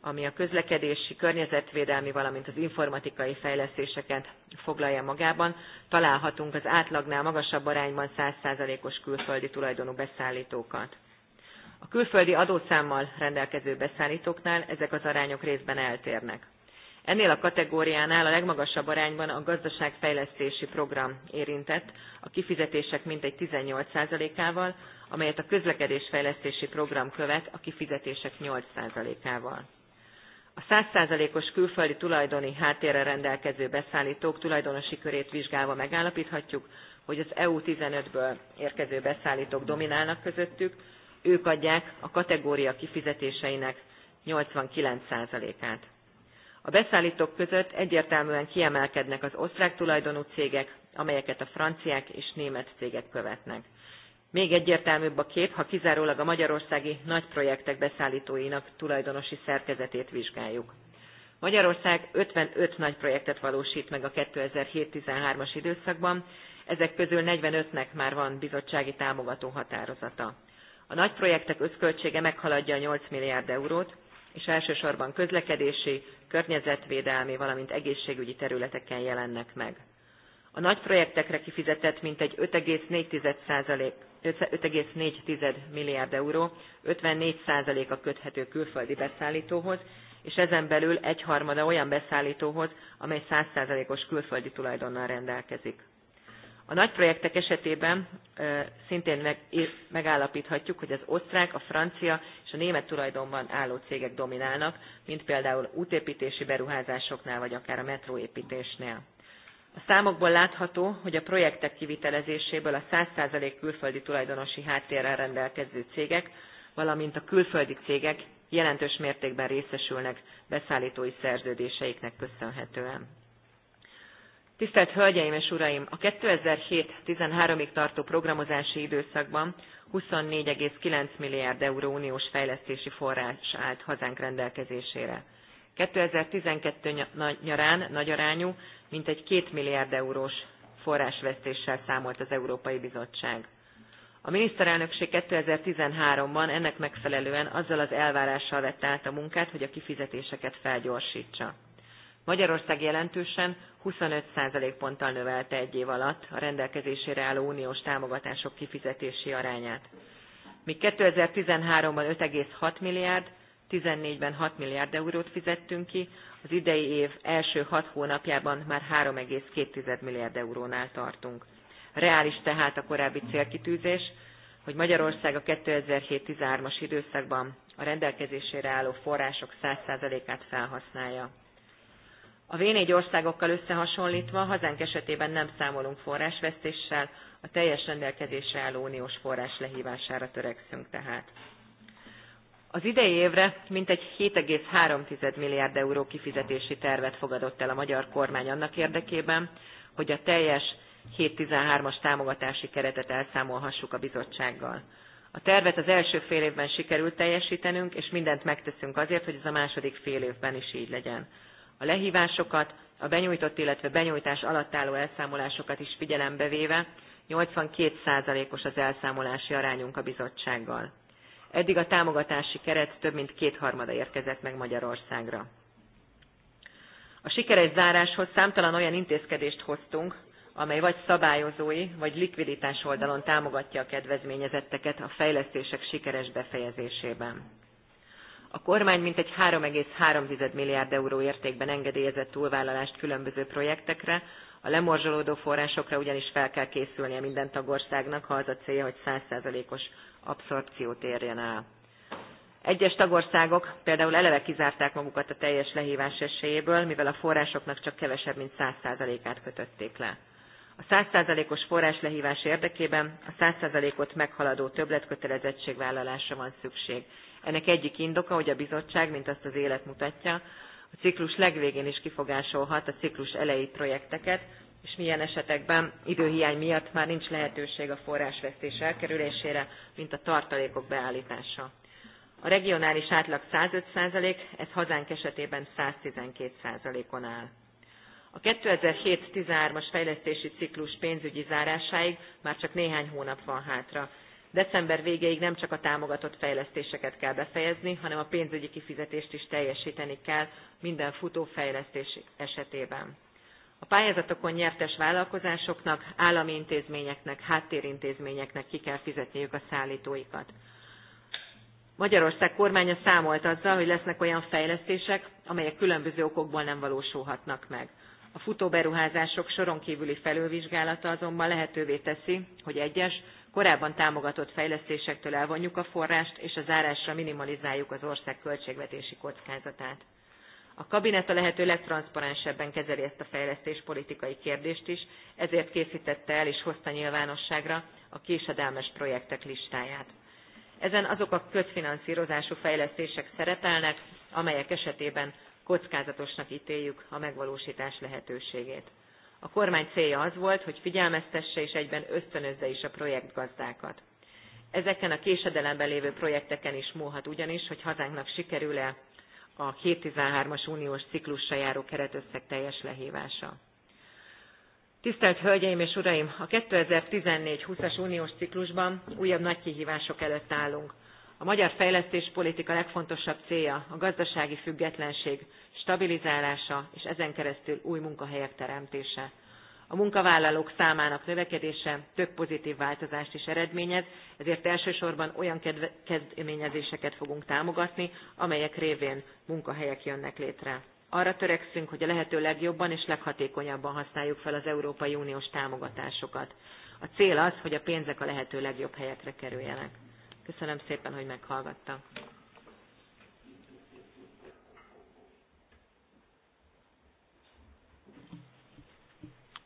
ami a közlekedési, környezetvédelmi, valamint az informatikai fejlesztéseket foglalja magában, találhatunk az átlagnál magasabb arányban 100%-os külföldi tulajdonú beszállítókat. A külföldi adószámmal rendelkező beszállítóknál ezek az arányok részben eltérnek. Ennél a kategóriánál a legmagasabb arányban a gazdaságfejlesztési program érintett a kifizetések mintegy 18%-ával, amelyet a közlekedésfejlesztési program követ a kifizetések 8%-ával. A 100%-os külföldi tulajdoni háttérre rendelkező beszállítók tulajdonosi körét vizsgálva megállapíthatjuk, hogy az EU15-ből érkező beszállítók dominálnak közöttük, ők adják a kategória kifizetéseinek 89%-át. A beszállítók között egyértelműen kiemelkednek az osztrák tulajdonú cégek, amelyeket a franciák és német cégek követnek. Még egyértelműbb a kép, ha kizárólag a magyarországi nagy projektek beszállítóinak tulajdonosi szerkezetét vizsgáljuk. Magyarország 55 nagy projektet valósít meg a 2007-13-as időszakban, ezek közül 45-nek már van bizottsági támogató határozata. A nagy projektek összköltsége meghaladja a 8 milliárd eurót, és elsősorban közlekedési, környezetvédelmi, valamint egészségügyi területeken jelennek meg. A nagy projektekre kifizetett mintegy 5,4 milliárd euró, 54%-a köthető külföldi beszállítóhoz, és ezen belül egyharmada olyan beszállítóhoz, amely 100%-os külföldi tulajdonnal rendelkezik. A nagy projektek esetében szintén megállapíthatjuk, hogy az osztrák, a francia a német tulajdonban álló cégek dominálnak, mint például útépítési beruházásoknál vagy akár a metróépítésnél. A számokból látható, hogy a projektek kivitelezéséből a 100% külföldi tulajdonosi háttérrel rendelkező cégek, valamint a külföldi cégek jelentős mértékben részesülnek beszállítói szerződéseiknek köszönhetően. Tisztelt Hölgyeim és Uraim! A 2007-13-ig tartó programozási időszakban 24,9 milliárd euró uniós fejlesztési forrás állt hazánk rendelkezésére. 2012 nyarán nagyarányú, mintegy 2 milliárd eurós forrásvesztéssel számolt az Európai Bizottság. A miniszterelnökség 2013-ban ennek megfelelően azzal az elvárással vette át a munkát, hogy a kifizetéseket felgyorsítsa. Magyarország jelentősen 25 ponttal növelte egy év alatt a rendelkezésére álló uniós támogatások kifizetési arányát. Míg 2013-ban 5,6 milliárd, 14-ben 6 milliárd eurót fizettünk ki, az idei év első 6 hónapjában már 3,2 milliárd eurónál tartunk. Reális tehát a korábbi célkitűzés, hogy Magyarország a 2007-13-as időszakban a rendelkezésére álló források 100%-át felhasználja. A V4 országokkal összehasonlítva hazánk esetében nem számolunk forrásvesztéssel, a teljes rendelkezésre álló uniós forrás lehívására törekszünk tehát. Az idei évre mintegy 7,3 milliárd euró kifizetési tervet fogadott el a magyar kormány annak érdekében, hogy a teljes 7.13-as támogatási keretet elszámolhassuk a bizottsággal. A tervet az első fél évben sikerült teljesítenünk, és mindent megteszünk azért, hogy ez a második fél évben is így legyen a lehívásokat, a benyújtott, illetve benyújtás alatt álló elszámolásokat is figyelembe véve 82%-os az elszámolási arányunk a bizottsággal. Eddig a támogatási keret több mint kétharmada érkezett meg Magyarországra. A sikeres záráshoz számtalan olyan intézkedést hoztunk, amely vagy szabályozói, vagy likviditás oldalon támogatja a kedvezményezetteket a fejlesztések sikeres befejezésében. A kormány mintegy 3,3 milliárd euró értékben engedélyezett túlvállalást különböző projektekre, a lemorzsolódó forrásokra ugyanis fel kell készülnie minden tagországnak, ha az a célja, hogy 100%-os abszorpciót érjen el. Egyes tagországok például eleve kizárták magukat a teljes lehívás esélyéből, mivel a forrásoknak csak kevesebb, mint 100%-át kötötték le a 100%-os lehívás érdekében a 100%-ot meghaladó többletkötelezettségvállalásra van szükség. Ennek egyik indoka, hogy a bizottság, mint azt az élet mutatja, a ciklus legvégén is kifogásolhat a ciklus elejé projekteket, és milyen esetekben időhiány miatt már nincs lehetőség a forrásvesztés elkerülésére, mint a tartalékok beállítása. A regionális átlag 105%, ez hazánk esetében 112%-on áll. A 2007-13-as fejlesztési ciklus pénzügyi zárásáig már csak néhány hónap van hátra. December végéig nem csak a támogatott fejlesztéseket kell befejezni, hanem a pénzügyi kifizetést is teljesíteni kell minden futófejlesztés esetében. A pályázatokon nyertes vállalkozásoknak, állami intézményeknek, háttérintézményeknek ki kell fizetniük a szállítóikat. Magyarország kormánya számolt azzal, hogy lesznek olyan fejlesztések, amelyek különböző okokból nem valósulhatnak meg. A futóberuházások soron kívüli felülvizsgálata azonban lehetővé teszi, hogy egyes, korábban támogatott fejlesztésektől elvonjuk a forrást, és a zárásra minimalizáljuk az ország költségvetési kockázatát. A kabinet a lehető legtranszparensebben kezeli ezt a fejlesztés politikai kérdést is, ezért készítette el és hozta nyilvánosságra a késedelmes projektek listáját. Ezen azok a közfinanszírozású fejlesztések szerepelnek, amelyek esetében kockázatosnak ítéljük a megvalósítás lehetőségét. A kormány célja az volt, hogy figyelmeztesse és egyben ösztönözze is a projektgazdákat. Ezeken a késedelemben lévő projekteken is múlhat ugyanis, hogy hazánknak sikerül-e a 2013-as uniós ciklussal járó keretösszeg teljes lehívása. Tisztelt Hölgyeim és Uraim! A 2014-20-as uniós ciklusban újabb nagy kihívások előtt állunk. A magyar fejlesztéspolitika legfontosabb célja a gazdasági függetlenség stabilizálása és ezen keresztül új munkahelyek teremtése. A munkavállalók számának növekedése több pozitív változást is eredményez, ezért elsősorban olyan kezdeményezéseket fogunk támogatni, amelyek révén munkahelyek jönnek létre. Arra törekszünk, hogy a lehető legjobban és leghatékonyabban használjuk fel az Európai Uniós támogatásokat. A cél az, hogy a pénzek a lehető legjobb helyekre kerüljenek. Köszönöm szépen, hogy meghallgattam.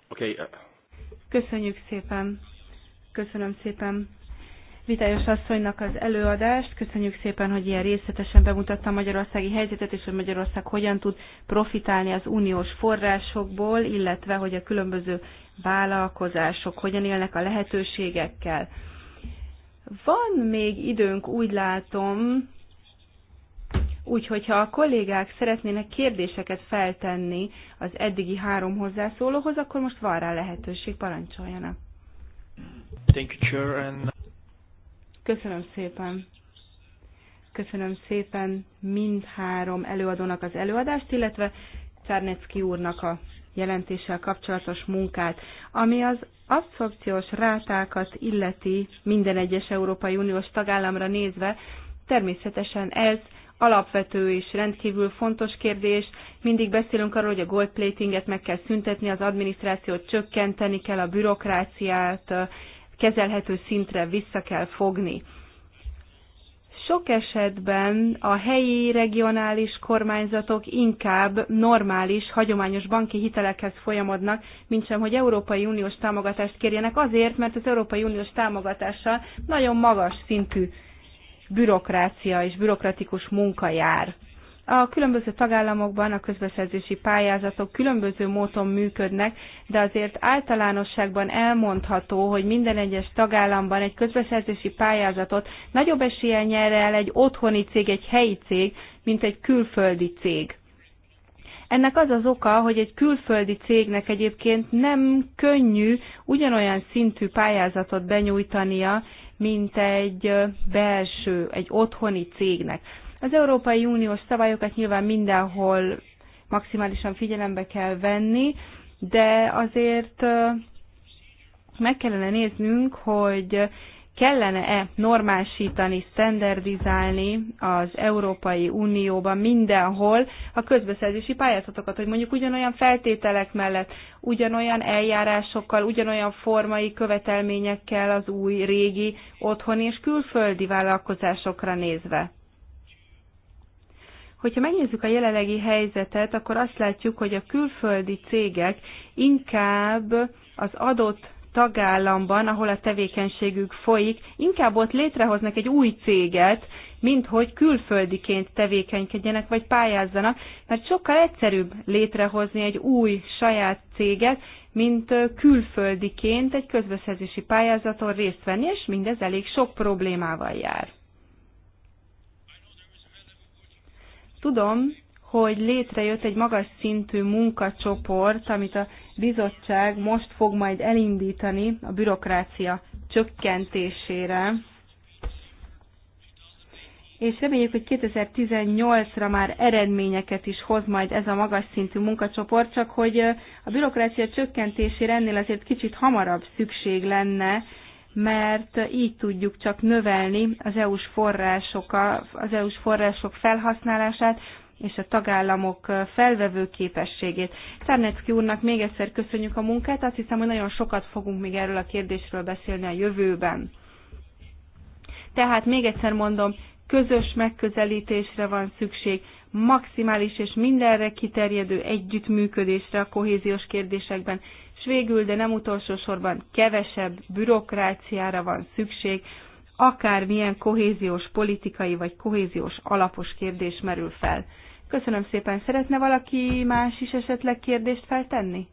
Okay. Uh, Köszönjük szépen. Köszönöm szépen Vitályos asszonynak az előadást. Köszönjük szépen, hogy ilyen részletesen bemutatta a magyarországi helyzetet, és hogy Magyarország hogyan tud profitálni az uniós forrásokból, illetve hogy a különböző vállalkozások hogyan élnek a lehetőségekkel. Van még időnk, úgy látom, úgyhogy ha a kollégák szeretnének kérdéseket feltenni az eddigi három hozzászólóhoz, akkor most van rá lehetőség, parancsoljanak. Thank you, Chair, and... Köszönöm szépen. Köszönöm szépen mindhárom előadónak az előadást, illetve Czárnecki úrnak a jelentéssel kapcsolatos munkát. Ami az abszorpciós rátákat illeti minden egyes Európai Uniós tagállamra nézve, természetesen ez alapvető és rendkívül fontos kérdés. Mindig beszélünk arról, hogy a gold platinget meg kell szüntetni, az adminisztrációt csökkenteni kell, a bürokráciát kezelhető szintre vissza kell fogni. Sok esetben a helyi, regionális kormányzatok inkább normális, hagyományos banki hitelekhez folyamodnak, mint sem, hogy Európai Uniós támogatást kérjenek azért, mert az Európai Uniós támogatással nagyon magas szintű bürokrácia és bürokratikus munka jár. A különböző tagállamokban a közbeszerzési pályázatok különböző módon működnek, de azért általánosságban elmondható, hogy minden egyes tagállamban egy közbeszerzési pályázatot nagyobb eséllyel nyer el egy otthoni cég, egy helyi cég, mint egy külföldi cég. Ennek az az oka, hogy egy külföldi cégnek egyébként nem könnyű ugyanolyan szintű pályázatot benyújtania, mint egy belső, egy otthoni cégnek. Az Európai Uniós szabályokat nyilván mindenhol maximálisan figyelembe kell venni, de azért meg kellene néznünk, hogy kellene-e normálsítani, standardizálni az Európai Unióban mindenhol a közbeszerzési pályázatokat, hogy mondjuk ugyanolyan feltételek mellett, ugyanolyan eljárásokkal, ugyanolyan formai követelményekkel az új, régi, otthoni és külföldi vállalkozásokra nézve. Hogyha megnézzük a jelenlegi helyzetet, akkor azt látjuk, hogy a külföldi cégek inkább az adott tagállamban, ahol a tevékenységük folyik, inkább ott létrehoznak egy új céget, mint hogy külföldiként tevékenykedjenek vagy pályázzanak, mert sokkal egyszerűbb létrehozni egy új saját céget, mint külföldiként egy közbeszerzési pályázaton részt venni, és mindez elég sok problémával jár. Tudom, hogy létrejött egy magas szintű munkacsoport, amit a bizottság most fog majd elindítani a bürokrácia csökkentésére. És reméljük, hogy 2018-ra már eredményeket is hoz majd ez a magas szintű munkacsoport, csak hogy a bürokrácia csökkentésére ennél azért kicsit hamarabb szükség lenne, mert így tudjuk csak növelni az EU-s források, az EU-s források felhasználását, és a tagállamok felvevő képességét. Czarnecki úrnak még egyszer köszönjük a munkát, azt hiszem, hogy nagyon sokat fogunk még erről a kérdésről beszélni a jövőben. Tehát még egyszer mondom, közös megközelítésre van szükség, maximális és mindenre kiterjedő együttműködésre a kohéziós kérdésekben, és végül, de nem utolsó sorban kevesebb bürokráciára van szükség, akármilyen kohéziós politikai vagy kohéziós alapos kérdés merül fel. Köszönöm szépen. Szeretne valaki más is esetleg kérdést feltenni?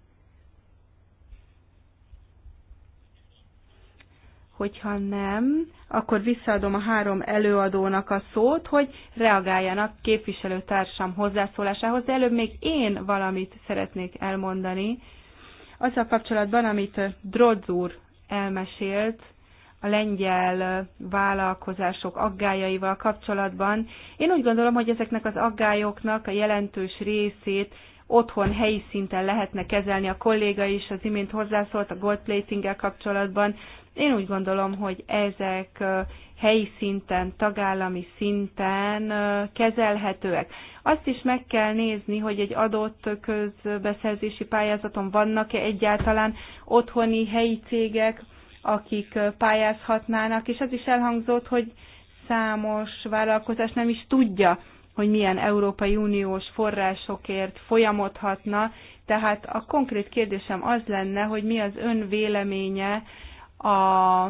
Hogyha nem, akkor visszaadom a három előadónak a szót, hogy reagáljanak képviselőtársam hozzászólásához. De előbb még én valamit szeretnék elmondani. Azzal kapcsolatban, amit Drodz úr elmesélt, a lengyel vállalkozások aggájaival kapcsolatban. Én úgy gondolom, hogy ezeknek az aggályoknak a jelentős részét otthon helyi szinten lehetne kezelni. A kolléga is az imént hozzászólt a gold plating kapcsolatban. Én úgy gondolom, hogy ezek helyi szinten, tagállami szinten kezelhetőek. Azt is meg kell nézni, hogy egy adott közbeszerzési pályázaton vannak-e egyáltalán otthoni helyi cégek, akik pályázhatnának, és az is elhangzott, hogy számos vállalkozás nem is tudja, hogy milyen Európai Uniós forrásokért folyamodhatna. Tehát a konkrét kérdésem az lenne, hogy mi az ön véleménye a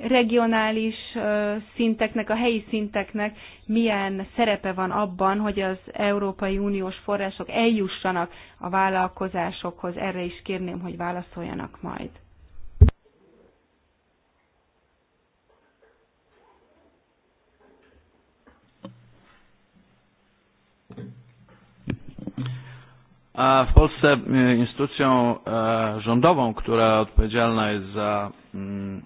regionális szinteknek, a helyi szinteknek milyen szerepe van abban, hogy az Európai Uniós források eljussanak a vállalkozásokhoz. Erre is kérném, hogy válaszoljanak majd. A w Polsce e, instytucją e, rządową, która odpowiedzialna jest za mm,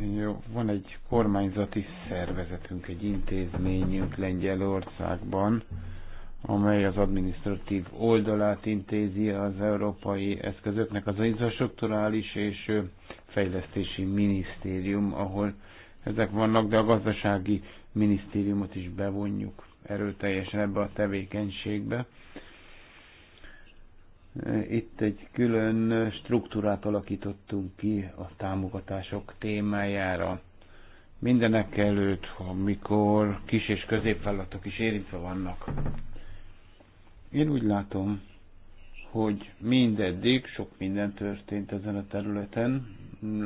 jó, van egy kormányzati szervezetünk, egy intézményünk Lengyelországban, amely az administratív oldalát intézi az európai eszközöknek, az infrastruktúrális és fejlesztési minisztérium, ahol ezek vannak, de a gazdasági minisztériumot is bevonjuk erőteljesen ebbe a tevékenységbe. Itt egy külön struktúrát alakítottunk ki a támogatások témájára. Mindenek előtt, amikor kis és középvállalatok is érintve vannak. Én úgy látom, hogy mindeddig sok minden történt ezen a területen.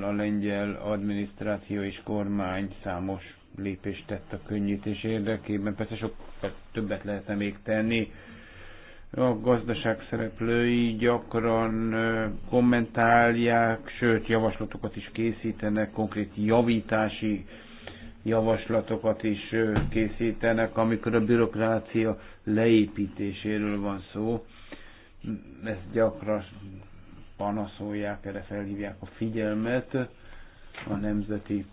A lengyel adminisztráció és kormány számos lépést tett a könnyítés érdekében. Persze sok többet lehetne még tenni, a gazdaság szereplői gyakran kommentálják, sőt javaslatokat is készítenek, konkrét javítási javaslatokat is készítenek, amikor a bürokrácia leépítéséről van szó. Ezt gyakran panaszolják, erre felhívják a figyelmet a nemzeti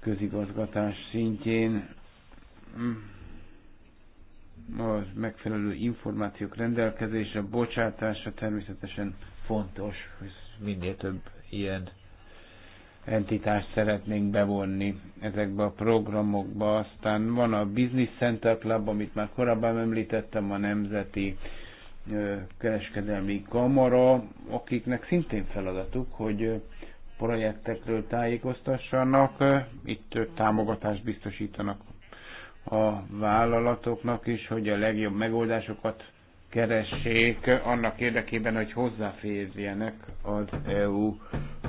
közigazgatás szintjén a megfelelő információk rendelkezésre, bocsátása természetesen fontos, hogy minél több ilyen entitást szeretnénk bevonni ezekbe a programokba. Aztán van a Business Center Club, amit már korábban említettem, a Nemzeti Kereskedelmi Kamara, akiknek szintén feladatuk, hogy projektekről tájékoztassanak, itt támogatást biztosítanak a vállalatoknak is, hogy a legjobb megoldásokat keressék annak érdekében, hogy hozzáférjenek az EU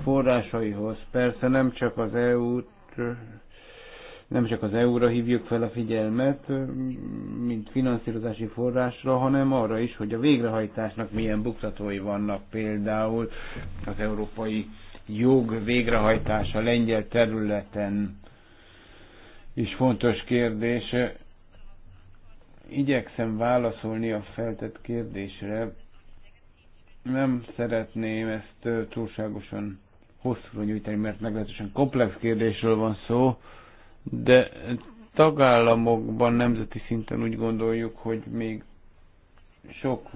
forrásaihoz. Persze nem csak az EU-t nem csak az EU-ra hívjuk fel a figyelmet, mint finanszírozási forrásra, hanem arra is, hogy a végrehajtásnak milyen buktatói vannak például az európai jog végrehajtása lengyel területen is fontos kérdés. Igyekszem válaszolni a feltett kérdésre. Nem szeretném ezt túlságosan hosszúra nyújtani, mert meglehetősen komplex kérdésről van szó, de tagállamokban nemzeti szinten úgy gondoljuk, hogy még sok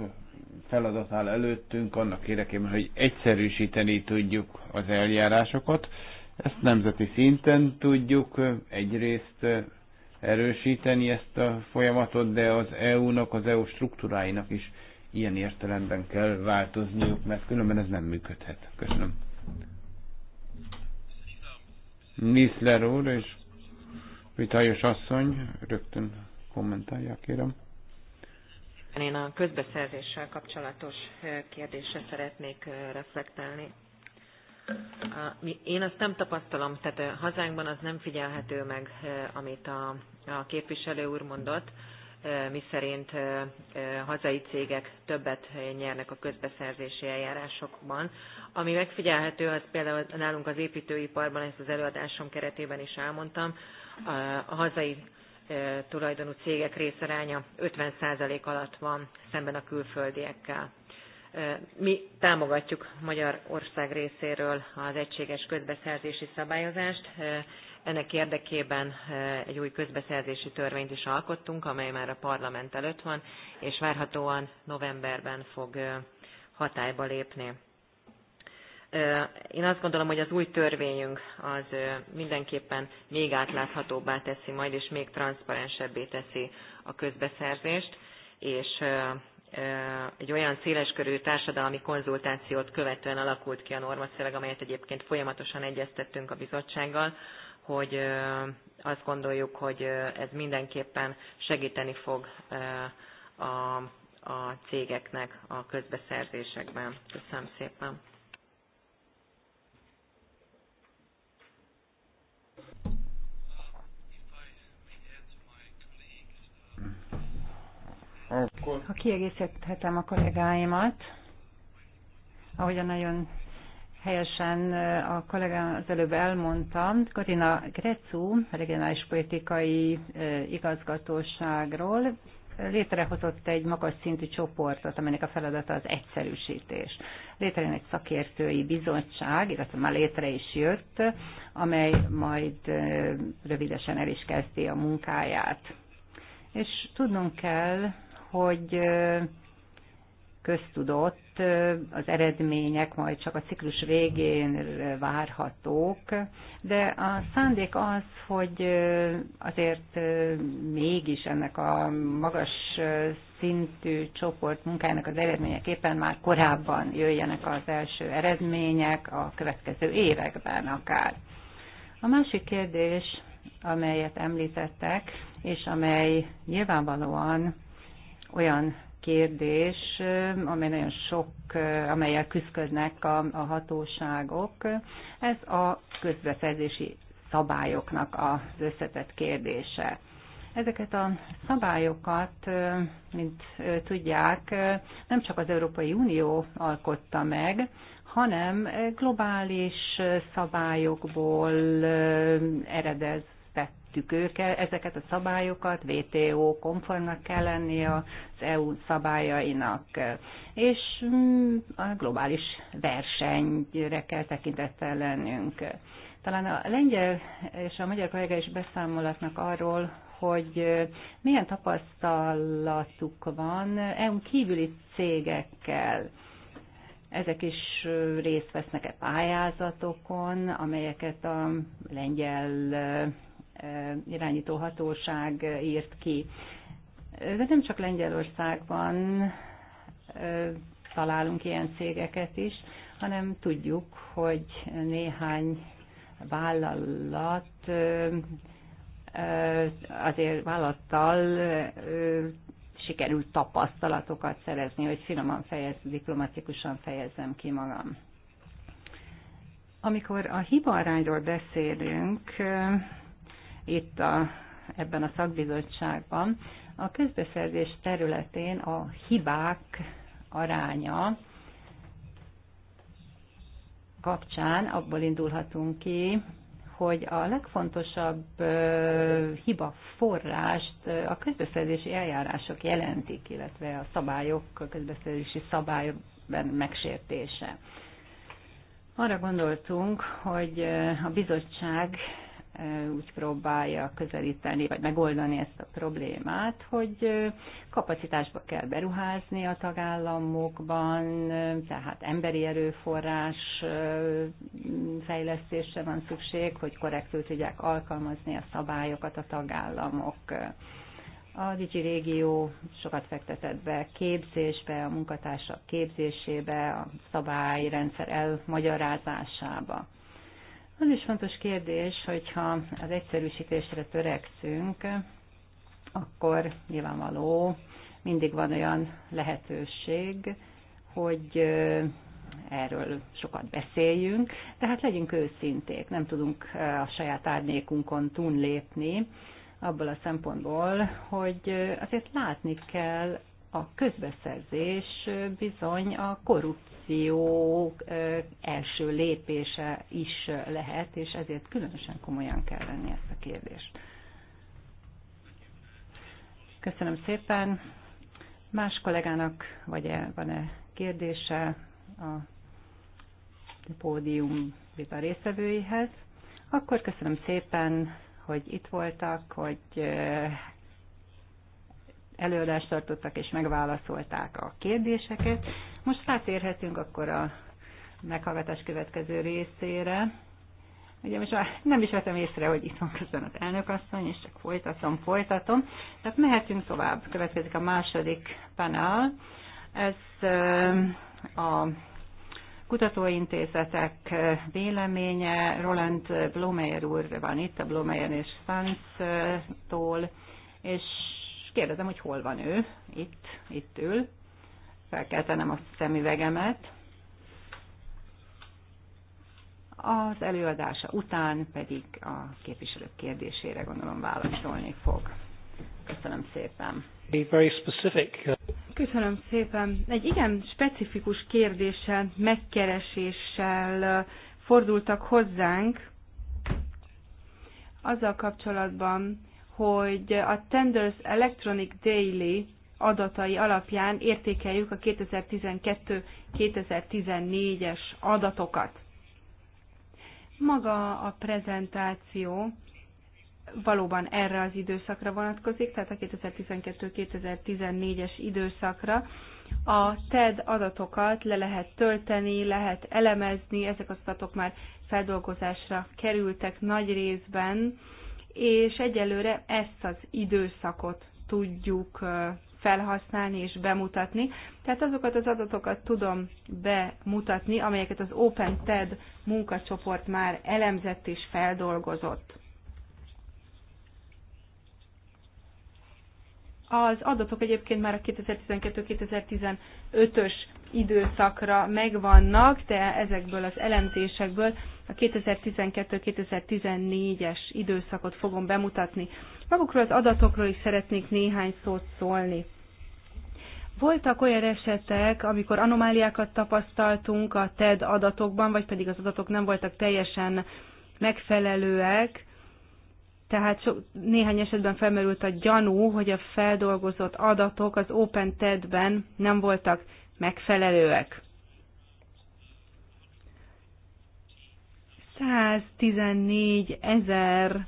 feladat áll előttünk annak érdekében, hogy egyszerűsíteni tudjuk az eljárásokat, ezt nemzeti szinten tudjuk egyrészt erősíteni ezt a folyamatot, de az EU-nak, az EU struktúráinak is ilyen értelemben kell változniuk, mert különben ez nem működhet. Köszönöm. Niszler úr és Vitályos asszony, rögtön kommentálja kérem. Én a közbeszerzéssel kapcsolatos kérdésre szeretnék reflektálni. Én azt nem tapasztalom, tehát hazánkban az nem figyelhető meg, e, amit a, a képviselő úr mondott, e, miszerint e, hazai cégek többet nyernek a közbeszerzési eljárásokban. Ami megfigyelhető, az például nálunk az építőiparban, ezt az előadásom keretében is elmondtam, a hazai tulajdonú cégek részaránya 50% alatt van szemben a külföldiekkel. Mi támogatjuk Magyarország részéről az egységes közbeszerzési szabályozást. Ennek érdekében egy új közbeszerzési törvényt is alkottunk, amely már a parlament előtt van, és várhatóan novemberben fog hatályba lépni. Én azt gondolom, hogy az új törvényünk az mindenképpen még átláthatóbbá teszi majd, és még transzparensebbé teszi a közbeszerzést, és egy olyan széleskörű társadalmi konzultációt követően alakult ki a normaszöveg, amelyet egyébként folyamatosan egyeztettünk a bizottsággal, hogy azt gondoljuk, hogy ez mindenképpen segíteni fog a, a cégeknek a közbeszerzésekben. Köszönöm szépen. Akkor... Ha kiegészíthetem a kollégáimat, a nagyon helyesen a kollégám az előbb elmondta, Katina Grecu, regionális politikai igazgatóságról létrehozott egy magas szintű csoportot, amelynek a feladata az egyszerűsítés. Létrejön egy szakértői bizottság, illetve már létre is jött, amely majd rövidesen el is kezdi a munkáját. És tudnunk kell, hogy köztudott, az eredmények majd csak a ciklus végén várhatók, de a szándék az, hogy azért mégis ennek a magas szintű csoport munkájának az eredményeképpen már korábban jöjjenek az első eredmények, a következő években akár. A másik kérdés, amelyet említettek, és amely nyilvánvalóan olyan kérdés, amely nagyon sok, amelyel küzdködnek a, a hatóságok. Ez a közbeszerzési szabályoknak az összetett kérdése. Ezeket a szabályokat, mint tudják, nem csak az Európai Unió alkotta meg, hanem globális szabályokból eredez előttük őket, ezeket a szabályokat VTO konformnak kell lenni az EU szabályainak, és mm, a globális versenyre kell tekintettel lennünk. Talán a lengyel és a magyar kollega is beszámolatnak arról, hogy milyen tapasztalatuk van EU kívüli cégekkel. Ezek is részt vesznek-e pályázatokon, amelyeket a lengyel irányító hatóság írt ki. De nem csak Lengyelországban találunk ilyen cégeket is, hanem tudjuk, hogy néhány vállalat azért vállattal sikerült tapasztalatokat szerezni, hogy finoman fejez, diplomatikusan fejezzem ki magam. Amikor a hibaarányról beszélünk, itt a, ebben a szakbizottságban. A közbeszerzés területén a hibák aránya kapcsán abból indulhatunk ki, hogy a legfontosabb hiba forrást a közbeszerzési eljárások jelentik, illetve a szabályok, a közbeszerzési szabályokban megsértése. Arra gondoltunk, hogy a bizottság Eh, úgy próbálja közelíteni, vagy megoldani ezt a problémát, hogy eh, kapacitásba kell beruházni a tagállamokban, eh, tehát emberi erőforrás fejlesztésre van szükség, hogy korrektül tudják alkalmazni a szabályokat a tagállamok. A Digi Régió sokat fektetett be képzésbe, a munkatársak képzésébe, a szabályrendszer elmagyarázásába. Az is fontos kérdés, hogyha az egyszerűsítésre törekszünk, akkor nyilvánvaló mindig van olyan lehetőség, hogy erről sokat beszéljünk, de hát legyünk őszinték, nem tudunk a saját árnyékunkon túllépni, abból a szempontból, hogy azért látni kell a közbeszerzés bizony a korrupt prevenció első lépése is lehet, és ezért különösen komolyan kell venni ezt a kérdést. Köszönöm szépen. Más kollégának vagy -e, van-e kérdése a pódium vita részevőihez? Akkor köszönöm szépen, hogy itt voltak, hogy előadást tartottak és megválaszolták a kérdéseket. Most rátérhetünk akkor a meghallgatás következő részére. Ugye most nem is vettem észre, hogy itt van közben az elnökasszony, és csak folytatom, folytatom. Tehát mehetünk tovább. Következik a második panel. Ez a kutatóintézetek véleménye. Roland Blomeyer úr van itt, a Blomeyer és Sanz-tól, és kérdezem, hogy hol van ő. Itt, itt ül fel kell tennem a szemüvegemet. Az előadása után pedig a képviselők kérdésére gondolom válaszolni fog. Köszönöm szépen. Very specific. Köszönöm szépen. Egy igen specifikus kérdéssel, megkereséssel fordultak hozzánk azzal kapcsolatban, hogy a Tenders Electronic Daily adatai alapján értékeljük a 2012-2014-es adatokat. Maga a prezentáció valóban erre az időszakra vonatkozik, tehát a 2012-2014-es időszakra. A TED adatokat le lehet tölteni, lehet elemezni, ezek az adatok már feldolgozásra kerültek nagy részben, és egyelőre ezt az időszakot tudjuk felhasználni és bemutatni. Tehát azokat az adatokat tudom bemutatni, amelyeket az Open TED munkacsoport már elemzett és feldolgozott. Az adatok egyébként már a 2012-2015-ös időszakra megvannak, de ezekből az elemzésekből a 2012-2014-es időszakot fogom bemutatni. Magukról az adatokról is szeretnék néhány szót szólni. Voltak olyan esetek, amikor anomáliákat tapasztaltunk a TED adatokban, vagy pedig az adatok nem voltak teljesen megfelelőek, tehát so, néhány esetben felmerült a gyanú, hogy a feldolgozott adatok az Open TED-ben nem voltak megfelelőek. 114 ezer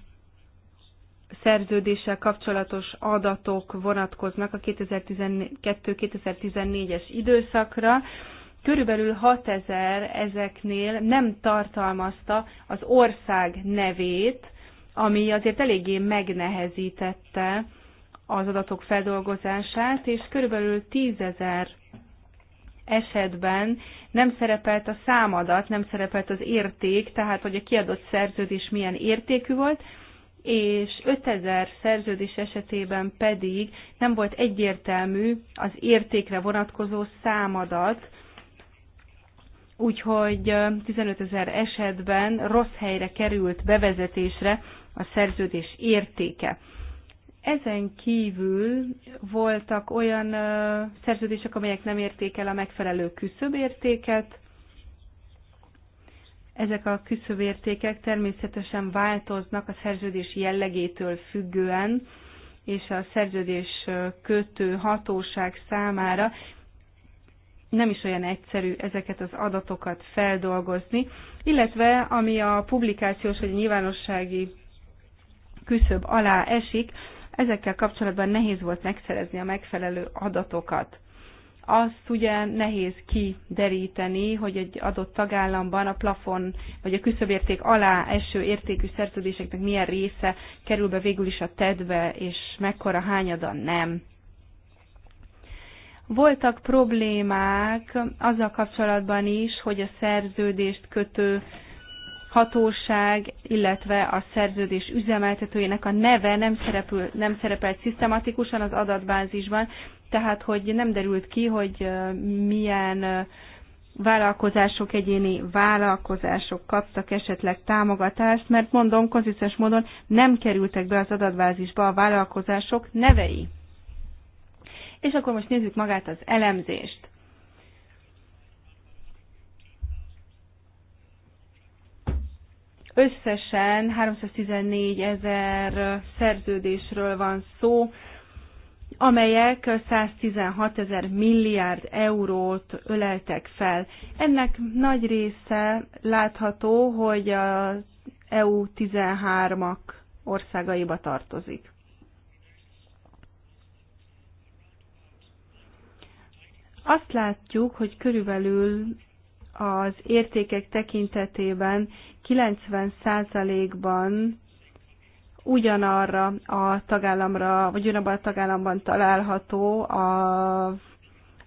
szerződéssel kapcsolatos adatok vonatkoznak a 2012-2014-es időszakra. Körülbelül 6000 ezeknél nem tartalmazta az ország nevét, ami azért eléggé megnehezítette az adatok feldolgozását, és körülbelül 10.000 esetben nem szerepelt a számadat, nem szerepelt az érték, tehát hogy a kiadott szerződés milyen értékű volt, és 5000 szerződés esetében pedig nem volt egyértelmű az értékre vonatkozó számadat, úgyhogy 15 ezer esetben rossz helyre került bevezetésre a szerződés értéke. Ezen kívül voltak olyan szerződések, amelyek nem érték el a megfelelő küszöbértéket, ezek a küszövértékek természetesen változnak a szerződés jellegétől függően, és a szerződés kötő hatóság számára nem is olyan egyszerű ezeket az adatokat feldolgozni, illetve ami a publikációs vagy nyilvánossági küszöb alá esik, ezekkel kapcsolatban nehéz volt megszerezni a megfelelő adatokat azt ugye nehéz kideríteni, hogy egy adott tagállamban a plafon vagy a küszöbérték alá eső értékű szerződéseknek milyen része kerül be végül is a tedbe, és mekkora hányada nem. Voltak problémák azzal kapcsolatban is, hogy a szerződést kötő hatóság, illetve a szerződés üzemeltetőjének a neve nem, szerepül, nem szerepelt szisztematikusan az adatbázisban, tehát hogy nem derült ki, hogy milyen vállalkozások, egyéni vállalkozások kaptak esetleg támogatást, mert mondom, konzisztens módon nem kerültek be az adatbázisba a vállalkozások nevei. És akkor most nézzük magát az elemzést. Összesen 314 ezer szerződésről van szó, amelyek 116 ezer milliárd eurót öleltek fel. Ennek nagy része látható, hogy az EU 13-ak országaiba tartozik. Azt látjuk, hogy körülbelül az értékek tekintetében 90%-ban ugyanarra a tagállamra, vagy ugyanabban a tagállamban található a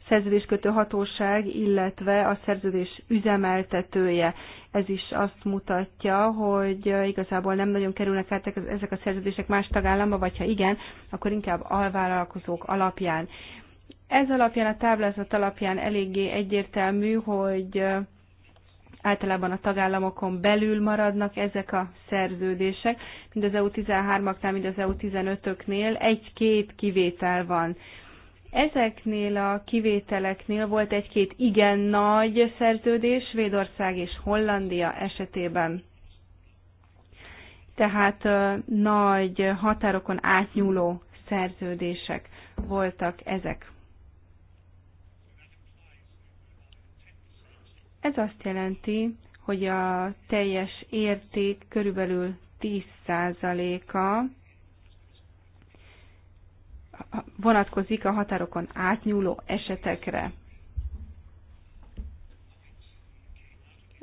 szerződéskötő hatóság, illetve a szerződés üzemeltetője. Ez is azt mutatja, hogy igazából nem nagyon kerülnek át ezek a szerződések más tagállamba, vagy ha igen, akkor inkább alvállalkozók alapján. Ez alapján, a táblázat alapján eléggé egyértelmű, hogy Általában a tagállamokon belül maradnak ezek a szerződések, mind az EU13-aknál, mind az EU15-öknél egy-két kivétel van. Ezeknél a kivételeknél volt egy-két igen nagy szerződés Svédország és Hollandia esetében. Tehát nagy határokon átnyúló szerződések voltak ezek. Ez azt jelenti, hogy a teljes érték körülbelül 10%-a vonatkozik a határokon átnyúló esetekre.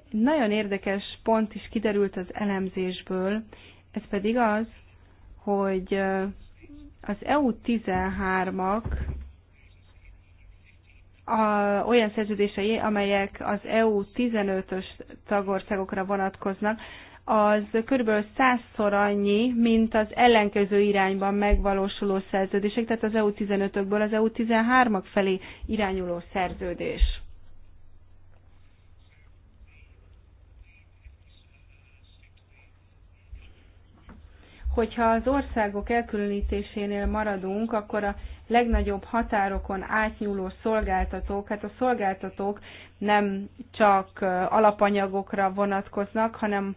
Nagyon érdekes pont is kiderült az elemzésből, ez pedig az, hogy az EU13-ak a, olyan szerződései, amelyek az EU 15-ös tagországokra vonatkoznak, az kb. százszor annyi, mint az ellenkező irányban megvalósuló szerződések, tehát az EU 15-ökből az EU 13-ak felé irányuló szerződés. hogyha az országok elkülönítésénél maradunk, akkor a legnagyobb határokon átnyúló szolgáltatók, hát a szolgáltatók nem csak alapanyagokra vonatkoznak, hanem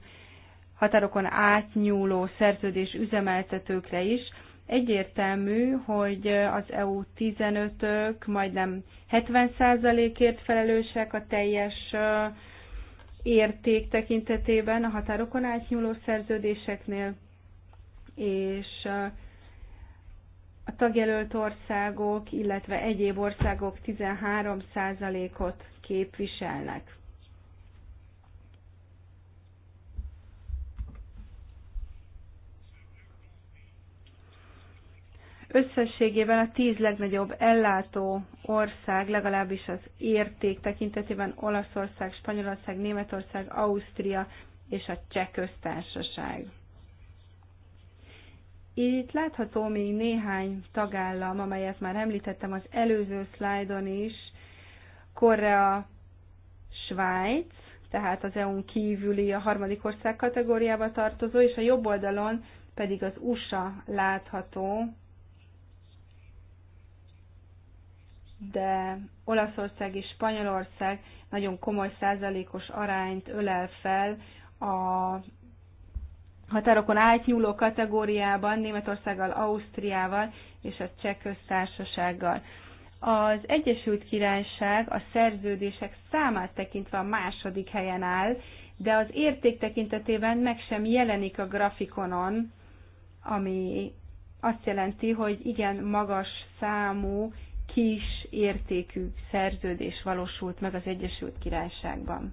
határokon átnyúló szerződés üzemeltetőkre is. Egyértelmű, hogy az EU15-ök majdnem 70%-ért felelősek a teljes érték tekintetében a határokon átnyúló szerződéseknél és a tagjelölt országok, illetve egyéb országok 13%-ot képviselnek. Összességében a tíz legnagyobb ellátó ország, legalábbis az érték tekintetében Olaszország, Spanyolország, Németország, Ausztria és a Cseh köztársaság. Itt látható még néhány tagállam, amelyet már említettem az előző szlájdon is, Korea, Svájc, tehát az EU-n kívüli a harmadik ország kategóriába tartozó, és a jobb oldalon pedig az USA látható, de Olaszország és Spanyolország nagyon komoly százalékos arányt ölel fel a határokon átnyúló kategóriában Németországgal, Ausztriával és a Cseh köztársasággal. Az Egyesült Királyság a szerződések számát tekintve a második helyen áll, de az érték tekintetében meg sem jelenik a grafikonon, ami azt jelenti, hogy igen magas számú, kis értékű szerződés valósult meg az Egyesült Királyságban.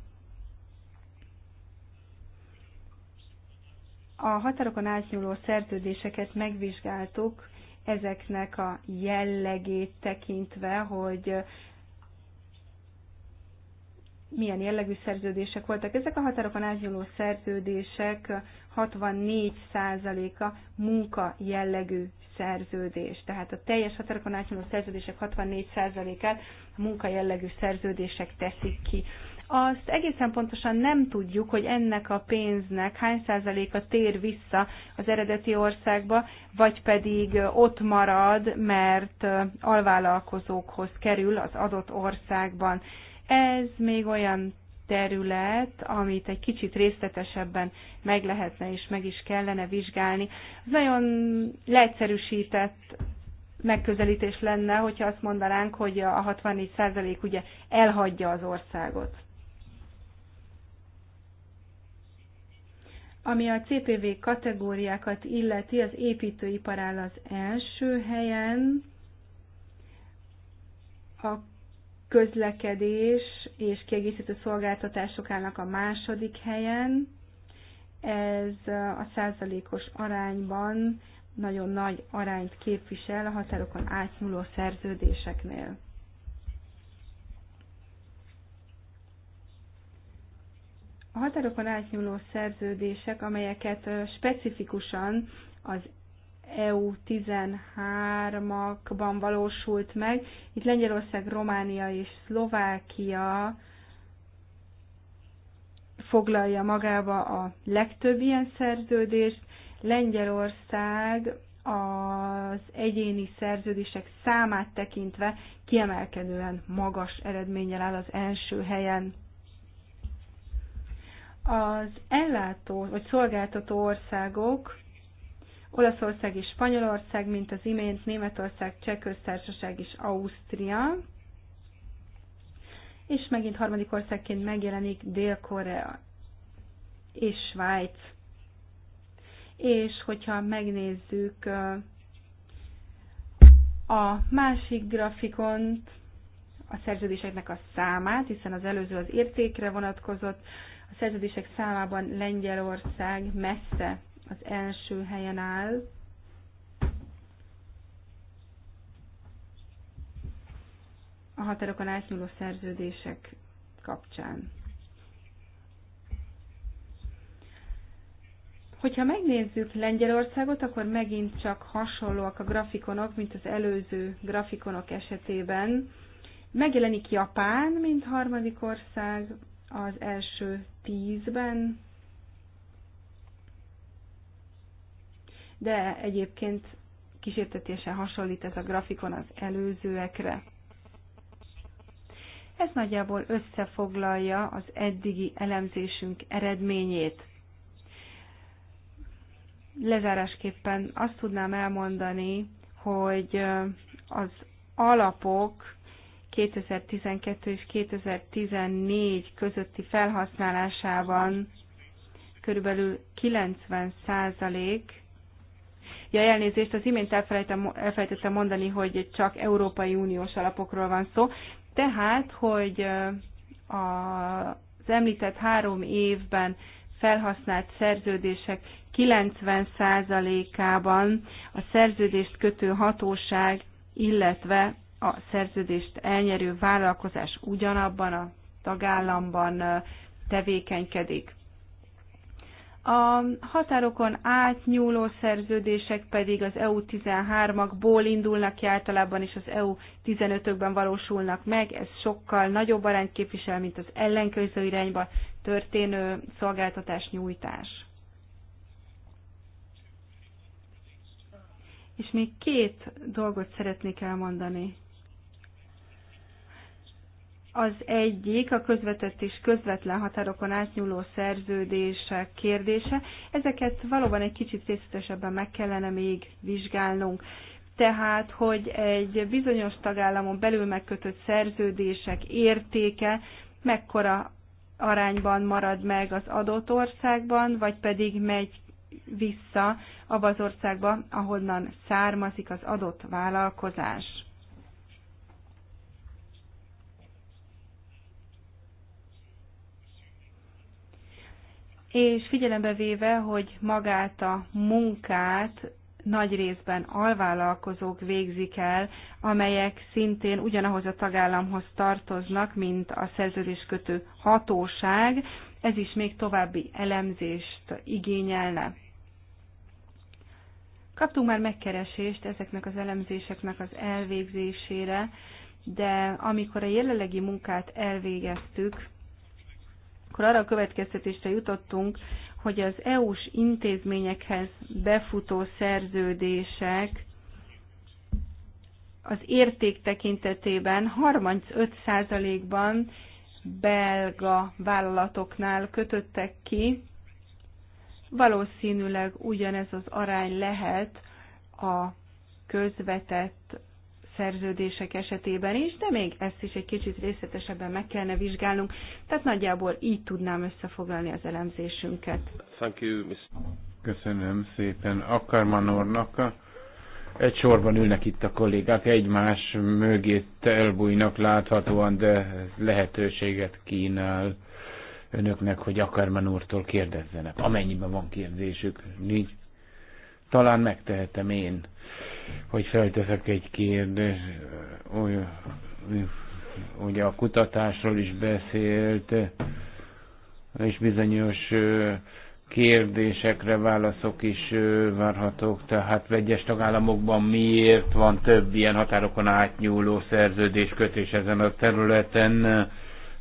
A határokon átnyúló szerződéseket megvizsgáltuk, ezeknek a jellegét tekintve, hogy milyen jellegű szerződések voltak. Ezek a határokon átnyúló szerződések 64%-a munka jellegű szerződés. Tehát a teljes határokon átnyúló szerződések 64%-át munka jellegű szerződések teszik ki azt egészen pontosan nem tudjuk, hogy ennek a pénznek hány százaléka tér vissza az eredeti országba, vagy pedig ott marad, mert alvállalkozókhoz kerül az adott országban. Ez még olyan terület, amit egy kicsit részletesebben meg lehetne és meg is kellene vizsgálni. Ez nagyon leegyszerűsített megközelítés lenne, hogyha azt mondanánk, hogy a 64% ugye elhagyja az országot. Ami a CPV kategóriákat illeti, az építőipar áll az első helyen, a közlekedés és kiegészítő szolgáltatások állnak a második helyen. Ez a százalékos arányban nagyon nagy arányt képvisel a határokon átnyúló szerződéseknél. A határokon átnyúló szerződések, amelyeket specifikusan az EU13-akban valósult meg. Itt Lengyelország, Románia és Szlovákia foglalja magába a legtöbb ilyen szerződést. Lengyelország az egyéni szerződések számát tekintve kiemelkedően magas eredménnyel áll az első helyen. Az ellátó vagy szolgáltató országok Olaszország és Spanyolország, mint az imént Németország, Csehköztársaság és Ausztria, és megint harmadik országként megjelenik Dél-Korea és Svájc. És hogyha megnézzük a másik grafikont, a szerződéseknek a számát, hiszen az előző az értékre vonatkozott, a szerződések számában Lengyelország messze az első helyen áll. a határokon átnyúló szerződések kapcsán. Hogyha megnézzük Lengyelországot, akkor megint csak hasonlóak a grafikonok, mint az előző grafikonok esetében. Megjelenik Japán, mint harmadik ország, az első tízben, de egyébként kísértetésen hasonlít ez a grafikon az előzőekre. Ez nagyjából összefoglalja az eddigi elemzésünk eredményét. Lezárásképpen azt tudnám elmondani, hogy az alapok 2012 és 2014 közötti felhasználásában körülbelül 90 százalék. Ja, elnézést, az imént elfelejtettem mondani, hogy csak Európai Uniós alapokról van szó. Tehát, hogy az említett három évben felhasznált szerződések 90%-ában a szerződést kötő hatóság, illetve a szerződést elnyerő vállalkozás ugyanabban a tagállamban tevékenykedik. A határokon átnyúló szerződések pedig az EU13-akból indulnak ki általában, és az EU15-ökben valósulnak meg. Ez sokkal nagyobb arányt képvisel, mint az ellenkező irányba történő szolgáltatás nyújtás. És még két dolgot szeretnék elmondani. Az egyik a közvetett és közvetlen határokon átnyúló szerződések kérdése. Ezeket valóban egy kicsit részletesebben meg kellene még vizsgálnunk. Tehát, hogy egy bizonyos tagállamon belül megkötött szerződések értéke mekkora arányban marad meg az adott országban, vagy pedig megy vissza abba az országba, ahonnan származik az adott vállalkozás. és figyelembe véve, hogy magát a munkát nagy részben alvállalkozók végzik el, amelyek szintén ugyanahoz a tagállamhoz tartoznak, mint a szerződéskötő hatóság, ez is még további elemzést igényelne. Kaptunk már megkeresést ezeknek az elemzéseknek az elvégzésére, de amikor a jelenlegi munkát elvégeztük, akkor arra a következtetésre jutottunk, hogy az EU-s intézményekhez befutó szerződések az érték tekintetében 35%-ban belga vállalatoknál kötöttek ki, valószínűleg ugyanez az arány lehet a közvetett szerződések esetében is, de még ezt is egy kicsit részletesebben meg kellene vizsgálnunk, tehát nagyjából így tudnám összefoglalni az elemzésünket. Thank you, Ms. Köszönöm szépen Akar Manornak Egy sorban ülnek itt a kollégák, egymás mögött elbújnak láthatóan, de lehetőséget kínál önöknek, hogy akar úrtól kérdezzenek. Amennyiben van kérdésük, nincs. Talán megtehetem én hogy felteszek egy kérdést, olyan, ugye a kutatásról is beszélt, és bizonyos kérdésekre válaszok is várhatók, tehát vegyes tagállamokban miért van több ilyen határokon átnyúló szerződéskötés ezen a területen.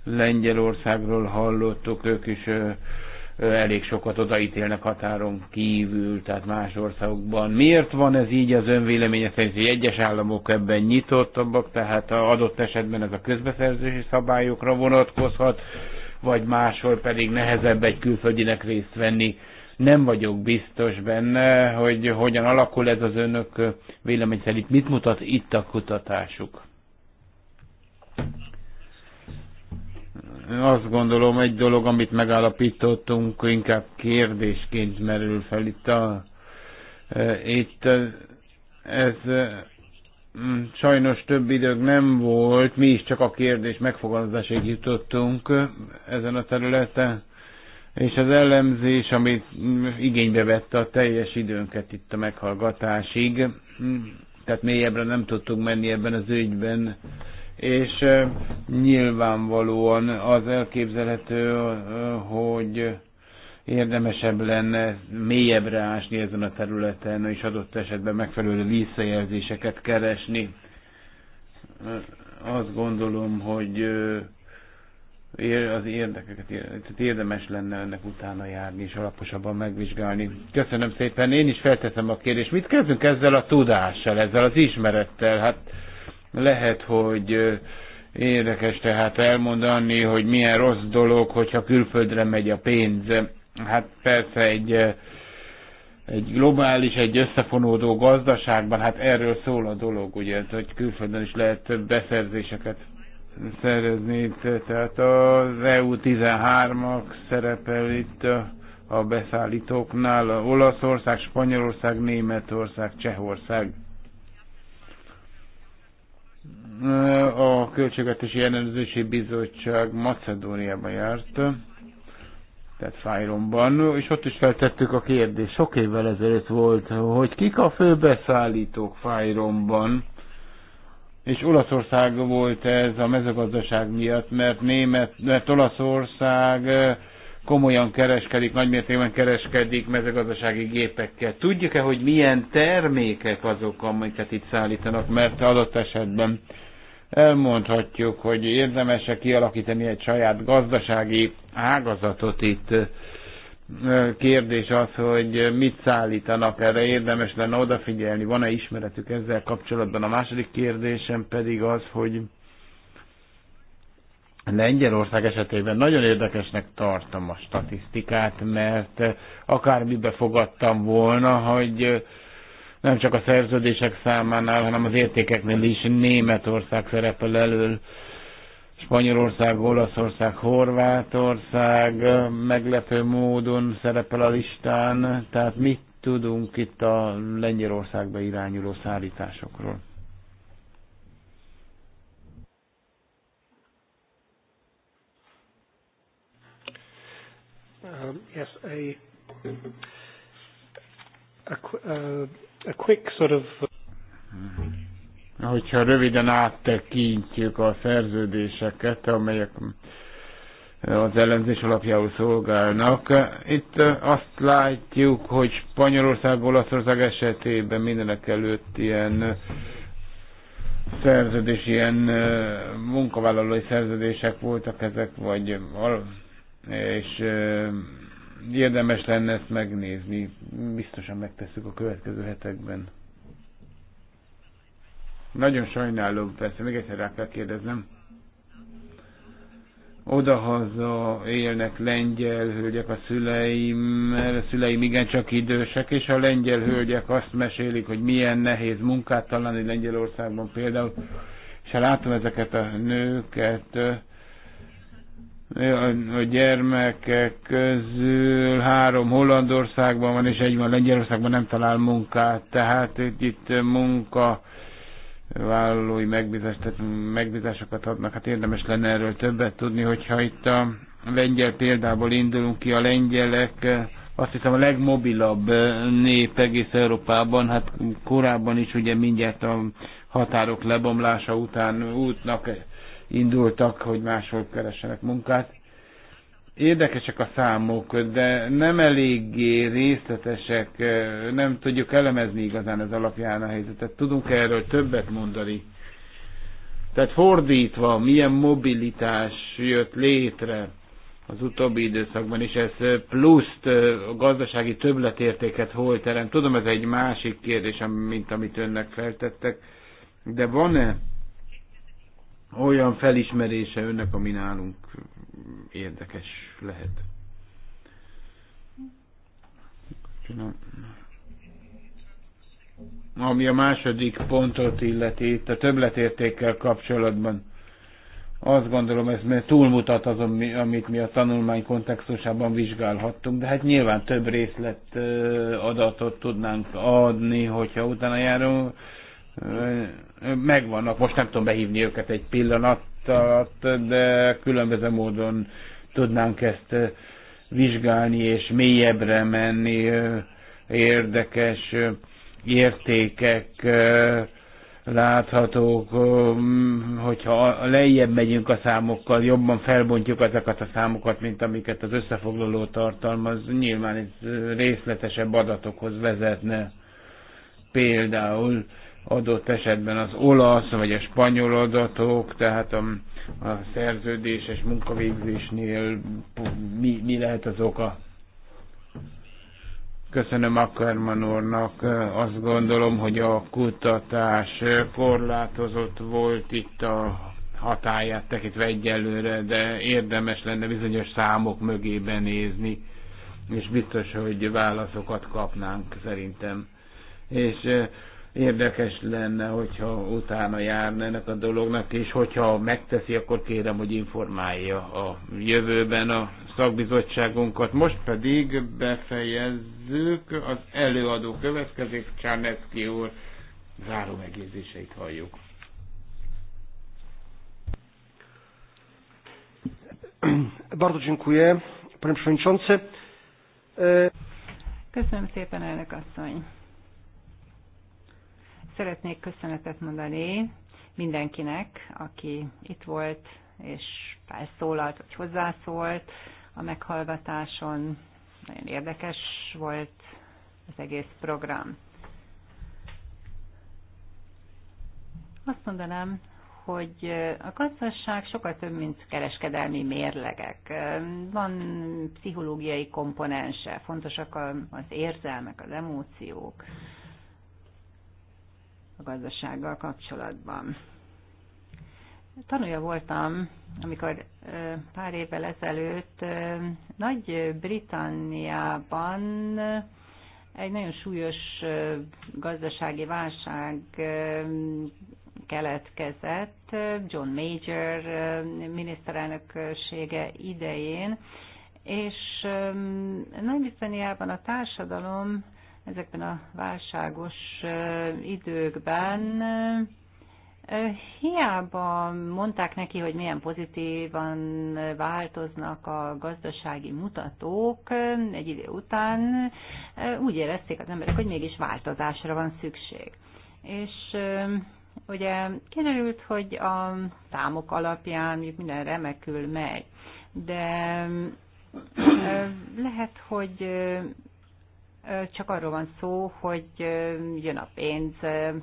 Lengyelországról hallottuk, ők is elég sokat odaítélnek határon kívül, tehát más országokban. Miért van ez így az önvéleménye szerint, hogy egyes államok ebben nyitottabbak, tehát adott esetben ez a közbeszerzési szabályokra vonatkozhat, vagy máshol pedig nehezebb egy külföldinek részt venni. Nem vagyok biztos benne, hogy hogyan alakul ez az önök vélemény szerint, mit mutat itt a kutatásuk. azt gondolom egy dolog, amit megállapítottunk, inkább kérdésként merül fel itt a, e, itt e, ez e, mm, sajnos több időg nem volt, mi is csak a kérdés megfogalmazásig jutottunk ezen a területen, és az elemzés, amit igénybe vette a teljes időnket itt a meghallgatásig, mm, tehát mélyebbre nem tudtunk menni ebben az ügyben, és nyilvánvalóan az elképzelhető, hogy érdemesebb lenne mélyebbre ásni ezen a területen, és adott esetben megfelelő visszajelzéseket keresni. Azt gondolom, hogy az érdekeket tehát érdemes lenne ennek utána járni és alaposabban megvizsgálni. Köszönöm szépen, én is felteszem a kérdést. Mit kezdünk ezzel a tudással, ezzel az ismerettel? Hát lehet, hogy érdekes tehát elmondani, hogy milyen rossz dolog, hogyha külföldre megy a pénz. Hát persze egy, egy globális, egy összefonódó gazdaságban, hát erről szól a dolog, ugye, hogy külföldön is lehet beszerzéseket szerezni. Tehát az EU13-ak szerepel itt a beszállítóknál, Olaszország, Spanyolország, Németország, Csehország. A Költségvetési Ellenőrzési Bizottság Macedóniában járt, tehát Fájromban, és ott is feltettük a kérdést. Sok évvel ezelőtt volt, hogy kik a főbeszállítók Fájromban, és Olaszország volt ez a mezőgazdaság miatt, mert, német, mert Olaszország komolyan kereskedik, nagymértékben kereskedik mezőgazdasági gépekkel. Tudjuk-e, hogy milyen termékek azok, amiket itt szállítanak, mert adott esetben elmondhatjuk, hogy érdemese kialakítani egy saját gazdasági ágazatot itt. Kérdés az, hogy mit szállítanak erre, érdemes lenne odafigyelni, van-e ismeretük ezzel kapcsolatban. A második kérdésem pedig az, hogy Lengyelország esetében nagyon érdekesnek tartom a statisztikát, mert akármibe fogadtam volna, hogy nem csak a szerződések számánál, hanem az értékeknél is Németország szerepel elől. Spanyolország, Olaszország, Horvátország meglepő módon szerepel a listán, tehát mit tudunk itt a Lengyelországba irányuló szállításokról? Um, yes, a, a, a a quick sort of... Hogyha röviden áttekintjük a szerződéseket, amelyek az ellenzés alapjául szolgálnak. Itt azt látjuk, hogy Spanyolország, Olaszország esetében mindenek előtt ilyen szerződés, ilyen munkavállalói szerződések voltak ezek, vagy és érdemes lenne ezt megnézni. Biztosan megtesszük a következő hetekben. Nagyon sajnálom, persze, még egyszer rá kell kérdeznem. Odahaza élnek lengyel hölgyek a szüleim, a szüleim igencsak idősek, és a lengyel hölgyek azt mesélik, hogy milyen nehéz munkát találni Lengyelországban például. És ha látom ezeket a nőket, a gyermekek közül három Hollandországban van, és egy van Lengyelországban nem talál munkát, tehát itt munka vállalói megbízásokat adnak. Hát érdemes lenne erről többet tudni, hogyha itt a lengyel példából indulunk ki, a lengyelek azt hiszem a legmobilabb nép egész Európában, hát korábban is ugye mindjárt a határok lebomlása után útnak indultak, hogy máshol keressenek munkát. Érdekesek a számok, de nem eléggé részletesek, eh, nem tudjuk elemezni igazán ez alapján a helyzetet. Tudunk erről többet mondani? Tehát fordítva, milyen mobilitás jött létre az utóbbi időszakban, és ez pluszt eh, a gazdasági többletértéket hol terem. Tudom, ez egy másik kérdés, mint amit önnek feltettek, de van-e olyan felismerése önnek, ami nálunk érdekes lehet. Ami a második pontot illeti, itt a többletértékkel kapcsolatban, azt gondolom, ez mert túlmutat azon, amit mi a tanulmány kontextusában vizsgálhattunk, de hát nyilván több részlet adatot tudnánk adni, hogyha utána járunk megvannak, most nem tudom behívni őket egy pillanat alatt, de különböző módon tudnánk ezt vizsgálni és mélyebbre menni, érdekes értékek láthatók, hogyha lejjebb megyünk a számokkal, jobban felbontjuk ezeket a számokat, mint amiket az összefoglaló tartalmaz, nyilván ez részletesebb adatokhoz vezetne. Például adott esetben az olasz vagy a spanyol adatok, tehát a, a szerződéses munkavégzésnél mi, mi lehet az oka? Köszönöm Ackerman úrnak. Azt gondolom, hogy a kutatás korlátozott volt itt a hatáját tekintve egyelőre, de érdemes lenne bizonyos számok mögé benézni, és biztos, hogy válaszokat kapnánk szerintem. És érdekes lenne, hogyha utána járna ennek a dolognak, és hogyha megteszi, akkor kérem, hogy informálja a jövőben a szakbizottságunkat. Most pedig befejezzük, az előadó következik, Csárnecki úr, záró megjegyzéseit halljuk. Bardzo dziękuję, panie przewodniczący. Köszönöm szépen, elnök asszony. Szeretnék köszönetet mondani mindenkinek, aki itt volt, és felszólalt, vagy hozzászólt a meghallgatáson. Nagyon érdekes volt az egész program. Azt mondanám, hogy a gazdaság sokkal több, mint kereskedelmi mérlegek. Van pszichológiai komponense, fontosak az érzelmek, az emóciók, a gazdasággal kapcsolatban. Tanulja voltam, amikor pár évvel ezelőtt Nagy-Britanniában egy nagyon súlyos gazdasági válság keletkezett John Major miniszterelnöksége idején, és Nagy-Britanniában a társadalom ezekben a válságos időkben Hiába mondták neki, hogy milyen pozitívan változnak a gazdasági mutatók egy idő után, úgy érezték az emberek, hogy mégis változásra van szükség. És ugye kiderült, hogy a számok alapján minden remekül megy, de lehet, hogy csak arról van szó, hogy jön a pénz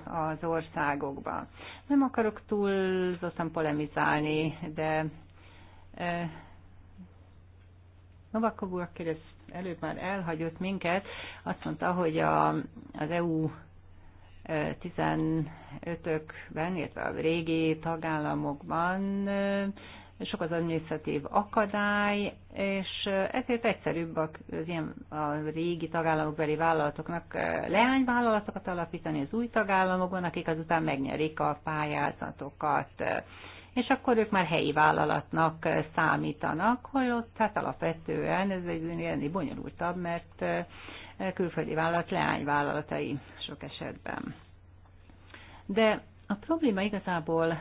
az országokba. Nem akarok túlzottan polemizálni, de Novakov úr, aki előbb már elhagyott minket, azt mondta, hogy a, az EU 15-ökben, illetve a régi tagállamokban sok az administratív akadály, és ezért egyszerűbb az ilyen a régi tagállamokbeli vállalatoknak leányvállalatokat alapítani az új tagállamokban, akik azután megnyerik a pályázatokat és akkor ők már helyi vállalatnak számítanak, holott hát alapvetően ez egy ilyen bonyolultabb, mert külföldi vállalat leányvállalatai sok esetben. De a probléma igazából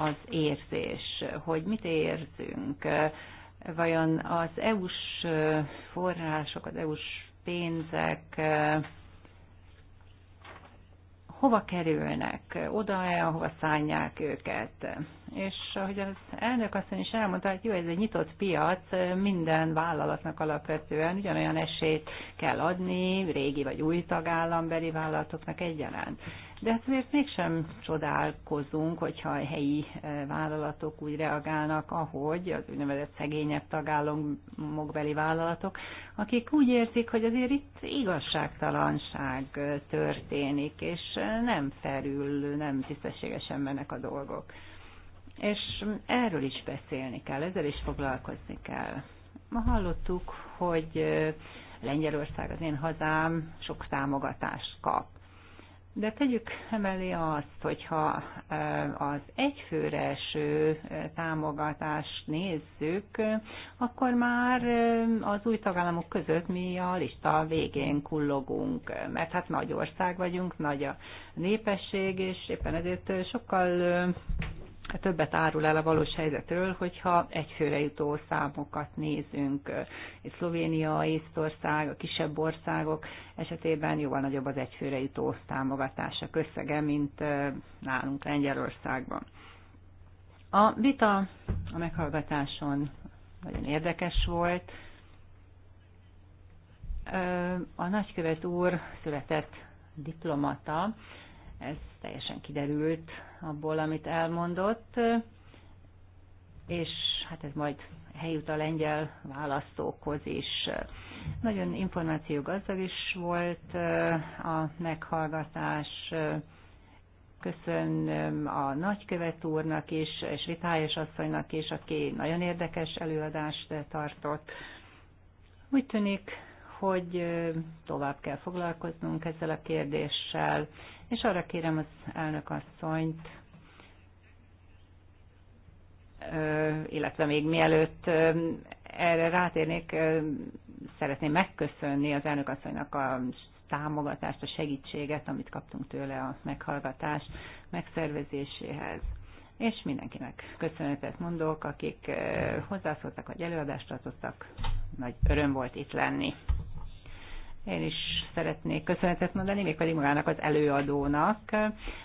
az érzés, hogy mit érzünk, vajon az EU-s források, az EU-s pénzek hova kerülnek, oda-e, ahova szállják őket. És ahogy az elnök asszony is elmondta, hogy jó, ez egy nyitott piac, minden vállalatnak alapvetően ugyanolyan esélyt kell adni, régi vagy új tagállambeli vállalatoknak egyaránt. De hát azért mégsem csodálkozunk, hogyha a helyi eh, vállalatok úgy reagálnak, ahogy az úgynevezett szegényebb tagállamokbeli vállalatok, akik úgy érzik, hogy azért itt igazságtalanság eh, történik, és eh, nem felül, nem tisztességesen mennek a dolgok. És erről is beszélni kell, ezzel is foglalkozni kell. Ma hallottuk, hogy Lengyelország, az én hazám, sok támogatást kap de tegyük emellé azt, hogyha az egyfőre eső támogatást nézzük, akkor már az új tagállamok között mi a lista végén kullogunk, mert hát nagy ország vagyunk, nagy a népesség, és éppen ezért sokkal többet árul el a valós helyzetről, hogyha egyfőre jutó számokat nézünk. Itt Szlovénia, Észtország, a kisebb országok esetében jóval nagyobb az egyfőre jutó támogatása összege, mint nálunk Lengyelországban. A vita a meghallgatáson nagyon érdekes volt. A nagykövet úr született diplomata, ez teljesen kiderült abból, amit elmondott, és hát ez majd eljut a lengyel választókhoz is. Nagyon információgazdag is volt a meghallgatás, köszönöm a nagykövet úrnak is, és Vitályos asszonynak is, aki nagyon érdekes előadást tartott. Úgy tűnik, hogy tovább kell foglalkoznunk ezzel a kérdéssel és arra kérem az elnök asszonyt, illetve még mielőtt erre rátérnék, szeretném megköszönni az elnök asszonynak a támogatást, a segítséget, amit kaptunk tőle a meghallgatás megszervezéséhez. És mindenkinek köszönetet mondok, akik hozzászóltak, vagy előadást tartottak. Nagy öröm volt itt lenni. Én is szeretnék köszönetet mondani, pedig magának az előadónak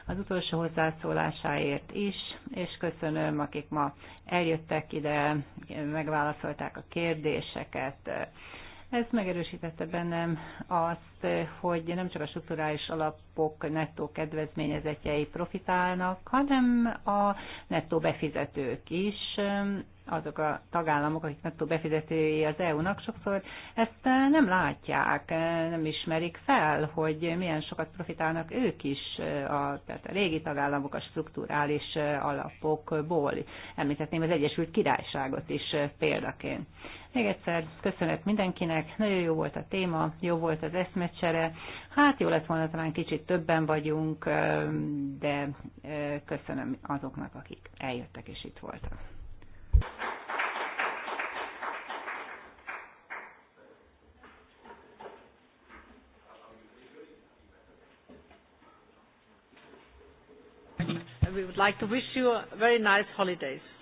az utolsó hozzászólásáért is, és köszönöm, akik ma eljöttek ide, megválaszolták a kérdéseket. Ez megerősítette bennem azt, hogy nem csak a strukturális alap alapok nettó kedvezményezetjei profitálnak, hanem a nettó befizetők is, azok a tagállamok, akik nettó befizetői az EU-nak, sokszor ezt nem látják, nem ismerik fel, hogy milyen sokat profitálnak ők is, a, tehát a régi tagállamok a struktúrális alapokból. Említhetném az Egyesült Királyságot is példaként. Még egyszer köszönet mindenkinek, nagyon jó volt a téma, jó volt az eszmecsere. Hát jó lett volna, talán kicsit többen vagyunk, de köszönöm azoknak, akik eljöttek és itt voltak. We would like to wish you a very nice holidays.